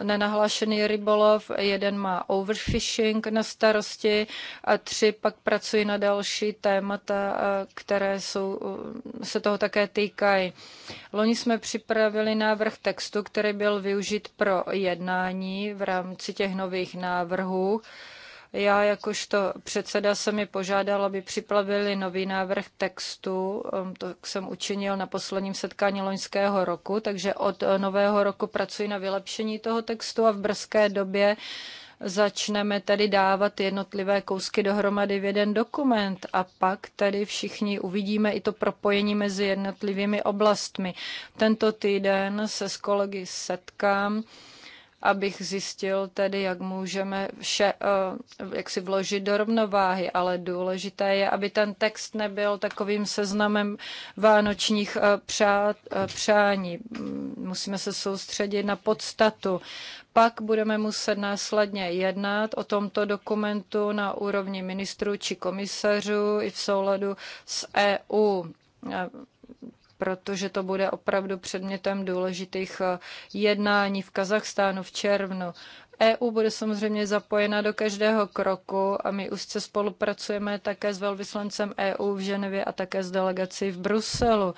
e, nenahlášený rybolov, jeden má overfishing na starosti a tři pak pracují na další témata, které jsou, se toho také týkají. Loni jsme připravili návrh textu, který byl využit pro jednání v rámci těch nových návrhů. Já jakožto předseda jsem mi požádal, aby připlavili nový návrh textu. Um, to jsem učinil na posledním setkání loňského roku, takže od eh, nového roku pracuji na vylepšení toho textu a v brzké době začneme tedy dávat jednotlivé kousky dohromady v jeden dokument a pak tedy všichni uvidíme i to propojení mezi jednotlivými oblastmi. Tento týden se s kolegy setkám abych zjistil tedy, jak můžeme vše, eh, jak si vložit do rovnováhy, ale důležité je, aby ten text nebyl takovým seznamem vánočních eh, přát, eh, přání. Musíme se soustředit na podstatu. Pak budeme muset následně jednat o tomto dokumentu na úrovni ministrů či komisařů i v souladu s EU protože to bude opravdu předmětem důležitých eh, jednání v Kazachstánu v červnu. EU bude samozřejmě zapojena do každého kroku a my úzce spolupracujeme také s velvyslancem EU v Ženevě a také s delegací v Bruselu.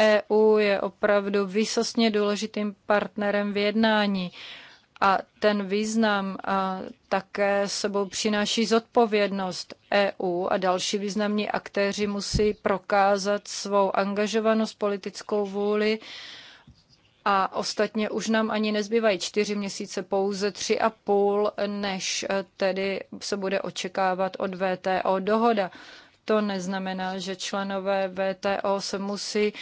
EU je opravdu výsostně důležitým partnerem v jednání a ten význam a také sebou přináší zodpovědnost EU a další významní aktéři musí prokázat svou angažovanost, politickou vůli a ostatně už nám ani nezbývají čtyři měsíce, pouze tři a půl, než tedy se bude očekávat od VTO dohoda. To neznamená, že členové VTO se musí,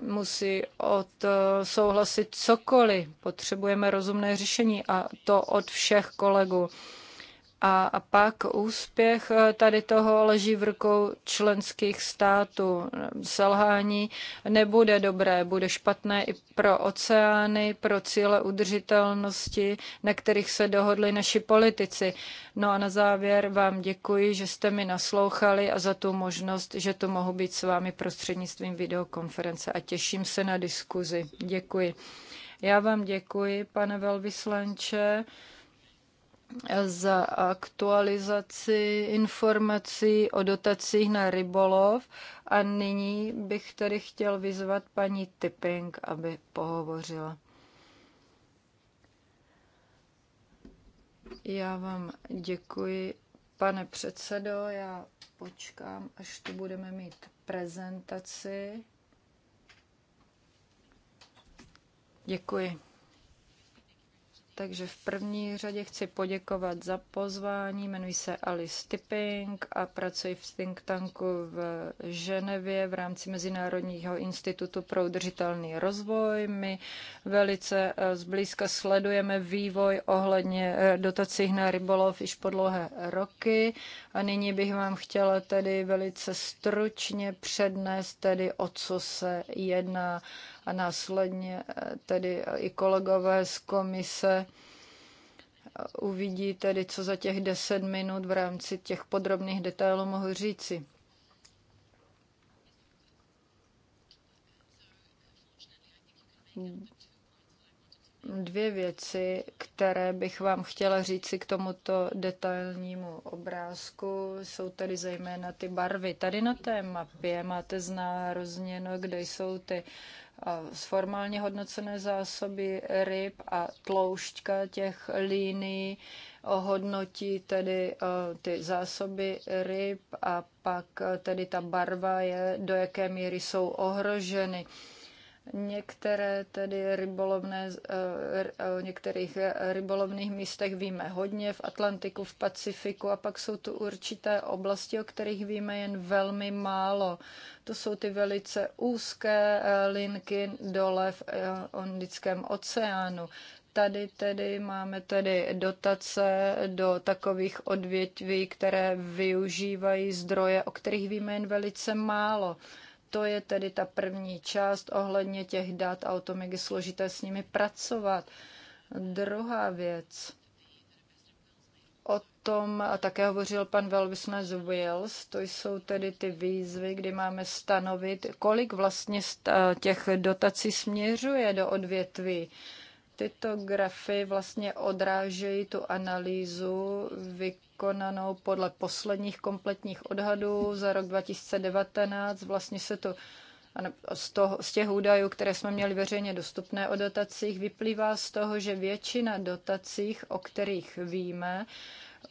musí odsouhlasit e, cokoliv. Potřebujeme rozumné řešení a to od všech kolegů. A, pak úspěch eh, tady toho leží v rukou členských států. Selhání nebude dobré, bude špatné i pro oceány, pro cíle udržitelnosti, na kterých se dohodli naši politici. No a na závěr vám děkuji, že jste mi naslouchali a za tu možnost, že to mohu být s vámi prostřednictvím videokonference a těším se na diskuzi. Děkuji. Já vám děkuji, pane velvyslanče za aktualizaci informací o dotacích na rybolov a nyní bych tady chtěl vyzvat paní Tipping, aby pohovořila. Já vám děkuji, pane předsedo. Já počkám, až tu budeme mít prezentaci. Děkuji. Takže v první řadě chci poděkovat za pozvání. Jmenuji se Alice Tipping a pracuji v think tanku v Ženevě v rámci Mezinárodního institutu pro udržitelný rozvoj. My velice eh, zblízka sledujeme vývoj ohledně eh, dotací na rybolov již po dlouhé roky. A nyní bych vám chtěla tedy velice stručně přednést tedy, o co se jedná a následně eh, tedy eh, i kolegové z komise eh, uvidí tedy, co za těch 10 minut v rámci těch podrobných detailů mohu říci dvě věci, které bych vám chtěla říci k tomuto detailnímu obrázku. Jsou tady zejména ty barvy. Tady na té mapě máte znározněno, kde jsou ty formálně hodnocené zásoby ryb a tloušťka těch línií hodnotí tedy ty zásoby ryb a pak tedy ta barva je, do jaké míry jsou ohroženy. Některé tedy rybolovné, eh, eh, o některých eh, rybolovných místech víme hodně, v Atlantiku, v Pacifiku a pak jsou tu určité oblasti, o kterých víme jen velmi málo. To jsou ty velice úzké linky dole v Indickém oceánu tady tedy máme tedy dotace do takových odvětví, které využívají zdroje, o kterých víme jen velice málo. To je tedy ta první část ohledně těch dat a o tom, jak je složité s nimi pracovat. Druhá věc. O tom a také hovořil pan velvyslanec Wills. To jsou tedy ty výzvy, kdy máme stanovit, kolik vlastně těch dotací směřuje do odvětví tyto grafy vlastně odrážejí tu analýzu vykonanou podle posledních kompletních odhadů za rok 2019. Vlastně se to z, toho, z těch údajů, které jsme měli veřejně dostupné o dotacích, vyplývá z toho, že většina dotacích, o kterých víme,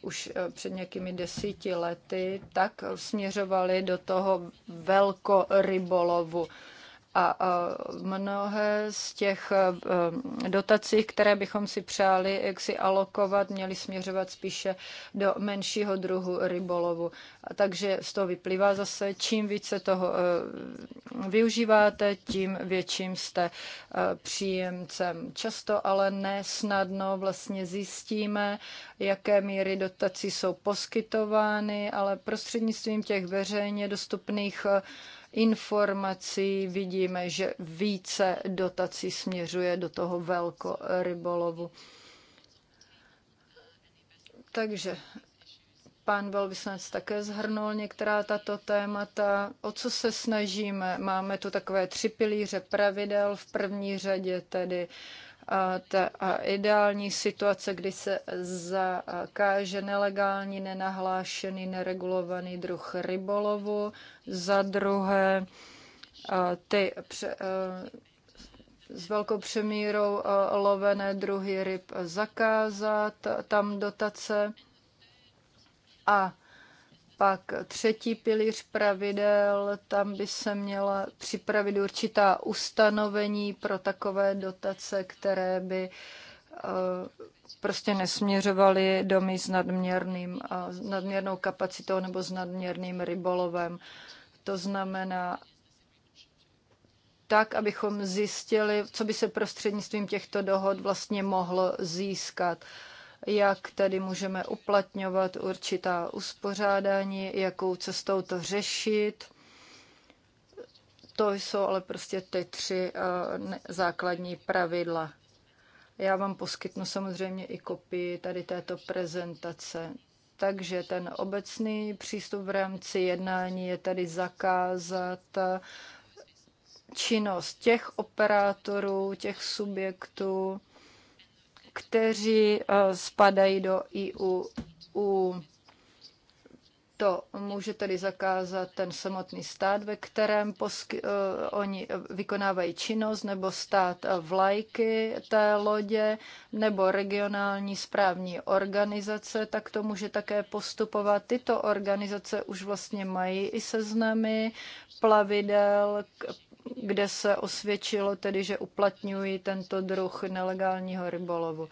už eh, před nějakými desíti lety, tak směřovaly do toho velkorybolovu. rybolovu a mnohé z těch e, dotací, které bychom si přáli jak si alokovat, měly směřovat spíše do menšího druhu rybolovu. A takže z toho vyplývá zase, čím více toho e, využíváte, tím větším jste e, příjemcem. Často ale nesnadno vlastně zjistíme, jaké míry dotací jsou poskytovány, ale prostřednictvím těch veřejně dostupných informací vidíme, že více dotací směřuje do toho velkorybolovu. Takže pan velvyslanec také zhrnul některá tato témata. O co se snažíme? Máme tu takové tři pilíře pravidel. V první řadě tedy ta ideální situace, kdy se zakáže nelegální, nenahlášený, neregulovaný druh rybolovu, za druhé ty s velkou přemírou lovené druhy ryb zakázat, tam dotace a pak třetí pilíř pravidel, tam by se měla připravit určitá ustanovení pro takové dotace, které by eh, prostě nesměřovaly domy s, nadměrným, s nadměrnou kapacitou nebo s nadměrným rybolovem. To znamená, tak, abychom zjistili, co by se prostřednictvím těchto dohod vlastně mohlo získat jak tady můžeme uplatňovat určitá uspořádání, jakou cestou to řešit. To jsou ale prostě ty tři eh, základní pravidla. Já vám poskytnu samozřejmě i kopii tady této prezentace. Takže ten obecný přístup v rámci jednání je tady zakázat eh, činnost těch operátorů, těch subjektů, kteří eh, spadají do EU. U To může tedy zakázat ten samotný stát, ve kterém posky, uh, oni vykonávají činnost, nebo stát eh, vlajky té lodě, nebo regionální správní organizace, tak to může také postupovat. Tyto organizace už vlastně mají i seznamy plavidel, kde se osvědčilo tedy, že uplatňují tento druh nelegálního rybolovu.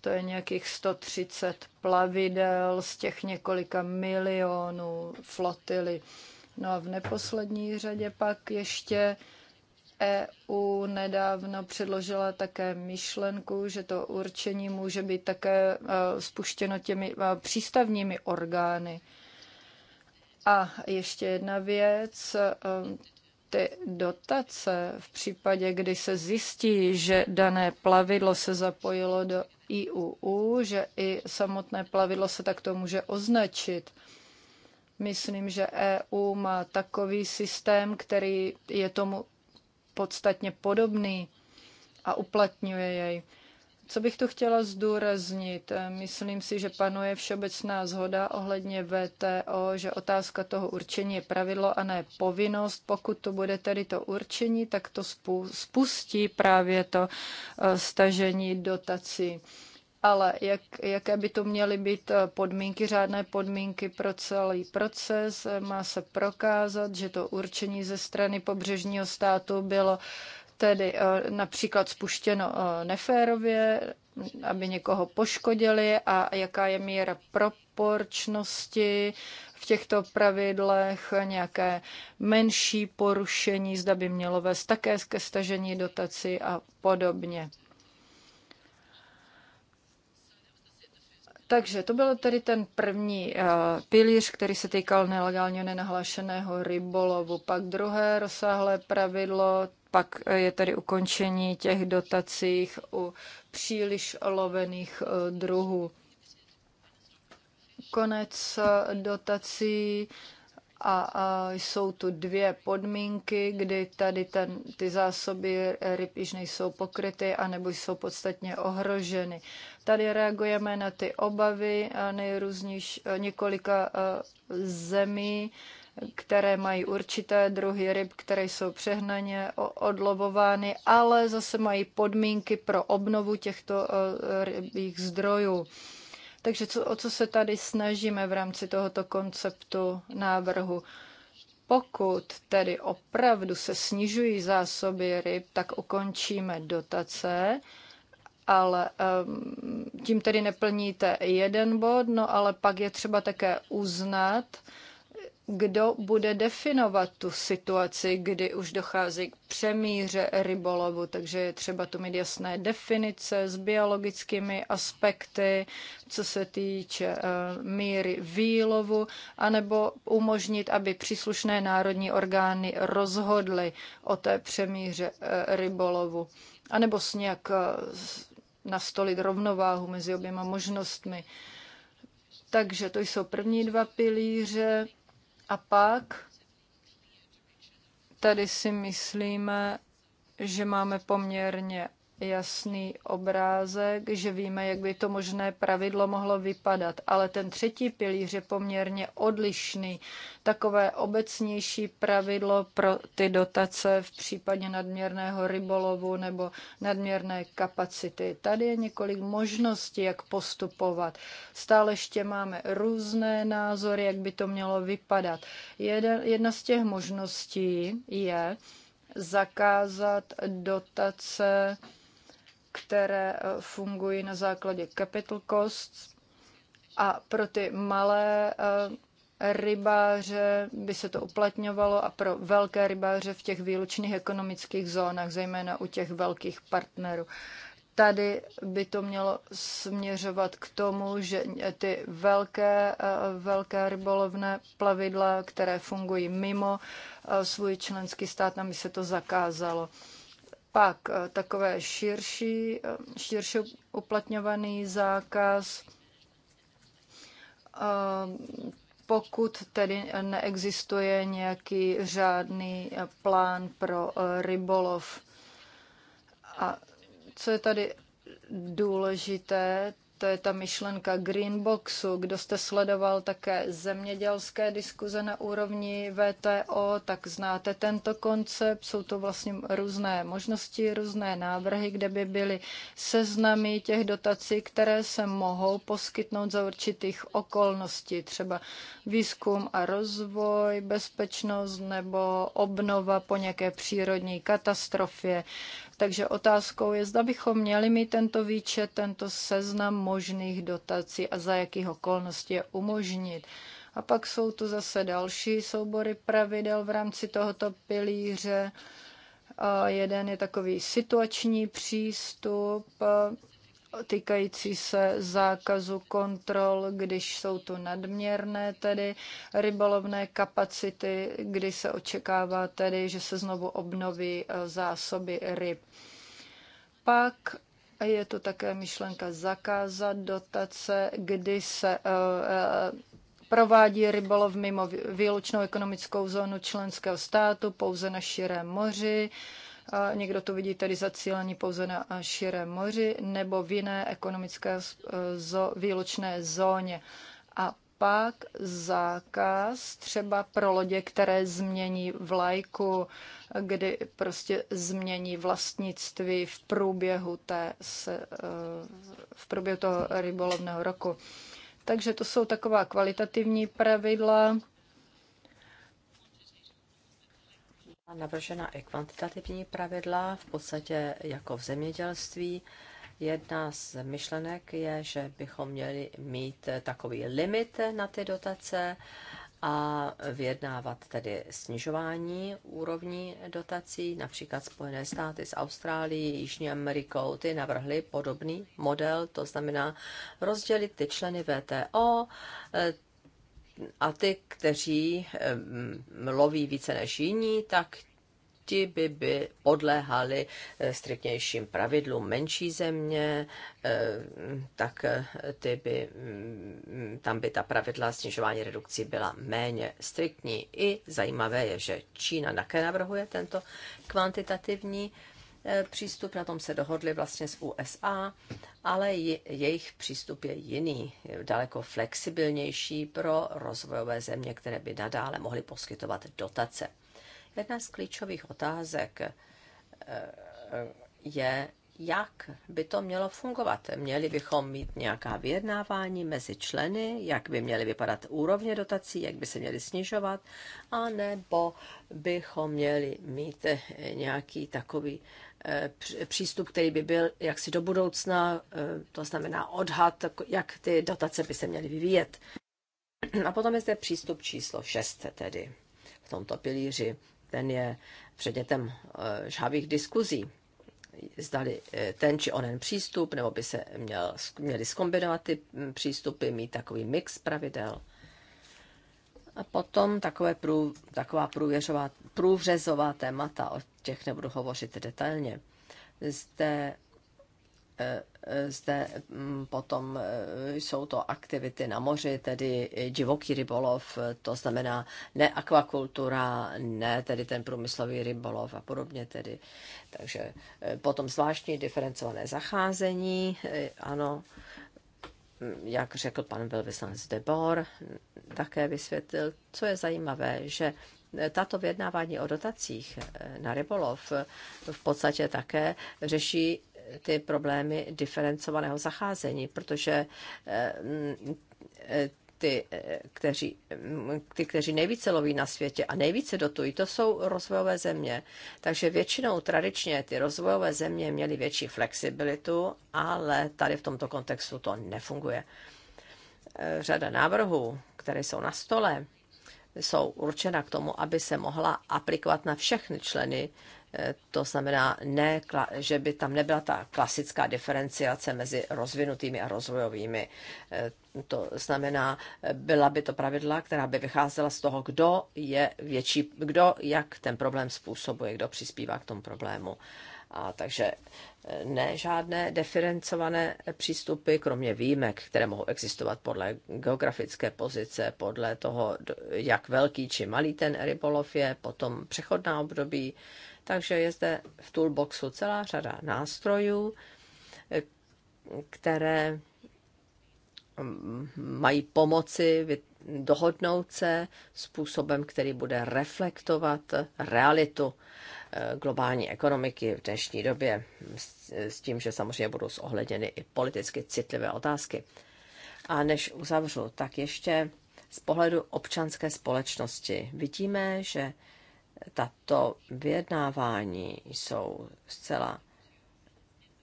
To je nějakých 130 plavidel z těch několika milionů flotily. No a v neposlední řadě pak ještě EU nedávno předložila také myšlenku, že to určení může být také e, spuštěno těmi e, přístavními orgány. A ještě jedna věc, e, ty dotace v případě, kdy se zjistí, že dané plavidlo se zapojilo do IUU, že i samotné plavidlo se takto může označit. Myslím, že EU má takový systém, který je tomu podstatně podobný a uplatňuje jej. Co bych tu chtěla zdůraznit? Myslím si, že panuje všeobecná zhoda ohledně VTO, že otázka toho určení je pravidlo a ne povinnost. Pokud to bude tedy to určení, tak to spustí právě to eh, stažení dotací. Ale jak, jaké by to měly být eh, podmínky, řádné podmínky pro celý proces? Má se prokázat, že to určení ze strany pobřežního státu bylo uh, tedy eh, například spuštěno eh, neférově, aby někoho poškodili a jaká je míra proporčnosti v těchto pravidlech, nějaké menší porušení, zda by mělo vést také ke stažení dotaci a podobně. Takže to byl tedy ten první eh, pilíř, který se týkal nelegálně nenahlášeného rybolovu. Pak druhé rozsáhlé pravidlo, pak eh, je tady ukončení těch dotacích u příliš lovených eh, druhů. Konec eh, dotací a, a jsou tu dvě podmínky, kdy tady ten, ty zásoby ryb již nejsou pokryty anebo jsou podstatně ohroženy. Tady reagujeme na ty obavy nejrůznější několika zemí které mají určité druhy ryb, které jsou přehnaně odlobovány, ale zase mají podmínky pro obnovu těchto eh, rybích zdrojů. Takže co, o co se tady snažíme v rámci tohoto konceptu návrhu? Pokud tedy opravdu se snižují zásoby ryb, tak ukončíme dotace, ale ehm, tím tedy neplníte jeden bod, no ale pak je třeba také uznat, kdo bude definovat tu situaci, kdy už dochází k přemíře rybolovu, takže je třeba tu mít jasné definice s biologickými aspekty, co se týče eh, míry výlovu, anebo umožnit, aby příslušné národní orgány rozhodly o té přemíře eh, rybolovu, anebo s nějak eh, nastolit rovnováhu mezi oběma možnostmi. Takže to jsou první dva pilíře a pak tady si myslíme, že máme poměrně jasný obrázek, že víme, jak by to možné pravidlo mohlo vypadat. Ale ten třetí pilíř je poměrně odlišný. Takové obecnější pravidlo pro ty dotace v případě nadměrného rybolovu nebo nadměrné kapacity. Tady je několik možností, jak postupovat. Stále ještě máme různé názory, jak by to mělo vypadat. Jedna z těch možností je zakázat dotace které eh, fungují na základě capital costs a pro ty malé eh, rybáře by se to uplatňovalo a pro velké rybáře v těch výlučných ekonomických zónách, zejména u těch velkých partnerů. Tady by to mělo směřovat k tomu, že ty velké, eh, velké rybolovné plavidla, které fungují mimo svůj členský stát, tam by se to zakázalo. Pak eh, takové širší, eh, širší uplatňovaný zákaz, eh, pokud tedy neexistuje nějaký řádný plán pro rybolov. A co je tady důležité, to je ta myšlenka Greenboxu. Kdo jste sledoval také zemědělské diskuze na úrovni VTO, tak znáte tento koncept. Jsou to vlastně různé možnosti, různé návrhy, kde by byly seznamy těch dotací, které se mohou poskytnout za určitých okolností, třeba výzkum a rozvoj, bezpečnost nebo obnova po nějaké přírodní katastrofě. Takže otázkou je, zda bychom měli mít tento výčet, tento seznam možných dotací a za jakých okolností je umožnit. A pak jsou tu zase další soubory pravidel v rámci tohoto pilíře. Jeden je takový situační přístup, týkající se zákazu kontrol, když jsou tu nadměrné tedy rybolovné kapacity, kdy se očekává tedy, že se znovu obnoví e, zásoby ryb. Pak je to také myšlenka zakázat dotace, kdy se e, e, provádí rybolov mimo výlučnou ekonomickou zónu členského státu, pouze na širém moři. Někdo to vidí tedy zacílení pouze na širé moři nebo v jiné ekonomické eh, výlučné zóně. A pak zákaz třeba pro lodě, které změní vlajku, kdy prostě změní vlastnictví v průběhu, té, se, eh, v průběhu toho rybolovného roku. Takže to jsou taková kvalitativní pravidla A navržena i kvantitativní pravidla, v podstatě jako v zemědělství. Jedna z myšlenek je, že bychom měli mít takový limit na ty dotace a vyjednávat tedy snižování úrovní dotací. Například Spojené státy s Austrálií, Jižní Amerikou, ty navrhly podobný model, to znamená rozdělit ty členy VTO a ty, kteří loví více než jiní, tak ti by, by podléhali eh, striktnějším pravidlům menší země, eh, tak eh, ty by, mm, tam by ta pravidla snižování redukcí byla méně striktní. I zajímavé je, že Čína také navrhuje tento kvantitativní Eh, přístup, na tom se dohodli vlastně s USA, ale jejich přístup je jiný, je daleko flexibilnější pro rozvojové země, které by nadále mohly poskytovat dotace. Jedna z klíčových otázek eh, je jak by to mělo fungovat. Měli bychom mít nějaká vyjednávání mezi členy, jak by měly vypadat úrovně dotací, jak by se měly snižovat, anebo bychom měli mít eh, nějaký takový eh, přístup, který by byl jaksi do budoucna, eh, to znamená odhad, jak ty dotace by se měly vyvíjet. A potom je zde přístup číslo 6 tedy v tomto pilíři. Ten je předmětem žhavých diskuzí zdali eh, ten či onen přístup, nebo by se měl, měli skombinovat ty mm, přístupy, mít takový mix pravidel. A potom takové prů, taková průvěřová, průvřezová témata, o těch nebudu hovořit detailně. Zde Eh, zde mm, potom eh, jsou to aktivity na moři, tedy divoký rybolov, to znamená ne akvakultura, ne tedy ten průmyslový rybolov a podobně tedy. Takže eh, potom zvláštní diferencované zacházení, ano, mm, jak řekl pan velvyslanec Debor, mm, také vysvětlil, co je zajímavé, že tato vyjednávání o dotacích na rybolov v podstatě také řeší ty problémy diferencovaného zacházení, protože eh, mm, eh, ty, eh, kteří, mm, ty, kteří nejvíce loví na světě a nejvíce dotují, to jsou rozvojové země. Takže většinou tradičně ty rozvojové země měly větší flexibilitu, ale tady v tomto kontextu to nefunguje. Řada návrhů, které jsou na stole, jsou určena k tomu, aby se mohla aplikovat na všechny členy to znamená, ne, že by tam nebyla ta klasická diferenciace mezi rozvinutými a rozvojovými. Eh, to znamená, byla by to pravidla, která by vycházela z toho, kdo je větší, kdo jak ten problém způsobuje, kdo přispívá k tomu problému. A takže eh, ne žádné diferencované přístupy, kromě výjimek, které mohou existovat podle geografické pozice, podle toho, jak velký či malý ten rybolov je, potom přechodná období, takže je zde v toolboxu celá řada nástrojů, které mm, mají pomoci dohodnout se způsobem, který bude reflektovat realitu eh, globální ekonomiky v dnešní době, s tím, že samozřejmě budou zohledněny i politicky citlivé otázky. A než uzavřu, tak ještě z pohledu občanské společnosti vidíme, že tato vyjednávání jsou zcela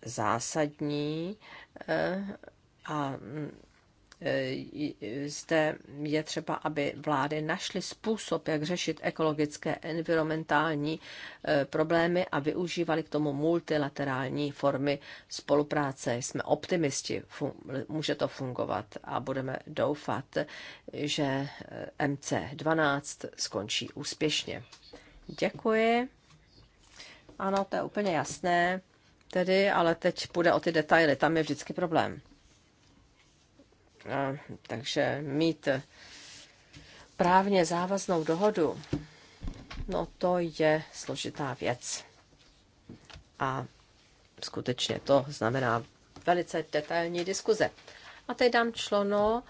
zásadní eh, a mm, eh, zde je třeba, aby vlády našly způsob, jak řešit ekologické, environmentální eh, problémy a využívali k tomu multilaterální formy spolupráce. Jsme optimisti, může to fungovat a budeme doufat, že MC12 skončí úspěšně. Děkuji. Ano, to je úplně jasné. Tedy, ale teď půjde o ty detaily, tam je vždycky problém. A, takže mít právně závaznou dohodu, no to je složitá věc. A skutečně to znamená velice detailní diskuze. A teď dám člono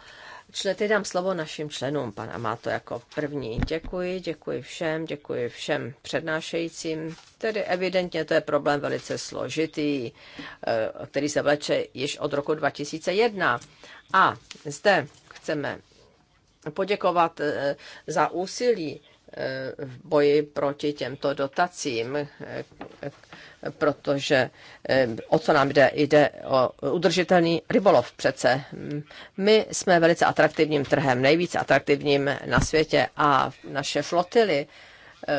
čle, dám slovo našim členům. Pan Amato jako první. Děkuji, děkuji všem, děkuji všem přednášejícím. Tedy evidentně to je problém velice složitý, eh, který se vleče již od roku 2001. A zde chceme poděkovat eh, za úsilí v boji proti těmto dotacím, protože eh, o co nám jde? Jde o udržitelný rybolov přece. My jsme velice atraktivním trhem, nejvíce atraktivním na světě a naše flotily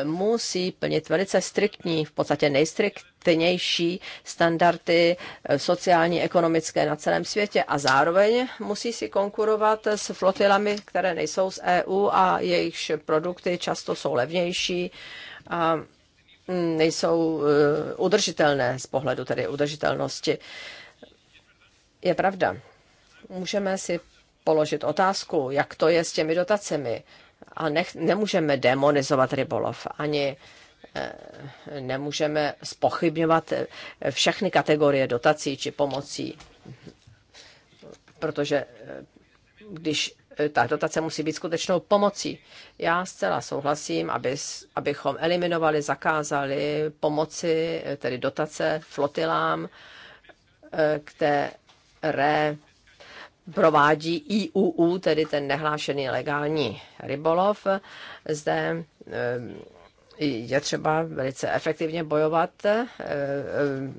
musí plnit velice striktní, v podstatě nejstriktnější standardy eh, sociální, ekonomické na celém světě a zároveň musí si konkurovat s flotilami, které nejsou z EU a jejichž produkty často jsou levnější a mm, nejsou eh, udržitelné z pohledu tedy udržitelnosti. Je pravda. Můžeme si položit otázku, jak to je s těmi dotacemi a nech, nemůžeme demonizovat rybolov, ani eh, nemůžeme spochybňovat eh, všechny kategorie dotací či pomocí, protože eh, když ta dotace musí být skutečnou pomocí. Já zcela souhlasím, aby, abychom eliminovali, zakázali pomoci, tedy dotace flotilám, které provádí IUU, tedy ten nehlášený legální rybolov. Zde eh, je třeba velice efektivně bojovat. Eh, eh,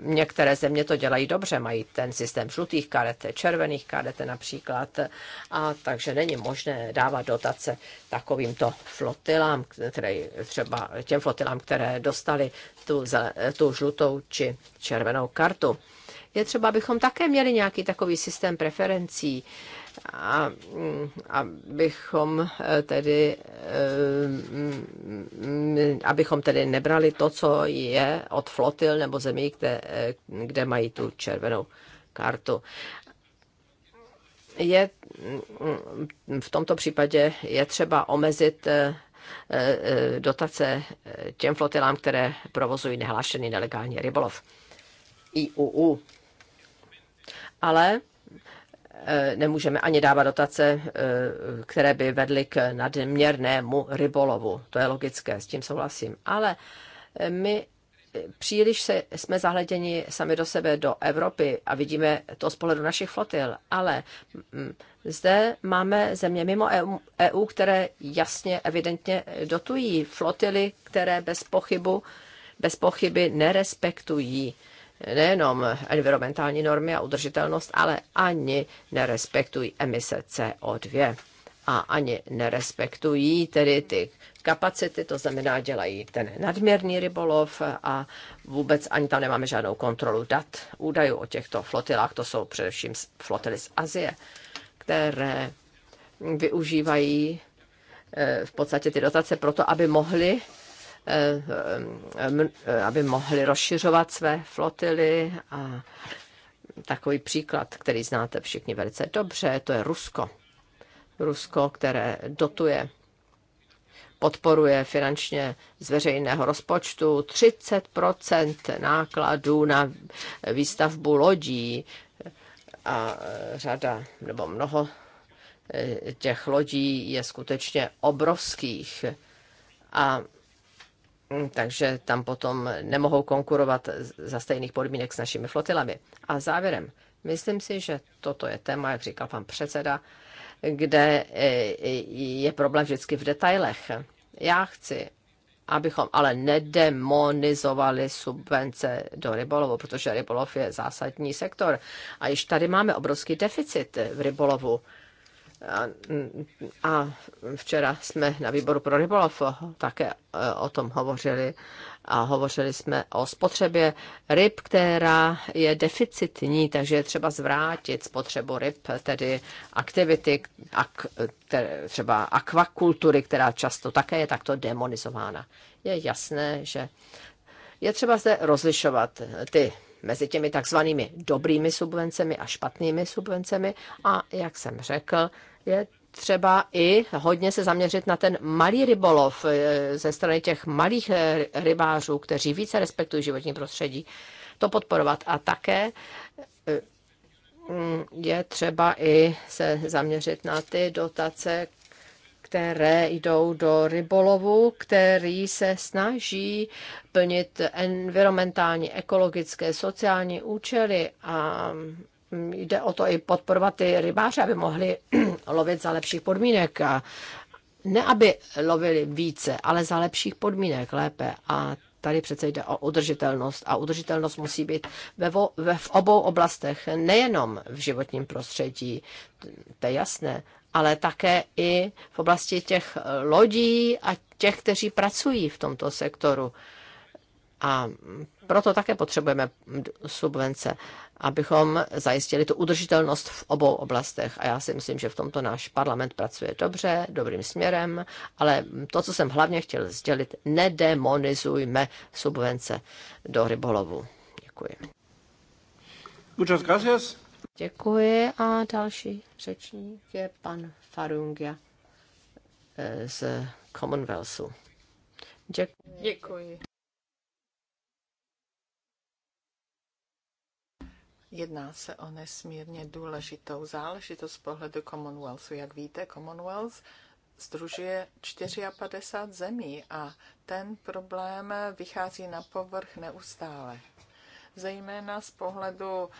některé země to dělají dobře, mají ten systém žlutých karet, červených karet například, a takže není možné dávat dotace takovýmto flotilám, které třeba těm flotilám, které dostali tu, tu žlutou či červenou kartu je třeba, abychom také měli nějaký takový systém preferencí, a, abychom eh, tedy eh, abychom tedy nebrali to, co je od flotil nebo zemí, kde, eh, kde mají tu červenou kartu je v tomto případě je třeba omezit dotace těm flotilám, které provozují nehlášený nelegální rybolov. IUU ale eh, nemůžeme ani dávat dotace, eh, které by vedly k nadměrnému rybolovu. To je logické, s tím souhlasím. Ale eh, my příliš se, jsme zahleděni sami do sebe, do Evropy a vidíme to z pohledu našich flotil, ale mm, zde máme země mimo EU, EU které jasně, evidentně dotují flotily, které bez pochybu bez pochyby nerespektují nejenom environmentální normy a udržitelnost, ale ani nerespektují emise CO2 a ani nerespektují tedy ty kapacity, to znamená, dělají ten nadměrný rybolov a vůbec ani tam nemáme žádnou kontrolu dat údajů o těchto flotilách. To jsou především flotily z Azie, které využívají eh, v podstatě ty dotace proto, aby mohli Eh, eh, aby mohli rozšiřovat své flotily a takový příklad, který znáte všichni velice dobře, to je Rusko. Rusko, které dotuje, podporuje finančně z veřejného rozpočtu 30 nákladů na výstavbu lodí a řada nebo mnoho eh, těch lodí je skutečně obrovských. A takže tam potom nemohou konkurovat za stejných podmínek s našimi flotilami. A závěrem, myslím si, že toto je téma, jak říkal pan předseda, kde eh, je problém vždycky v detailech. Já chci, abychom ale nedemonizovali subvence do rybolovu, protože rybolov je zásadní sektor. A již tady máme obrovský deficit v rybolovu. A, a včera jsme na výboru pro rybolov také e, o tom hovořili a hovořili jsme o spotřebě ryb, která je deficitní, takže je třeba zvrátit spotřebu ryb, tedy aktivity, ak, třeba akvakultury, která často také je takto demonizována. Je jasné, že je třeba zde rozlišovat ty mezi těmi takzvanými dobrými subvencemi a špatnými subvencemi. A jak jsem řekl, je třeba i hodně se zaměřit na ten malý rybolov eh, ze strany těch malých eh, rybářů, kteří více respektují životní prostředí, to podporovat. A také eh, mm, je třeba i se zaměřit na ty dotace, které jdou do rybolovu, který se snaží plnit environmentální, ekologické, sociální účely a jde o to i podporovat ty rybáře, aby mohli lovit za lepších podmínek. A ne, aby lovili více, ale za lepších podmínek lépe. A tady přece jde o udržitelnost a udržitelnost musí být ve, vo, ve v obou oblastech, nejenom v životním prostředí, to je jasné, ale také i v oblasti těch lodí a těch, kteří pracují v tomto sektoru. A proto také potřebujeme subvence abychom zajistili tu udržitelnost v obou oblastech. A já si myslím, že v tomto náš parlament pracuje dobře, dobrým směrem, ale to, co jsem hlavně chtěl sdělit, nedemonizujme subvence do rybolovu. Děkuji. Muchas gracias. Děkuji a další řečník je pan Farungia eh, z Commonwealthu. Děkuji. Děkuji. Jedná se o nesmírně důležitou záležitost z pohledu Commonwealthu. Jak víte, Commonwealth združuje 54 zemí a ten problém vychází na povrch neustále. Zejména z pohledu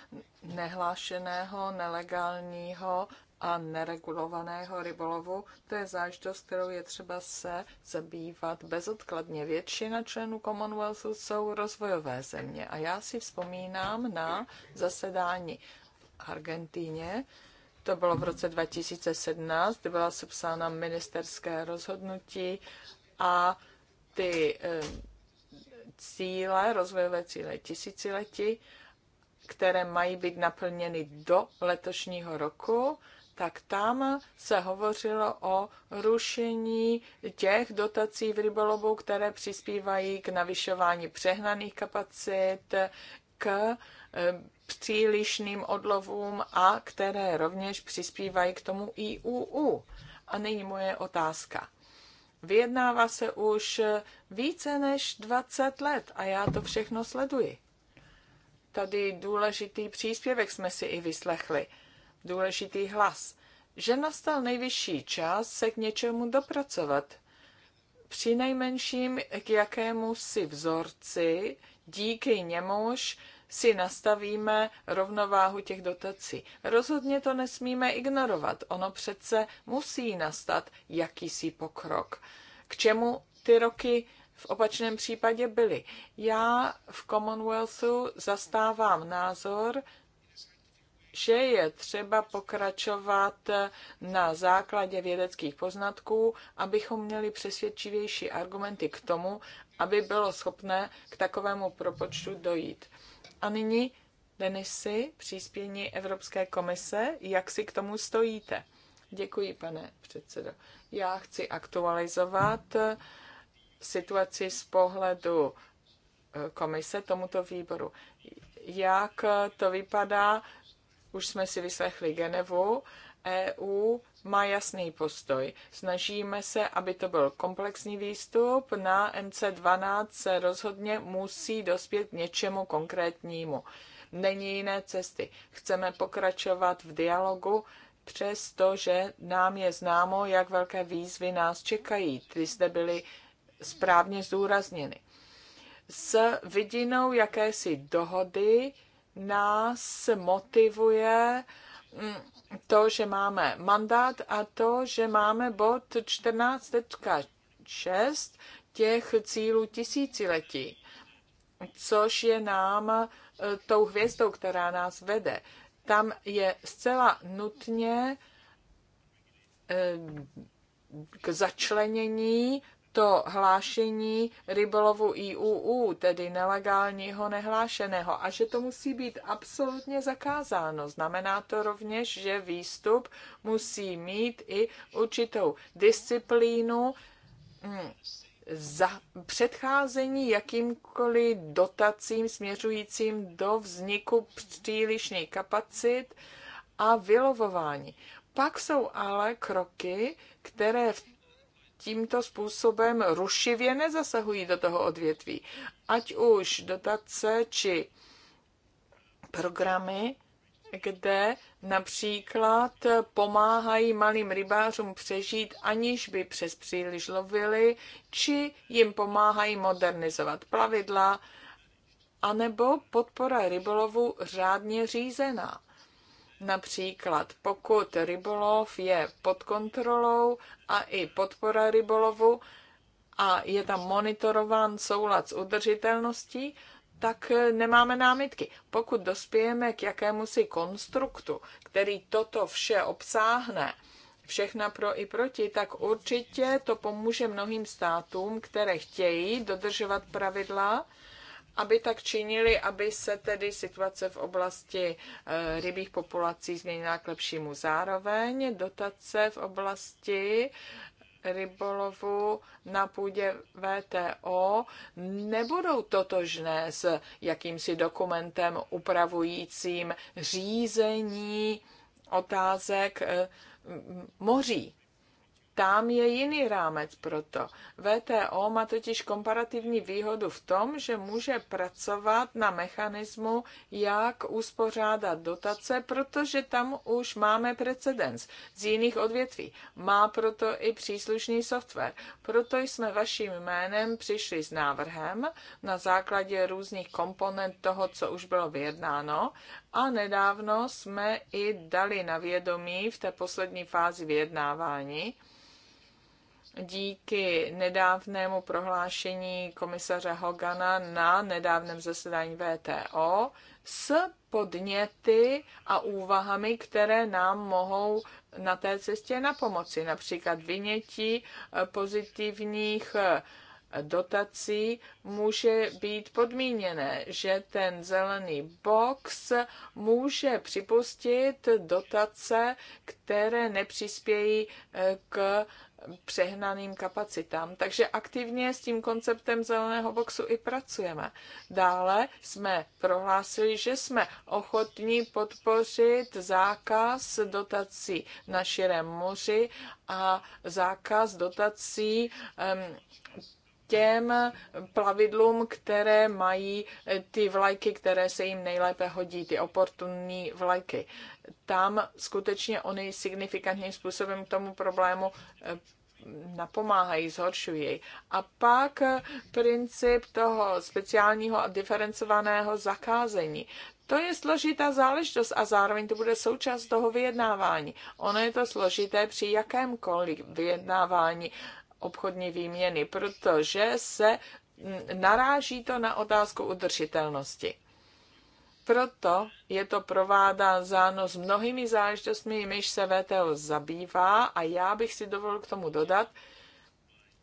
nehlášeného, nelegálního a neregulovaného rybolovu, to je záležitost, kterou je třeba se zabývat bezodkladně. Většina členů Commonwealthu jsou rozvojové země a já si vzpomínám na zasedání Argentíně, to bylo v roce 2017, kdy byla sepsána ministerské rozhodnutí a ty eh, cíle, rozvojové cíle tisíciletí, které mají být naplněny do letošního roku, tak tam se hovořilo o rušení těch dotací v rybolovu, které přispívají k navyšování přehnaných kapacit, k eh, přílišným odlovům a které rovněž přispívají k tomu IUU. A nyní moje otázka. Vyjednává se už více než 20 let a já to všechno sleduji. Tady důležitý příspěvek jsme si i vyslechli důležitý hlas, že nastal nejvyšší čas se k něčemu dopracovat. Při nejmenším k jakému si vzorci, díky němuž si nastavíme rovnováhu těch dotací. Rozhodně to nesmíme ignorovat. Ono přece musí nastat jakýsi pokrok. K čemu ty roky v opačném případě byly? Já v Commonwealthu zastávám názor, že je třeba pokračovat na základě vědeckých poznatků, abychom měli přesvědčivější argumenty k tomu, aby bylo schopné k takovému propočtu dojít. A nyní, Denisy, příspění Evropské komise, jak si k tomu stojíte? Děkuji, pane předsedo. Já chci aktualizovat eh, situaci z pohledu eh, komise tomuto výboru. Jak eh, to vypadá už jsme si vyslechli Genevu, EU má jasný postoj. Snažíme se, aby to byl komplexní výstup. Na MC12 se rozhodně musí dospět k něčemu konkrétnímu. Není jiné cesty. Chceme pokračovat v dialogu, přestože nám je známo, jak velké výzvy nás čekají. Ty zde byly správně zdůrazněny. S vidinou jakési dohody nás motivuje mm, to, že máme mandát a to, že máme bod 14.6 těch cílů tisíciletí, což je nám e, tou hvězdou, která nás vede. Tam je zcela nutně e, k začlenění to hlášení rybolovu IUU, tedy nelegálního nehlášeného, a že to musí být absolutně zakázáno. Znamená to rovněž, že výstup musí mít i určitou disciplínu mm, za předcházení jakýmkoliv dotacím směřujícím do vzniku přílišných kapacit a vylovování. Pak jsou ale kroky, které v tímto způsobem rušivě nezasahují do toho odvětví. Ať už dotace či programy, kde například pomáhají malým rybářům přežít, aniž by přes příliš lovili, či jim pomáhají modernizovat plavidla, anebo podpora rybolovu řádně řízená Například pokud rybolov je pod kontrolou a i podpora rybolovu a je tam monitorován soulad s udržitelností, tak eh, nemáme námitky. Pokud dospějeme k jakémusi konstruktu, který toto vše obsáhne, všechna pro i proti, tak určitě to pomůže mnohým státům, které chtějí dodržovat pravidla aby tak činili, aby se tedy situace v oblasti eh, rybích populací změnila k lepšímu. Zároveň dotace v oblasti rybolovu na půdě VTO nebudou totožné s jakýmsi dokumentem upravujícím řízení otázek eh, moří. Tam je jiný rámec pro to. VTO má totiž komparativní výhodu v tom, že může pracovat na mechanismu, jak uspořádat dotace, protože tam už máme precedens z jiných odvětví. Má proto i příslušný software. Proto jsme vaším jménem přišli s návrhem na základě různých komponent toho, co už bylo vyjednáno a nedávno jsme i dali na vědomí v té poslední fázi vyjednávání, díky nedávnému prohlášení komisaře Hogana na nedávném zasedání VTO s podněty a úvahami, které nám mohou na té cestě na pomoci. Například vynětí eh, pozitivních eh, dotací může být podmíněné, že ten zelený box může připustit dotace, které nepřispějí eh, k přehnaným kapacitám. Takže aktivně s tím konceptem zeleného boxu i pracujeme. Dále jsme prohlásili, že jsme ochotní podpořit zákaz dotací na širém moři a zákaz dotací um, těm plavidlům, které mají eh, ty vlajky, které se jim nejlépe hodí, ty oportunní vlajky. Tam skutečně oni signifikantním způsobem tomu problému eh, napomáhají, zhoršují A pak eh, princip toho speciálního a diferencovaného zakázení. To je složitá záležitost a zároveň to bude součást toho vyjednávání. Ono je to složité při jakémkoliv vyjednávání obchodní výměny, protože se naráží to na otázku udržitelnosti. Proto je to provádáno s mnohými záležitostmi, jimiž se VTO zabývá a já bych si dovolil k tomu dodat,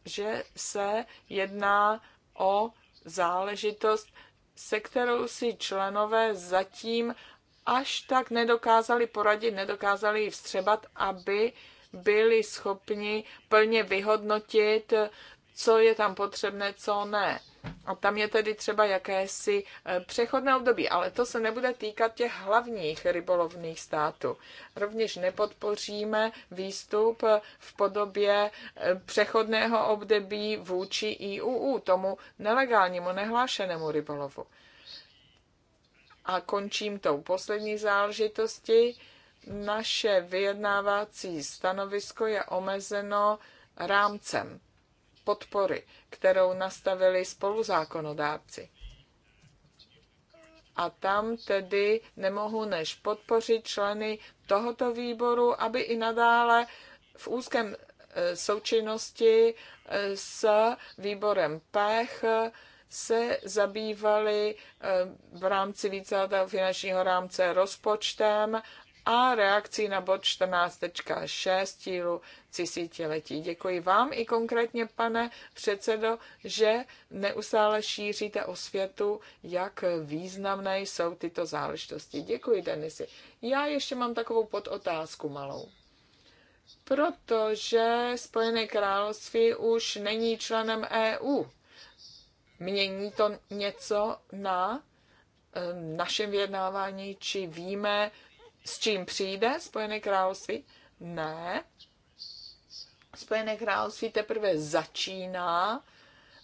že se jedná o záležitost, se kterou si členové zatím až tak nedokázali poradit, nedokázali ji vstřebat, aby byli schopni plně vyhodnotit, co je tam potřebné, co ne. A tam je tedy třeba jakési eh, přechodné období, ale to se nebude týkat těch hlavních rybolovných států. Rovněž nepodpoříme výstup eh, v podobě eh, přechodného období vůči IUU, tomu nelegálnímu, nehlášenému rybolovu. A končím tou poslední záležitosti naše vyjednávací stanovisko je omezeno rámcem podpory, kterou nastavili spoluzákonodárci. A tam tedy nemohu než podpořit členy tohoto výboru, aby i nadále v úzkém e, součinnosti e, s výborem PECH e, se zabývali v rámci víceletého finančního rámce rozpočtem a reakcí na bod 14.6 tílu tisíciletí. Děkuji vám i konkrétně, pane předsedo, že neustále šíříte o světu, jak významné jsou tyto záležitosti. Děkuji, Denisi. Já ještě mám takovou podotázku malou. Protože Spojené království už není členem EU. Mění to něco na eh, našem vyjednávání, či víme, s čím přijde Spojené království? Ne. Spojené království teprve začíná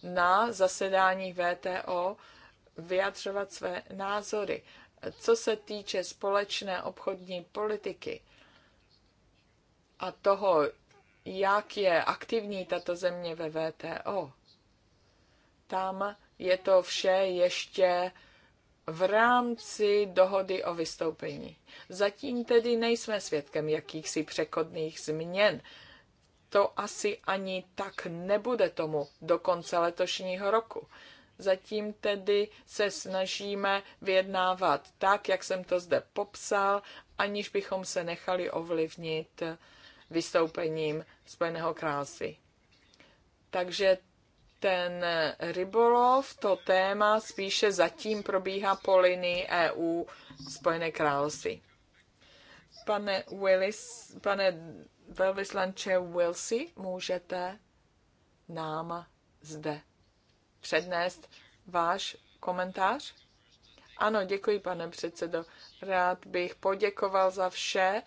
na zasedání VTO vyjadřovat své názory. Co se týče společné obchodní politiky a toho, jak je aktivní tato země ve VTO, tam je to vše ještě v rámci dohody o vystoupení. Zatím tedy nejsme svědkem jakýchsi překodných změn. To asi ani tak nebude tomu do konce letošního roku. Zatím tedy se snažíme vyjednávat tak, jak jsem to zde popsal, aniž bychom se nechali ovlivnit vystoupením Spojeného krásy. Takže ten rybolov, to téma spíše zatím probíhá po linii EU Spojené království. Pane Willis, pane velvyslanče Wilsi, můžete nám zde přednést váš komentář? Ano, děkuji, pane předsedo. Rád bych poděkoval za vše,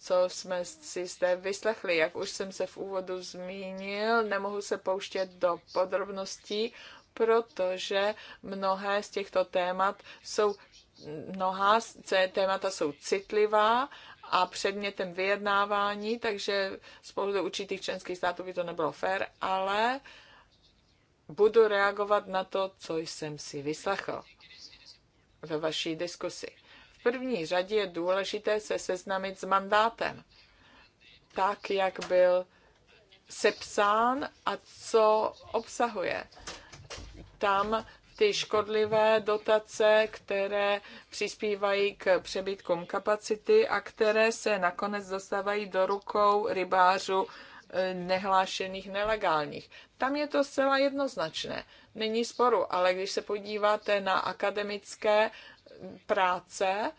co jsme si zde vyslechli. Jak už jsem se v úvodu zmínil, nemohu se pouštět do podrobností, protože mnohé z těchto témat jsou mnohá témata jsou citlivá a předmětem vyjednávání, takže z pohledu určitých členských států by to nebylo fér, ale budu reagovat na to, co jsem si vyslechl ve vaší diskusi první řadě je důležité se seznámit s mandátem, tak jak byl sepsán a co obsahuje. Tam ty škodlivé dotace, které přispívají k přebytkům kapacity a které se nakonec dostávají do rukou rybářů eh, nehlášených, nelegálních. Tam je to zcela jednoznačné, není sporu, ale když se podíváte na akademické práce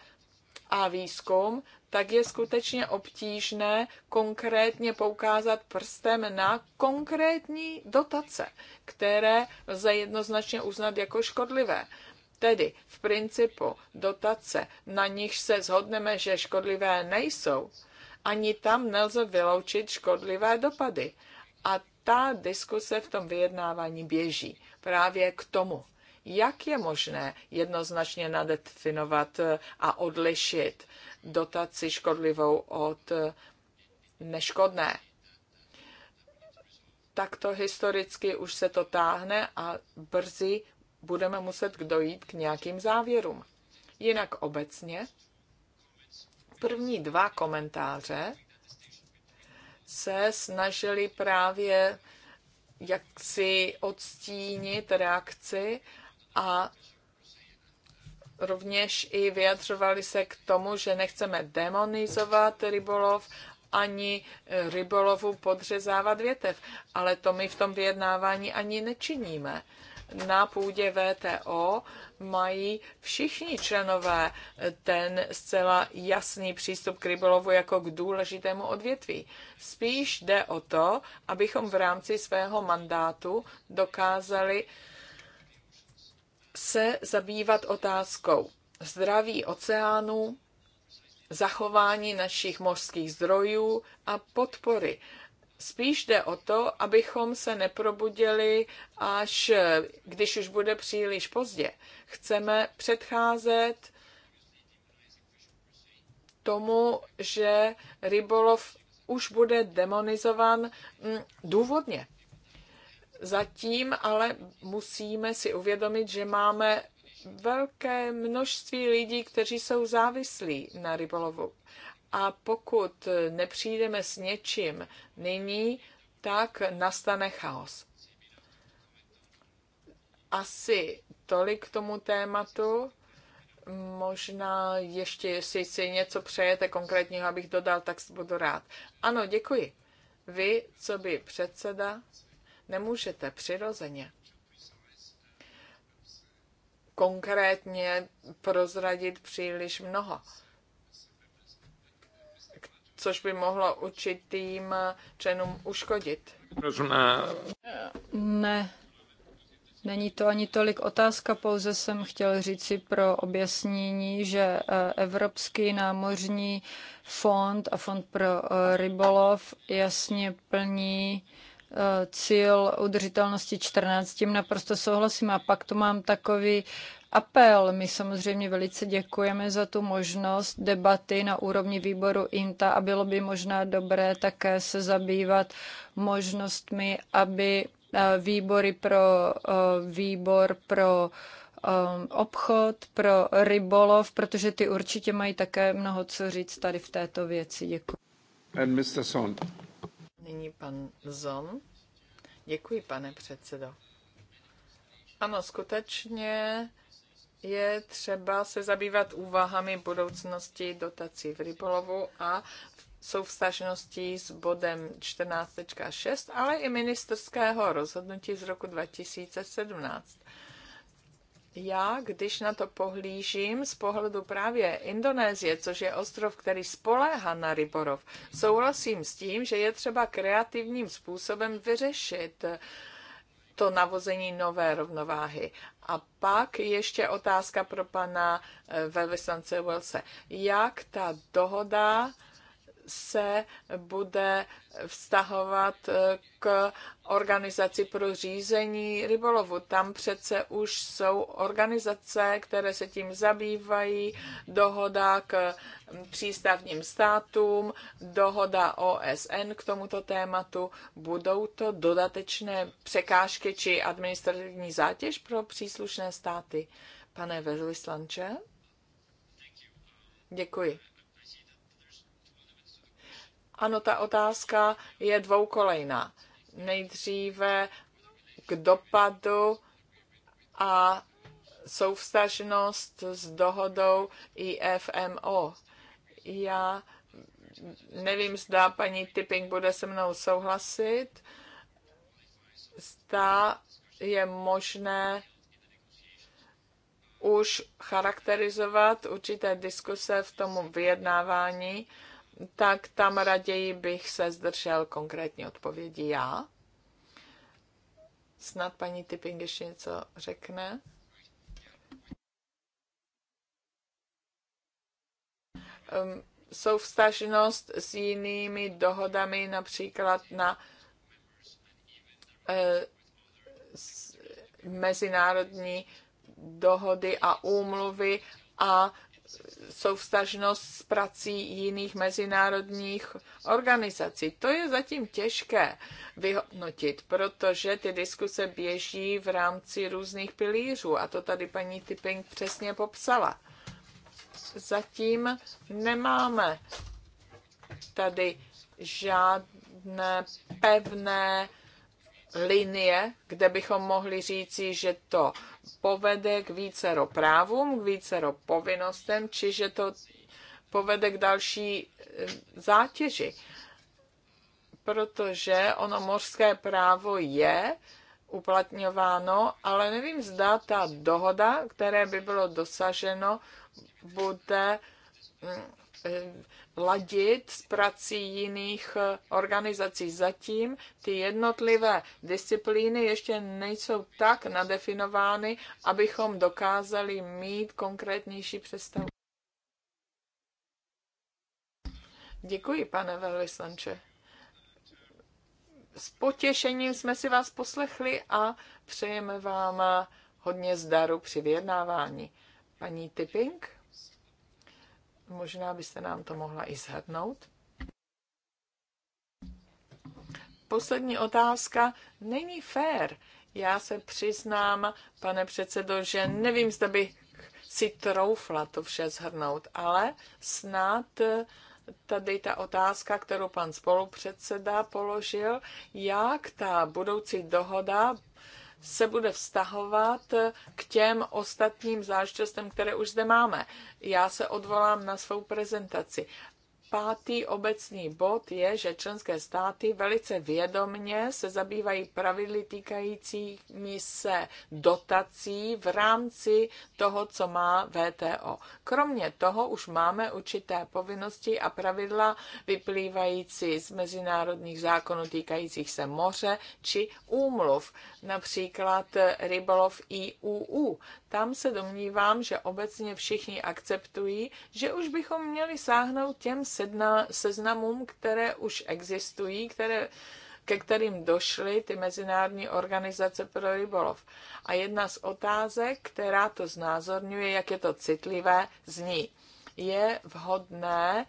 a výzkum, tak je skutečně obtížné konkrétně poukázat prstem na konkrétní dotace, které lze jednoznačně uznat jako škodlivé. Tedy v principu dotace, na nich se zhodneme, že škodlivé nejsou, ani tam nelze vyloučit škodlivé dopady. A ta diskuse v tom vyjednávání běží právě k tomu, jak je možné jednoznačně nadefinovat a odlišit dotaci škodlivou od neškodné? Takto historicky už se to táhne a brzy budeme muset dojít k nějakým závěrům. Jinak obecně, první dva komentáře se snažili právě jak si odstínit reakci a rovněž i vyjadřovali se k tomu, že nechceme demonizovat rybolov ani e, rybolovu podřezávat větev. Ale to my v tom vyjednávání ani nečiníme. Na půdě VTO mají všichni členové e, ten zcela jasný přístup k rybolovu jako k důležitému odvětví. Spíš jde o to, abychom v rámci svého mandátu dokázali se zabývat otázkou zdraví oceánů, zachování našich mořských zdrojů a podpory. Spíš jde o to, abychom se neprobudili, až když už bude příliš pozdě. Chceme předcházet tomu, že rybolov už bude demonizovan mm, důvodně Zatím ale musíme si uvědomit, že máme velké množství lidí, kteří jsou závislí na rybolovu. A pokud nepřijdeme s něčím nyní, tak nastane chaos. Asi tolik k tomu tématu. Možná ještě, jestli si něco přejete konkrétního, abych dodal, tak budu rád. Ano, děkuji. Vy, co by předseda nemůžete přirozeně konkrétně prozradit příliš mnoho což by mohlo určitým členům uškodit. Ne, není to ani tolik otázka, pouze jsem chtěl říci pro objasnění, že eh, Evropský námořní fond a fond pro eh, rybolov jasně plní cíl udržitelnosti 14, s tím naprosto souhlasím. A pak tu mám takový apel. My samozřejmě velice děkujeme za tu možnost debaty na úrovni výboru INTA a bylo by možná dobré také se zabývat možnostmi, aby eh, výbory pro eh, výbor pro eh, obchod, pro rybolov, protože ty určitě mají také mnoho co říct tady v této věci. Děkuji. And Mr. Nyní pan Zon. Děkuji, pane předsedo. Ano, skutečně je třeba se zabývat úvahami budoucnosti dotací v rybolovu a jsou vstažností s bodem 14.6, ale i ministerského rozhodnutí z roku 2017 já, když na to pohlížím z pohledu právě Indonésie, což je ostrov, který spoléhá na ryborov, souhlasím s tím, že je třeba kreativním způsobem vyřešit to navození nové rovnováhy. A pak ještě otázka pro pana eh, velvyslance Welse. Jak ta dohoda se bude vztahovat k organizaci pro řízení rybolovu. Tam přece už jsou organizace, které se tím zabývají, dohoda k přístavním státům, dohoda OSN k tomuto tématu. Budou to dodatečné překážky či administrativní zátěž pro příslušné státy? Pane Vezlislanče? Děkuji. Ano, ta otázka je dvoukolejná. Nejdříve k dopadu a souvstažnost s dohodou IFMO. Já nevím, zda paní Tipping bude se mnou souhlasit. Zda je možné už charakterizovat určité diskuse v tom vyjednávání tak tam raději bych se zdržel konkrétní odpovědi já. Snad paní Tipping ještě něco řekne. Um, jsou vztažnost s jinými dohodami, například na uh, mezinárodní dohody a úmluvy a souvstažnost s prací jiných mezinárodních organizací. To je zatím těžké vyhodnotit, protože ty diskuse běží v rámci různých pilířů a to tady paní Tipping přesně popsala. Zatím nemáme tady žádné pevné linie, kde bychom mohli říci, že to povede k vícero právům, k vícero povinnostem, čiže to povede k další eh, zátěži. Protože ono mořské právo je uplatňováno, ale nevím, zda ta dohoda, které by bylo dosaženo, bude mm, Eh, ladit s prací jiných eh, organizací. Zatím ty jednotlivé disciplíny ještě nejsou tak nadefinovány, abychom dokázali mít konkrétnější představu. Děkuji, pane velvyslanče. S potěšením jsme si vás poslechli a přejeme vám hodně zdaru při vyjednávání. Paní Tipping? Možná byste nám to mohla i zhrnout. Poslední otázka. Není fér. Já se přiznám, pane předsedo, že nevím, zda bych si troufla to vše zhrnout, ale snad eh, tady ta otázka, kterou pan spolupředseda položil, jak ta budoucí dohoda se bude vztahovat k těm ostatním záležitostem, které už zde máme. Já se odvolám na svou prezentaci. Pátý obecný bod je, že členské státy velice vědomně se zabývají pravidly týkajícími se dotací v rámci toho, co má VTO. Kromě toho už máme určité povinnosti a pravidla vyplývající z mezinárodních zákonů týkajících se moře či úmluv, například rybolov IUU. Tam se domnívám, že obecně všichni akceptují, že už bychom měli sáhnout těm sedna, seznamům, které už existují, které ke kterým došly ty mezinárodní organizace pro rybolov. A jedna z otázek, která to znázorňuje, jak je to citlivé, zní. Je vhodné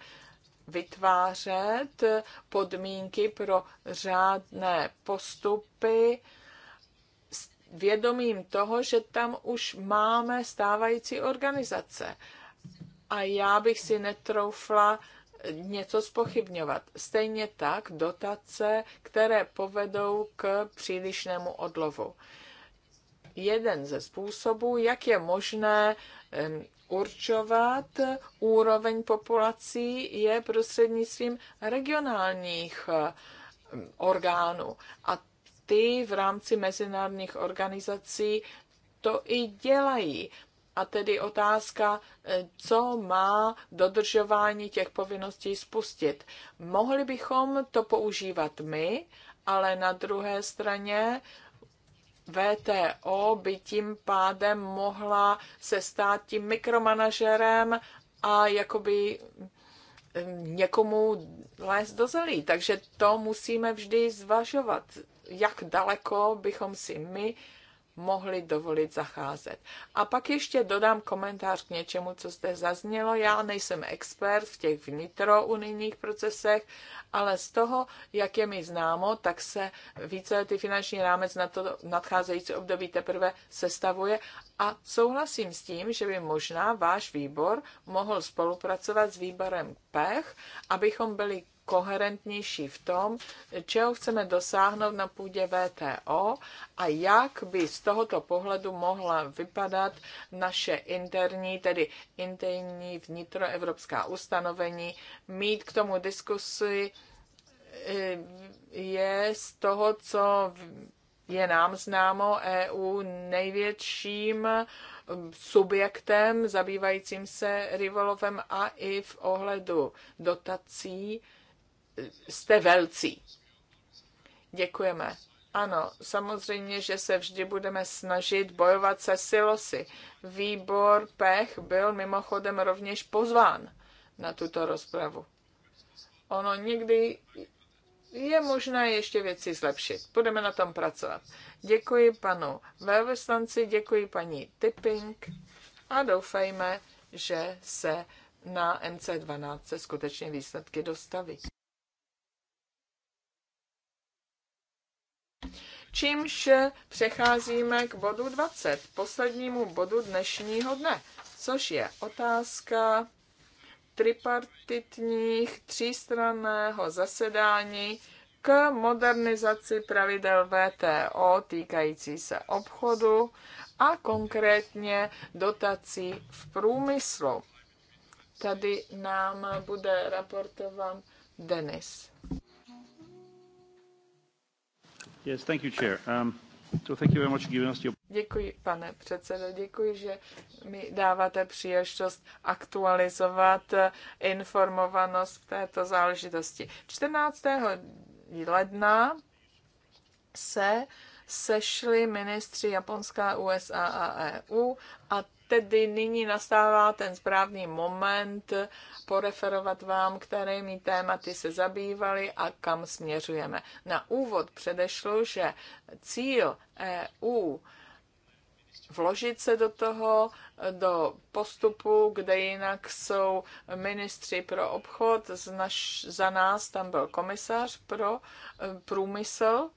vytvářet podmínky pro řádné postupy, vědomím toho, že tam už máme stávající organizace. A já bych si netroufla něco spochybňovat. Stejně tak dotace, které povedou k přílišnému odlovu. Jeden ze způsobů, jak je možné určovat úroveň populací, je prostřednictvím regionálních orgánů. A ty v rámci mezinárodních organizací to i dělají. A tedy otázka, eh, co má dodržování těch povinností spustit. Mohli bychom to používat my, ale na druhé straně VTO by tím pádem mohla se stát tím mikromanažerem a jakoby eh, někomu lézt do zelí. Takže to musíme vždy zvažovat, jak daleko bychom si my mohli dovolit zacházet. A pak ještě dodám komentář k něčemu, co zde zaznělo. Já nejsem expert v těch vnitrounijních procesech, ale z toho, jak je mi známo, tak se více ty finanční rámec na to nadcházející období teprve sestavuje a souhlasím s tím, že by možná váš výbor mohl spolupracovat s výborem PECH, abychom byli koherentnější v tom, čeho chceme dosáhnout na půdě VTO a jak by z tohoto pohledu mohla vypadat naše interní, tedy interní vnitroevropská ustanovení, mít k tomu diskusi eh, je z toho, co je nám známo EU největším eh, subjektem zabývajícím se rivolovem a i v ohledu dotací jste velcí. Děkujeme. Ano, samozřejmě, že se vždy budeme snažit bojovat se silosy. Výbor Pech byl mimochodem rovněž pozván na tuto rozpravu. Ono někdy je možné ještě věci zlepšit. Budeme na tom pracovat. Děkuji panu velvyslanci, děkuji paní Tipping a doufejme, že se na MC12 skutečně výsledky dostaví. Čímž přecházíme k bodu 20, poslednímu bodu dnešního dne, což je otázka tripartitních třístranného zasedání k modernizaci pravidel VTO týkající se obchodu a konkrétně dotací v průmyslu. Tady nám bude raportovat Denis. Děkuji, pane předsedo, děkuji, že mi dáváte příležitost aktualizovat eh, informovanost v této záležitosti. 14. ledna se sešli ministři Japonská, USA a EU a e tedy nyní nastává ten správný moment poreferovat vám, kterými tématy se zabývali a kam směřujeme. Na úvod předešlo, že cíl EU vložit se do toho, do postupu, kde jinak jsou ministři pro obchod, naš, za nás tam byl komisař pro eh, průmysl,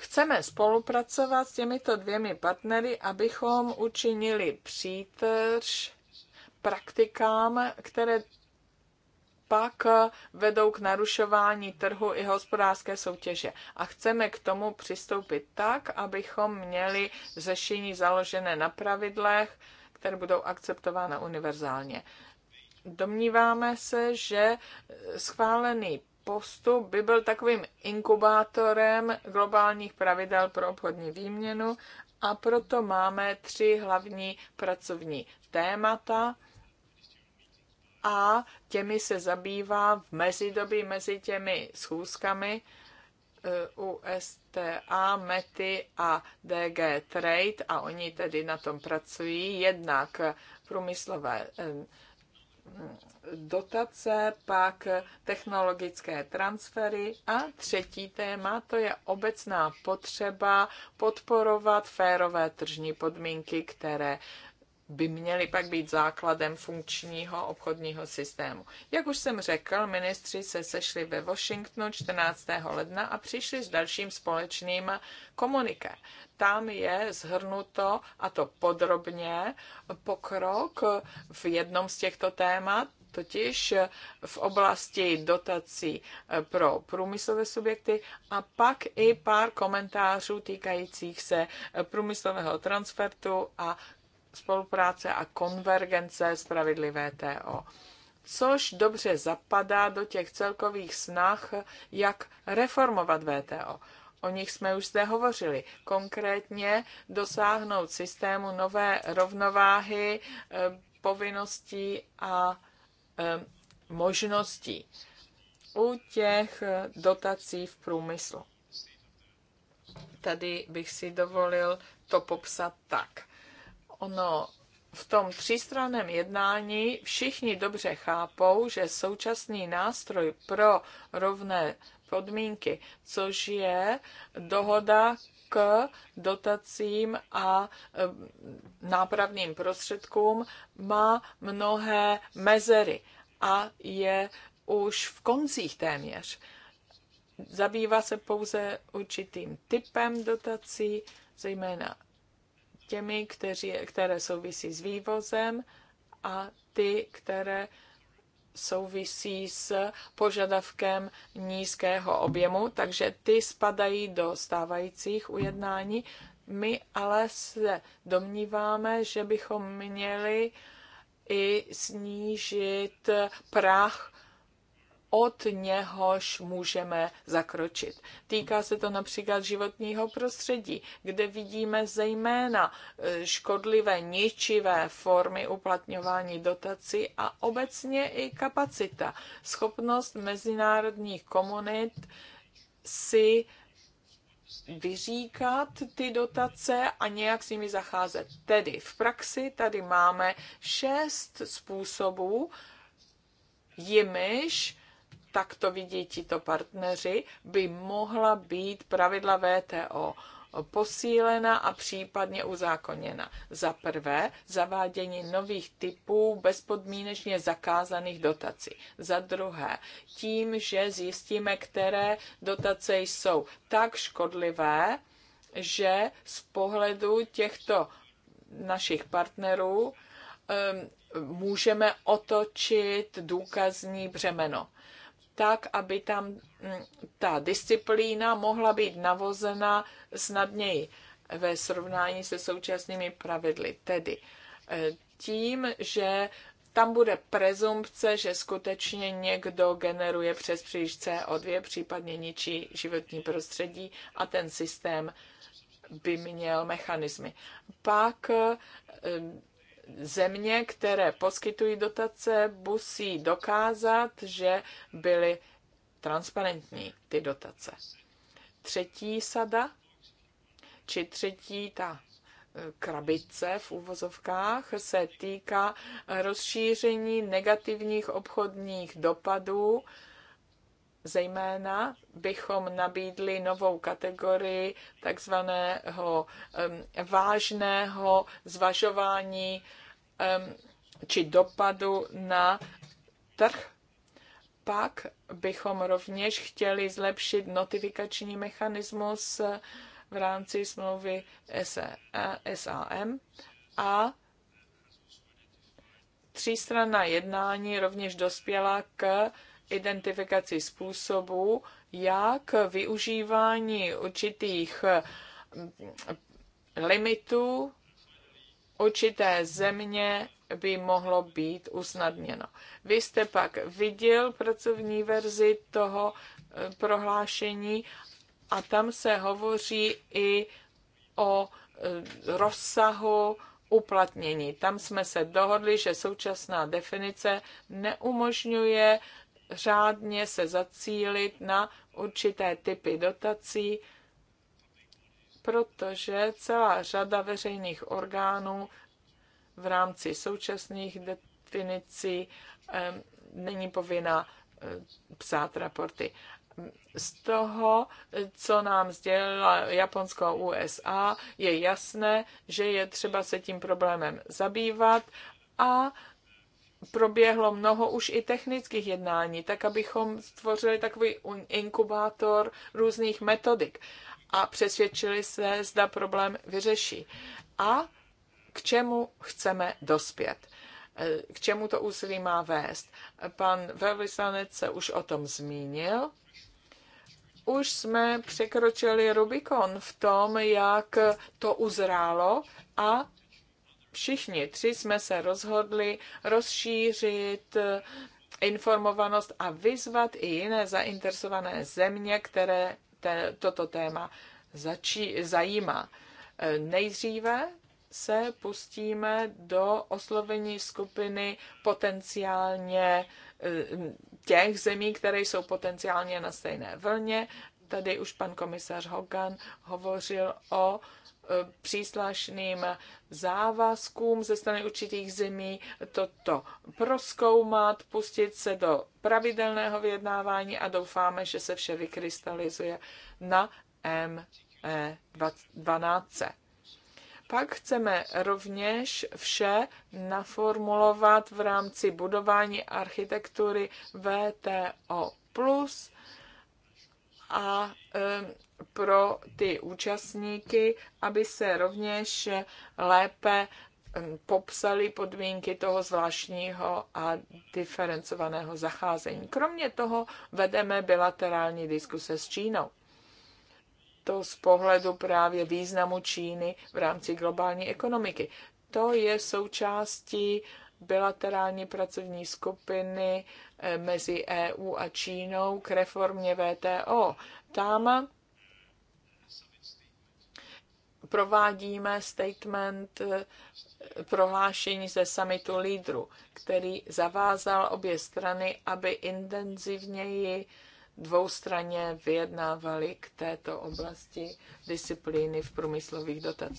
Chceme spolupracovat s těmito dvěmi partnery, abychom učinili přítrž praktikám, které pak vedou k narušování trhu i hospodářské soutěže. A chceme k tomu přistoupit tak, abychom měli řešení založené na pravidlech, které budou akceptována univerzálně. Domníváme se, že schválený postup by byl takovým inkubátorem globálních pravidel pro obchodní výměnu a proto máme tři hlavní pracovní témata a těmi se zabývá v mezidobí mezi těmi schůzkami eh, USTA, METI a DG Trade a oni tedy na tom pracují jednak průmyslové eh, dotace, pak technologické transfery a třetí téma, to je obecná potřeba podporovat férové tržní podmínky, které by měly pak být základem funkčního obchodního systému. Jak už jsem řekl, ministři se sešli ve Washingtonu 14. ledna a přišli s dalším společným komuniké. Tam je zhrnuto, a to podrobně, pokrok v jednom z těchto témat, totiž v oblasti dotací pro průmyslové subjekty a pak i pár komentářů týkajících se průmyslového transfertu a spolupráce a konvergence s pravidly VTO. Což dobře zapadá do těch celkových snah, jak reformovat VTO. O nich jsme už zde hovořili. Konkrétně dosáhnout systému nové rovnováhy eh, povinností a eh, možností u těch eh, dotací v průmyslu. Tady bych si dovolil to popsat tak ono v tom třístranném jednání všichni dobře chápou, že současný nástroj pro rovné podmínky, což je dohoda k dotacím a e, nápravným prostředkům, má mnohé mezery a je už v koncích téměř. Zabývá se pouze určitým typem dotací, zejména těmi, kteří, které souvisí s vývozem a ty, které souvisí s požadavkem nízkého objemu, takže ty spadají do stávajících ujednání. My ale se domníváme, že bychom měli i snížit prach od něhož můžeme zakročit. Týká se to například životního prostředí, kde vidíme zejména eh, škodlivé, ničivé formy uplatňování dotací a obecně i kapacita, schopnost mezinárodních komunit si vyříkat ty dotace a nějak s nimi zacházet. Tedy v praxi tady máme šest způsobů, jimiž tak to vidí tito partneři, by mohla být pravidla VTO posílena a případně uzákoněna. Za prvé, zavádění nových typů bezpodmínečně zakázaných dotací. Za druhé, tím, že zjistíme, které dotace jsou tak škodlivé, že z pohledu těchto našich partnerů ehm, můžeme otočit důkazní břemeno tak, aby tam mm, ta disciplína mohla být navozena snadněji ve srovnání se současnými pravidly. Tedy eh, tím, že tam bude prezumpce, že skutečně někdo generuje přes příliš CO2, případně ničí životní prostředí a ten systém by měl mechanismy. Pak eh, země, které poskytují dotace, musí dokázat, že byly transparentní ty dotace. Třetí sada, či třetí ta e, krabice v uvozovkách se týká rozšíření negativních obchodních dopadů Zejména bychom nabídli novou kategorii takzvaného vážného zvažování či dopadu na trh. Pak bychom rovněž chtěli zlepšit notifikační mechanismus v rámci smlouvy SAM a třístranná jednání rovněž dospěla k identifikaci způsobů, jak využívání určitých mm, limitů určité země by mohlo být usnadněno. Vy jste pak viděl pracovní verzi toho eh, prohlášení a tam se hovoří i o eh, rozsahu uplatnění. Tam jsme se dohodli, že současná definice neumožňuje řádně se zacílit na určité typy dotací, protože celá řada veřejných orgánů v rámci současných definicí není povinna eh, psát raporty. Z toho, co nám sdělila Japonsko a USA, je jasné, že je třeba se tím problémem zabývat a proběhlo mnoho už i technických jednání, tak abychom stvořili takový inkubátor různých metodik a přesvědčili se, zda problém vyřeší. A k čemu chceme dospět? E, k čemu to úsilí má vést? Pan velvyslanec se už o tom zmínil. Už jsme překročili Rubikon v tom, jak to uzrálo a všichni tři jsme se rozhodli rozšířit eh, informovanost a vyzvat i jiné zainteresované země, které te, toto téma začí, zajímá. Eh, nejdříve se pustíme do oslovení skupiny potenciálně eh, těch zemí, které jsou potenciálně na stejné vlně. Tady už pan komisař Hogan hovořil o příslušným závazkům ze strany určitých zemí toto proskoumat, pustit se do pravidelného vyjednávání a doufáme, že se vše vykrystalizuje na ME12. Pak chceme rovněž vše naformulovat v rámci budování architektury VTO+, plus a pro ty účastníky, aby se rovněž lépe hm, popsali podmínky toho zvláštního a diferencovaného zacházení. Kromě toho vedeme bilaterální diskuse s Čínou. To z pohledu právě významu Číny v rámci globální ekonomiky. To je součástí bilaterální pracovní skupiny eh, mezi EU a Čínou k reformě VTO. Tam provádíme statement eh, prohlášení ze samitu lídru, který zavázal obě strany, aby intenzivněji dvoustranně vyjednávali k této oblasti disciplíny v průmyslových dotacích.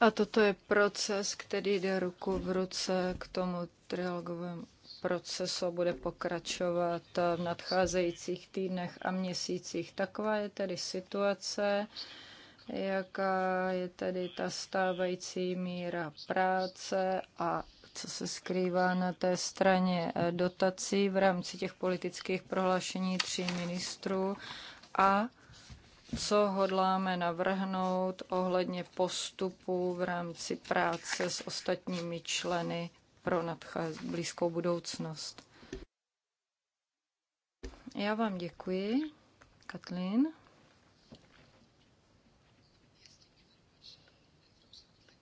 A toto je proces, který jde ruku v ruce k tomu trialogovému procesu bude pokračovat v nadcházejících týdnech a měsících. Taková je tedy situace jaká je tedy ta stávající míra práce a co se skrývá na té straně dotací v rámci těch politických prohlášení tří ministrů a co hodláme navrhnout ohledně postupu v rámci práce s ostatními členy pro blízkou budoucnost. Já vám děkuji, Katlin.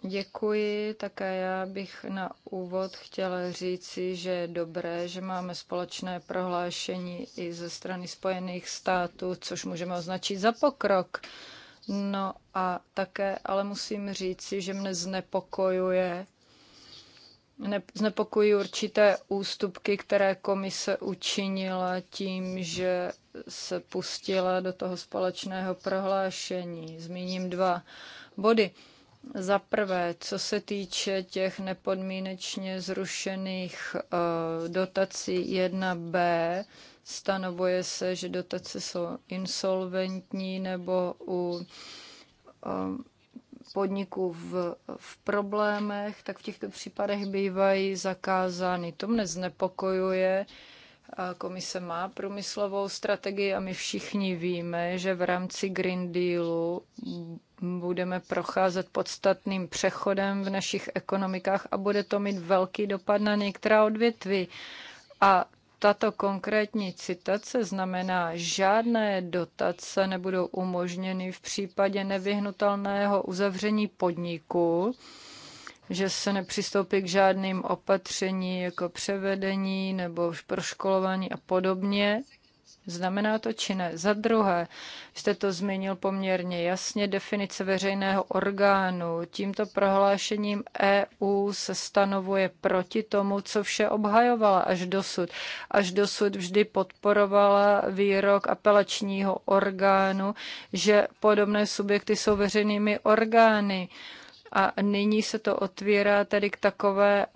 Děkuji. Také já bych na úvod chtěla říci, že je dobré, že máme společné prohlášení i ze strany Spojených států, což můžeme označit za pokrok. No a také ale musím říci, že mne znepokojuje, ne, znepokojují určité ústupky, které komise učinila tím, že se pustila do toho společného prohlášení. Zmíním dva body. Za prvé, co se týče těch nepodmínečně zrušených eh, dotací 1b, stanovuje se, že dotace jsou insolventní nebo u eh, podniků v, v problémech, tak v těchto případech bývají zakázány. To mne znepokojuje. Komise má průmyslovou strategii a my všichni víme, že v rámci Green Dealu budeme procházet podstatným přechodem v našich ekonomikách a bude to mít velký dopad na některá odvětví. A tato konkrétní citace znamená, žádné dotace nebudou umožněny v případě nevyhnutelného uzavření podniku, že se nepřistoupí k žádným opatření jako převedení nebo proškolování a podobně. Znamená to či ne? Za druhé, jste to zmínil poměrně jasně, definice veřejného orgánu. Tímto prohlášením EU se stanovuje proti tomu, co vše obhajovala až dosud. Až dosud vždy podporovala výrok apelačního orgánu, že podobné subjekty jsou veřejnými orgány. A nyní se to otvírá tedy k takové eh,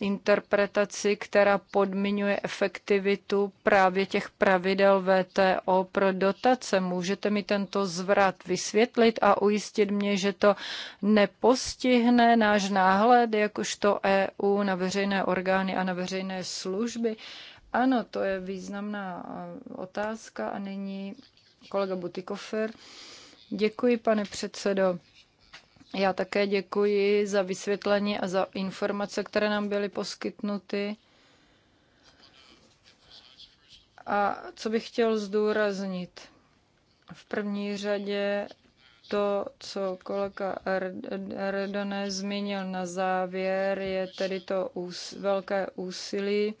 interpretaci, která podmiňuje efektivitu právě těch pravidel VTO pro dotace. Můžete mi tento zvrat vysvětlit a ujistit mě, že to nepostihne náš náhled, jakožto EU na veřejné orgány a na veřejné služby. Ano, to je významná eh, otázka a nyní kolega Butikofer. Děkuji, pane předsedo. Já také děkuji za vysvětlení a za informace, které nám byly poskytnuty. A co bych chtěl zdůraznit? V první řadě to, co kolega Redané zmínil na závěr, je tedy to ús- velké úsilí.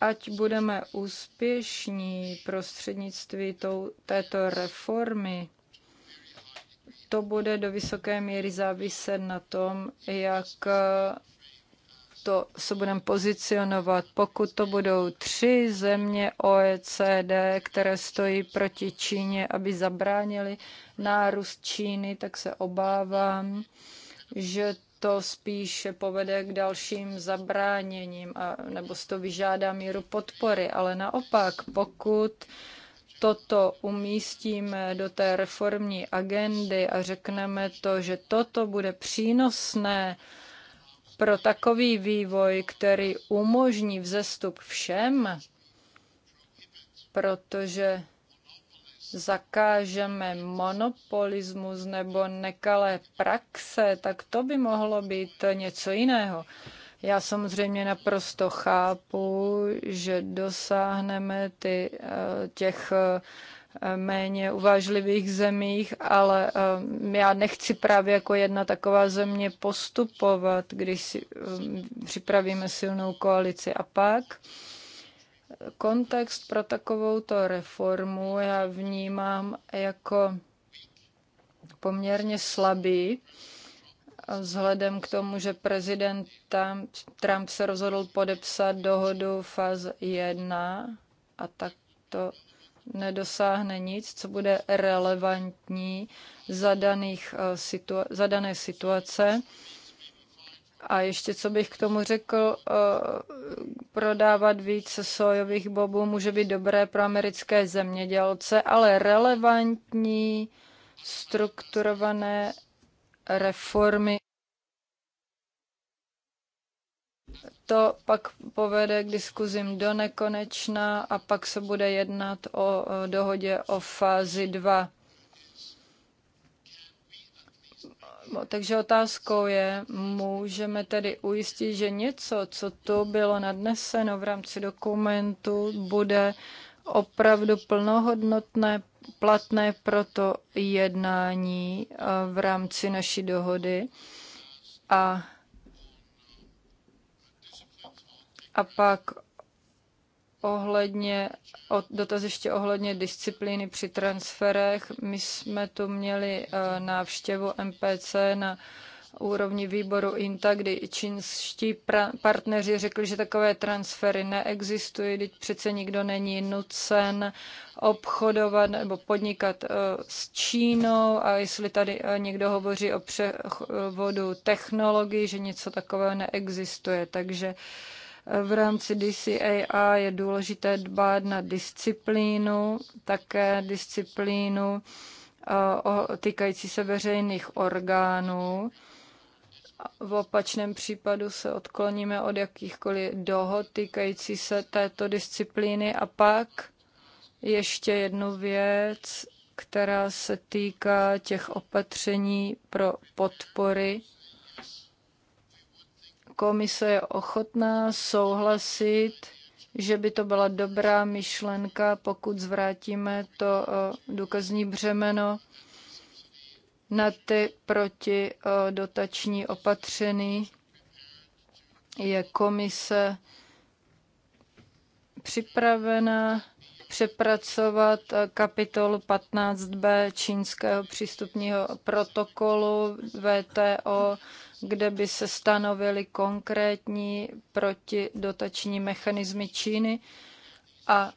Ať budeme úspěšní prostřednictví tou, této reformy, to bude do vysoké míry záviset na tom, jak eh, to se budeme pozicionovat. Pokud to budou tři země OECD, které stojí proti Číně, aby zabránili nárůst Číny, tak se obávám, že to spíše povede k dalším zabráněním, a, nebo z to vyžádá míru podpory. Ale naopak, pokud uh, toto umístíme do té reformní agendy a řekneme to, že toto bude přínosné pro takový vývoj, který umožní vzestup všem, protože zakážeme monopolismus nebo nekalé praxe, tak to by mohlo být něco jiného. Já samozřejmě naprosto chápu, že dosáhneme ty, eh, těch eh, méně uvážlivých zemích, ale eh, já nechci právě jako jedna taková země postupovat, když si připravíme silnou koalici. A pak kontext pro takovouto reformu já vnímám jako poměrně slabý vzhledem k tomu, že prezident Trump se rozhodl podepsat dohodu faz 1 a tak to nedosáhne nic, co bude relevantní za, daných eh, za dané situace. A ještě co bych k tomu řekl, eh, prodávat více sojových bobů může být dobré pro americké zemědělce, ale relevantní strukturované reformy to pak povede k diskuzím do nekonečna a pak se bude jednat o dohodě o fázi 2. Takže otázkou je, můžeme tedy ujistit, že něco, co tu bylo nadneseno v rámci dokumentu, bude opravdu plnohodnotné, platné pro to jednání eh, v rámci naší dohody. A A pak ohledně, dotaz ještě ohledně disciplíny při transferech. My jsme tu měli eh, návštěvu MPC na úrovni výboru INTA, kdy čínští partneři řekli, že takové transfery neexistují, teď přece nikdo není nucen obchodovat nebo podnikat eh, s Čínou a jestli tady eh, někdo hovoří o převodu technologií, že něco takového neexistuje. Takže uh, v rámci DCAA je důležité dbát na disciplínu, také disciplínu eh, týkající se veřejných orgánů. V opačném případu se odkloníme od jakýchkoliv dohod týkající se této disciplíny. A pak ještě jednu věc, která se týká těch opatření pro podpory komise je ochotná souhlasit, že by to byla dobrá myšlenka, pokud zvrátíme to eh, důkazní břemeno na ty proti eh, dotační opatření. Je komise připravena přepracovat eh, kapitol 15b čínského přístupního protokolu VTO kde by se stanovily konkrétní protidotační mechanismy Číny a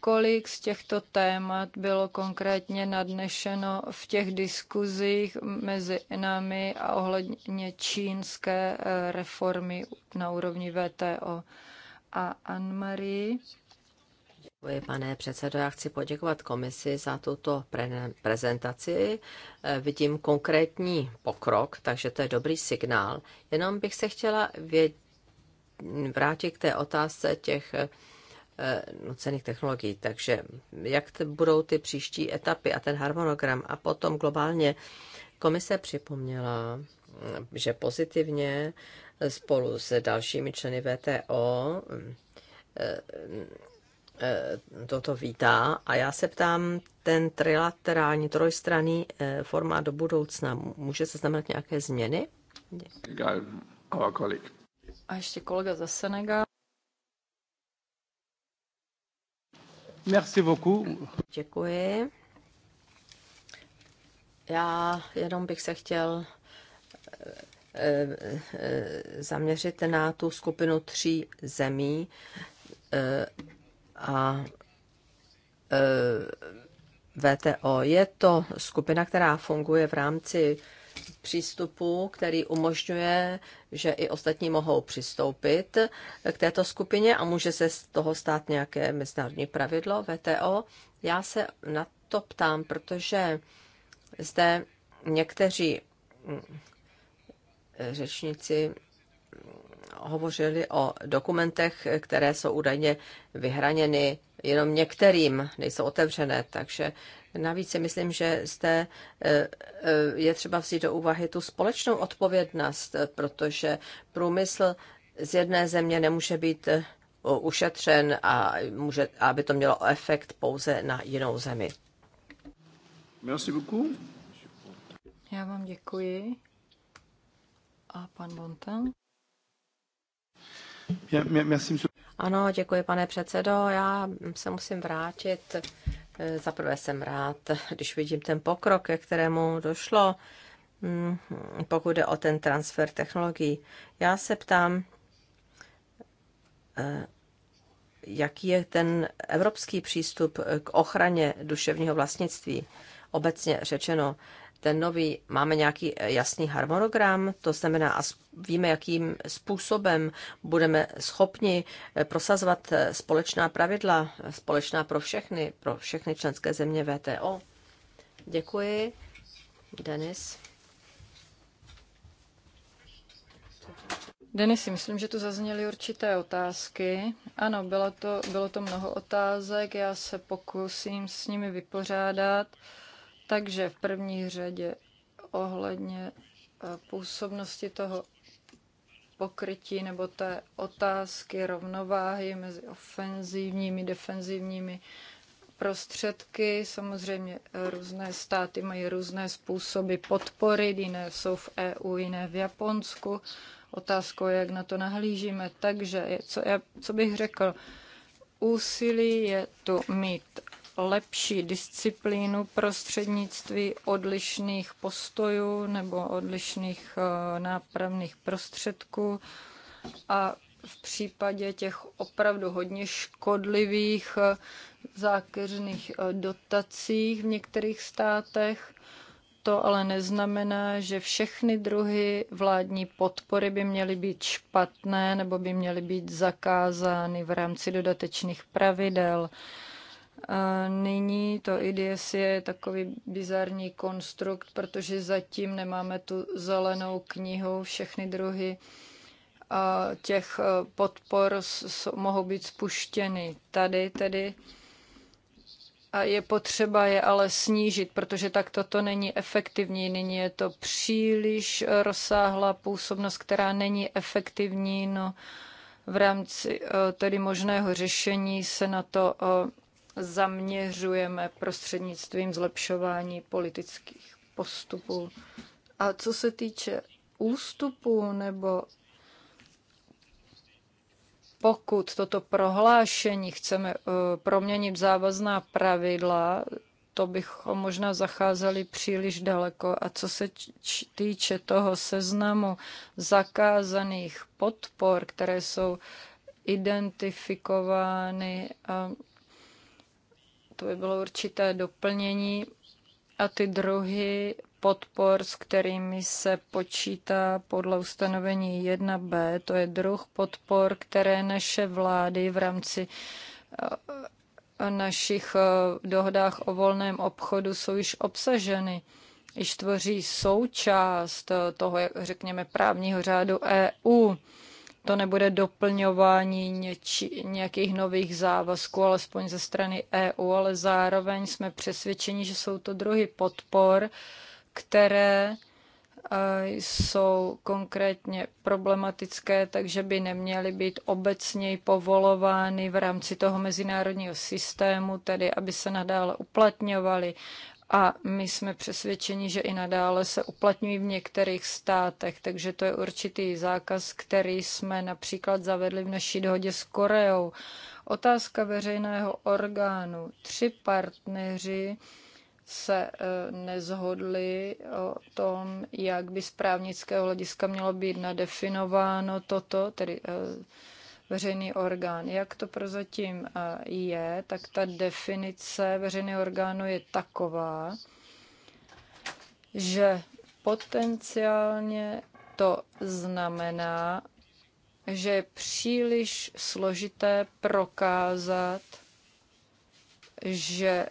kolik z těchto témat bylo konkrétně nadnešeno v těch diskuzích mezi námi a ohledně čínské eh, reformy na úrovni VTO. A Anne-Marie? Děkuji, pane předsedo. Já chci poděkovat komisi za tuto pre- prezentaci. Eh, vidím konkrétní pokrok, takže to je dobrý signál. Jenom bych se chtěla vědět, vrátit k té otázce těch eh, nucených technologií. Takže jak budou ty příští etapy a ten harmonogram a potom globálně komise připomněla, mm, že pozitivně eh, spolu s dalšími členy VTO Eh, toto vítá a já se ptám, ten trilaterální, trojstranný eh, forma do budoucna, může se znamenat nějaké změny? Egal, A ještě kolega ze Senegal. Merci beaucoup. Děkuji. Já jenom bych se chtěl eh, zaměřit na tu skupinu tří zemí, a e, VTO. Je to skupina, která funguje v rámci přístupu, který umožňuje, že i ostatní mohou přistoupit k této skupině a může se z toho stát nějaké mezinárodní pravidlo VTO. Já se na to ptám, protože zde někteří mm, řečníci hovořili o dokumentech, které jsou údajně vyhraněny jenom některým, nejsou otevřené, takže navíc si myslím, že zde e, e, je třeba vzít do úvahy tu společnou odpovědnost, protože průmysl z jedné země nemůže být e, ušetřen a může, aby to mělo efekt pouze na jinou zemi. Merci beaucoup. Já vám děkuji. A pan Bontan? Ano, děkuji, pane předsedo. Já se musím vrátit. Eh, zaprvé jsem rád, když vidím ten pokrok, ke kterému došlo, mm, pokud jde o ten transfer technologií. Já se ptám, eh, jaký je ten evropský přístup k ochraně duševního vlastnictví, obecně řečeno ten nový, máme nějaký eh, jasný harmonogram, to znamená, a víme, jakým způsobem budeme schopni eh, prosazovat eh, společná pravidla, společná pro všechny, pro všechny členské země VTO. Děkuji. Denis. Denis, myslím, že tu zazněly určité otázky. Ano, bylo to, bylo to mnoho otázek, já se pokusím s nimi vypořádat. Uh, takže v první řadě ohledně eh, působnosti toho pokrytí nebo té otázky rovnováhy mezi ofenzivními, defenzivními prostředky. Samozřejmě různé státy mají různé způsoby podpory, jiné jsou v EU, jiné v Japonsku. Otázkou je, jak na to nahlížíme. Takže, co, já, co bych řekl, úsilí je tu mít lepší disciplínu prostřednictví odlišných postojů nebo odlišných eh, nápravných prostředků a v případě těch opravdu hodně škodlivých eh, zákeřných eh, dotací v některých státech. To ale neznamená, že všechny druhy vládní podpory by měly být špatné nebo by měly být zakázány v rámci dodatečných pravidel. A nyní to IDS je takový bizarní konstrukt, protože zatím nemáme tu zelenou knihu, všechny druhy těch e, podpor mohou být spuštěny tady tedy. A je potřeba je ale snížit, protože tak toto není efektivní. Nyní je to příliš e, rozsáhlá působnost, která není efektivní. No, v rámci e, tedy možného řešení se na to zaměřujeme prostřednictvím zlepšování politických postupů. A co se týče ústupu nebo pokud toto prohlášení chceme eh, proměnit závazná pravidla, to bychom možná zacházeli příliš daleko. A co se týče toho seznamu zakázaných podpor, které jsou identifikovány eh, to by bylo určité doplnění a ty druhy podpor, s kterými se počítá podle ustanovení 1b, to je druh podpor, které naše vlády v rámci eh, našich eh, dohodách o volném obchodu jsou již obsaženy, již tvoří součást eh, toho, jak řekněme, právního řádu EU to nebude doplňování něči, nějakých nových závazků, alespoň ze strany EU, ale zároveň jsme přesvědčeni, že jsou to druhy podpor, které eh, jsou konkrétně problematické, takže by neměly být obecněji povolovány v rámci toho mezinárodního systému, tedy aby se nadále uplatňovaly a my jsme přesvědčeni, že i nadále se uplatňují v některých státech, takže to je určitý zákaz, který jsme například zavedli v naší dohodě s Koreou. Otázka veřejného orgánu. Tři partneři se eh, nezhodli o tom, jak by z právnického hlediska mělo být nadefinováno toto, tedy eh, veřejný orgán. Jak to prozatím eh, je, tak ta definice veřejného orgánu je taková, že potenciálně to znamená, že je příliš složité prokázat, že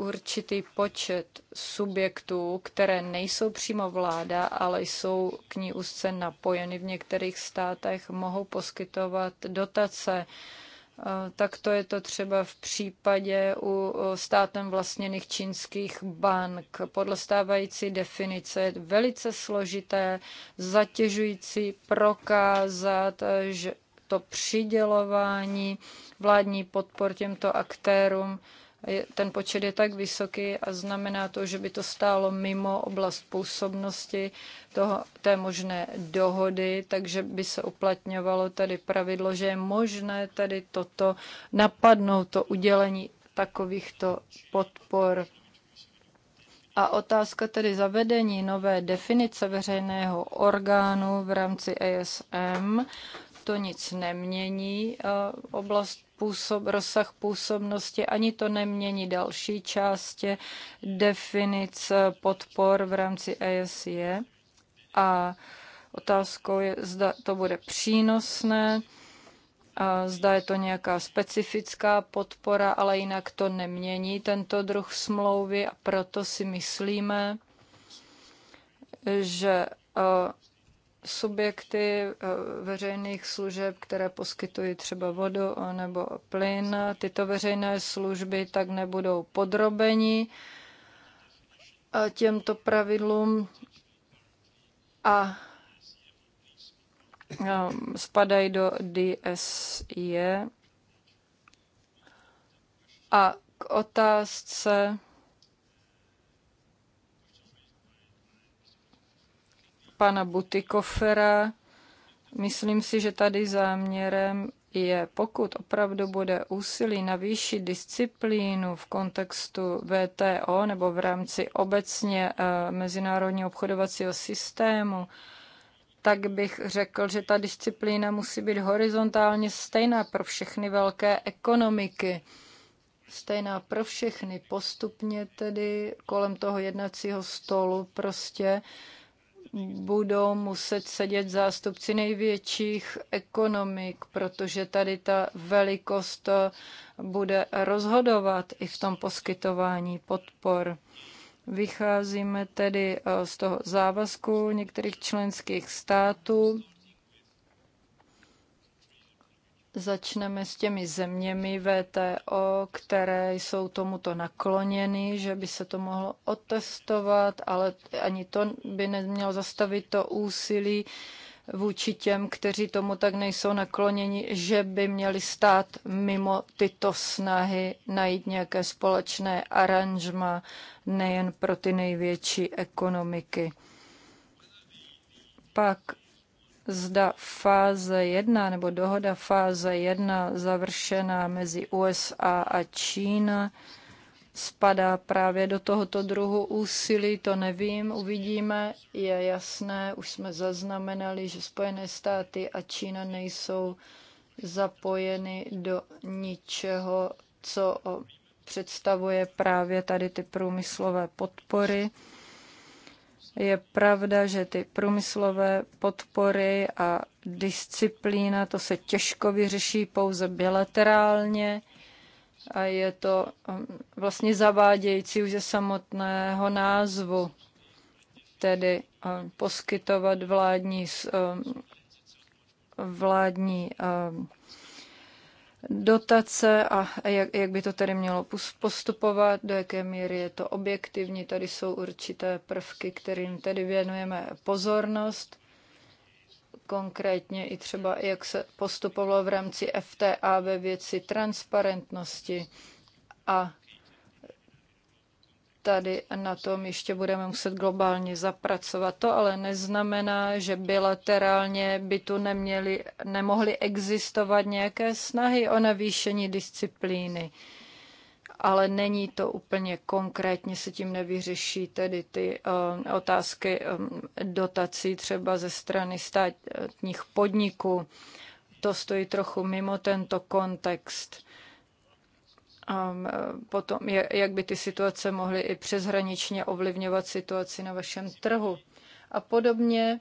určitý počet subjektů, které nejsou přímo vláda, ale jsou k ní úzce napojeny v některých státech, mohou poskytovat dotace. Eh, tak to je to třeba v případě u eh, státem vlastněných čínských bank. Podle stávající definice je velice složité, zatěžující prokázat, eh, že to přidělování vládní podpor těmto aktérům ten počet je tak vysoký a znamená to, že by to stálo mimo oblast působnosti toho, té možné dohody, takže by se uplatňovalo tady pravidlo, že je možné tady toto napadnout, to udělení takovýchto podpor. A otázka tedy zavedení nové definice veřejného orgánu v rámci ASM, to nic nemění. Eh, oblast působ, rozsah působnosti, ani to nemění další částě definic podpor v rámci ESE. A otázkou je, zda to bude přínosné, a zda je to nějaká specifická podpora, ale jinak to nemění tento druh smlouvy a proto si myslíme, že eh, subjekty eh, veřejných služeb, které poskytují třeba vodu nebo plyn. Tyto veřejné služby tak nebudou podrobeni eh, těmto pravidlům a eh, spadají do DSE. A k otázce pana Butikofera. Myslím si, že tady záměrem je, pokud opravdu bude úsilí navýšit disciplínu v kontextu VTO nebo v rámci obecně eh, mezinárodního obchodovacího systému, tak bych řekl, že ta disciplína musí být horizontálně stejná pro všechny velké ekonomiky. Stejná pro všechny, postupně tedy kolem toho jednacího stolu prostě uh, budou muset sedět zástupci největších ekonomik, protože tady ta velikost eh, bude rozhodovat i v tom poskytování podpor. Vycházíme tedy eh, z toho závazku některých členských států Začneme s těmi zeměmi VTO, které jsou tomuto nakloněny, že by se to mohlo otestovat, ale ani to by nemělo zastavit to úsilí vůči těm, kteří tomu tak nejsou nakloněni, že by měli stát mimo tyto snahy najít nějaké společné aranžma nejen pro ty největší ekonomiky. Pak zda fáze 1 nebo dohoda fáze 1 završená mezi USA a Čína spadá právě do tohoto druhu úsilí, to nevím, uvidíme. Je jasné, už jsme zaznamenali, že Spojené státy a Čína nejsou zapojeny do ničeho, co představuje právě tady ty průmyslové podpory. Je pravda, že ty průmyslové podpory a disciplína, to se těžko vyřeší pouze bilaterálně a je to um, vlastně zavádějící už ze samotného názvu, tedy um, poskytovat vládní, um, vládní dotace a jak, jak by to tedy mělo postupovat, do jaké míry je to objektivní. Tady jsou určité prvky, kterým tedy věnujeme pozornost. Konkrétně i třeba, jak se postupovalo v rámci FTA ve věci transparentnosti a tady na tom ještě budeme muset globálně zapracovat. To ale neznamená, že bilaterálně by tu neměli, nemohly existovat nějaké snahy o navýšení disciplíny. Ale není to úplně konkrétně, se tím nevyřeší tedy ty eh, otázky um, dotací třeba ze strany státních podniků. To stojí trochu mimo tento kontext. E, potom, jak by ty situace mohly i přeshraničně ovlivňovat situaci na vašem trhu. A podobně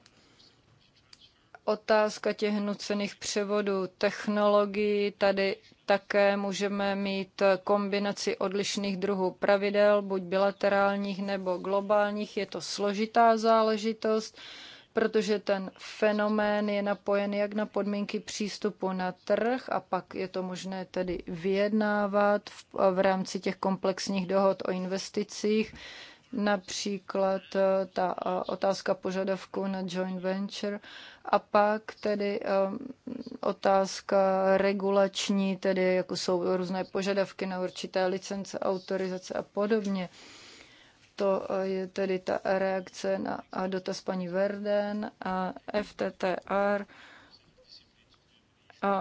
otázka těch nucených převodů technologií. Tady také můžeme mít kombinaci odlišných druhů pravidel, buď bilaterálních nebo globálních. Je to složitá záležitost protože ten fenomén je napojen jak na podmínky přístupu na trh a pak je to možné tedy vyjednávat v, v rámci těch komplexních dohod o investicích, například eh, ta eh, otázka požadavku na joint venture a pak tedy eh, otázka regulační, tedy jako jsou různé požadavky na určité licence, autorizace a podobně to eh, je tedy ta reakce na dotaz paní Verden a FTTR. A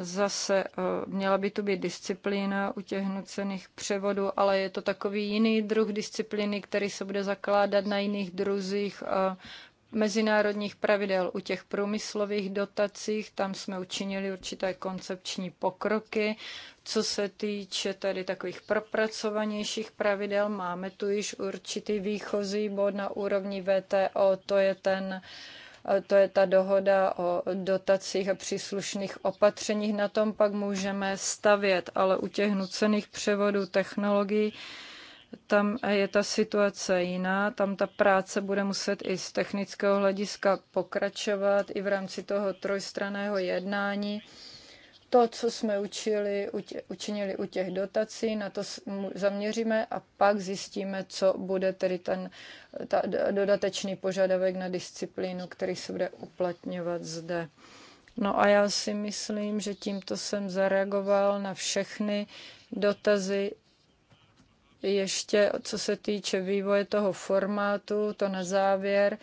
zase eh, měla by tu být disciplína u těch nucených převodů, ale je to takový jiný druh disciplíny, který se bude zakládat na jiných druzích eh, mezinárodních pravidel. U těch průmyslových dotacích tam jsme učinili určité koncepční pokroky. Co se týče tady takových propracovanějších pravidel, máme tu již určitý výchozí bod na úrovni VTO, to je ten to je ta dohoda o dotacích a příslušných opatřeních. Na tom pak můžeme stavět, ale u těch nucených převodů technologií tam je ta situace jiná, tam ta práce bude muset i z technického hlediska pokračovat i v rámci toho trojstraného jednání. To, co jsme učili, učinili u těch dotací, na to zaměříme a pak zjistíme, co bude tedy ten ta dodatečný požadavek na disciplínu, který se bude uplatňovat zde. No a já si myslím, že tímto jsem zareagoval na všechny dotazy ještě co se týče vývoje toho formátu, to na závěr,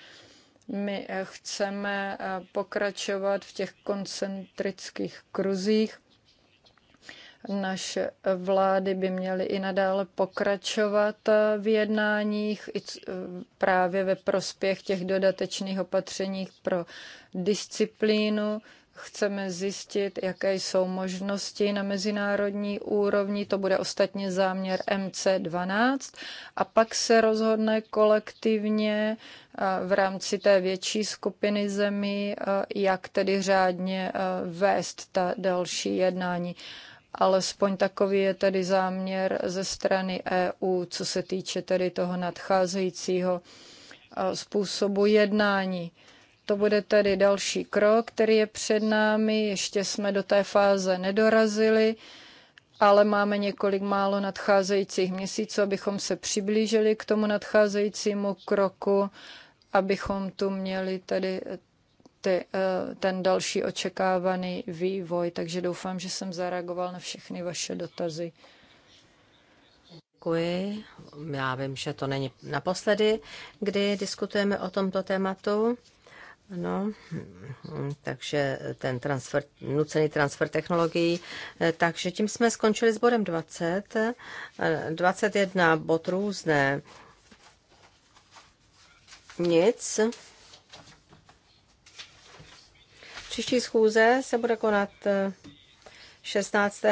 my eh, chceme eh, pokračovat v těch koncentrických kruzích. Naše eh, vlády by měly i nadále pokračovat v jednáních i právě ve prospěch těch dodatečných opatřeních pro disciplínu, Chceme zjistit, jaké jsou možnosti na mezinárodní úrovni, to bude ostatně záměr MC12, a pak se rozhodne kolektivně v rámci té větší skupiny zemí, jak tedy řádně vést ta další jednání. Alespoň takový je tedy záměr ze strany EU, co se týče tedy toho nadcházejícího způsobu jednání. To bude tedy další krok, který je před námi. Ještě jsme do té fáze nedorazili, ale máme několik málo nadcházejících měsíců, abychom se přiblížili k tomu nadcházejícímu kroku, abychom tu měli tedy ty, eh, ten další očekávaný vývoj. Takže doufám, že jsem zareagoval na všechny vaše dotazy. Děkuji. Já vím, že to není naposledy, kdy diskutujeme o tomto tématu. No, takže ten transfer, nucený transfer technologií. Eh, takže tím jsme skončili s bodem 20. 21 eh, bod různé. Nic. Příští schůze se bude konat 16. Eh,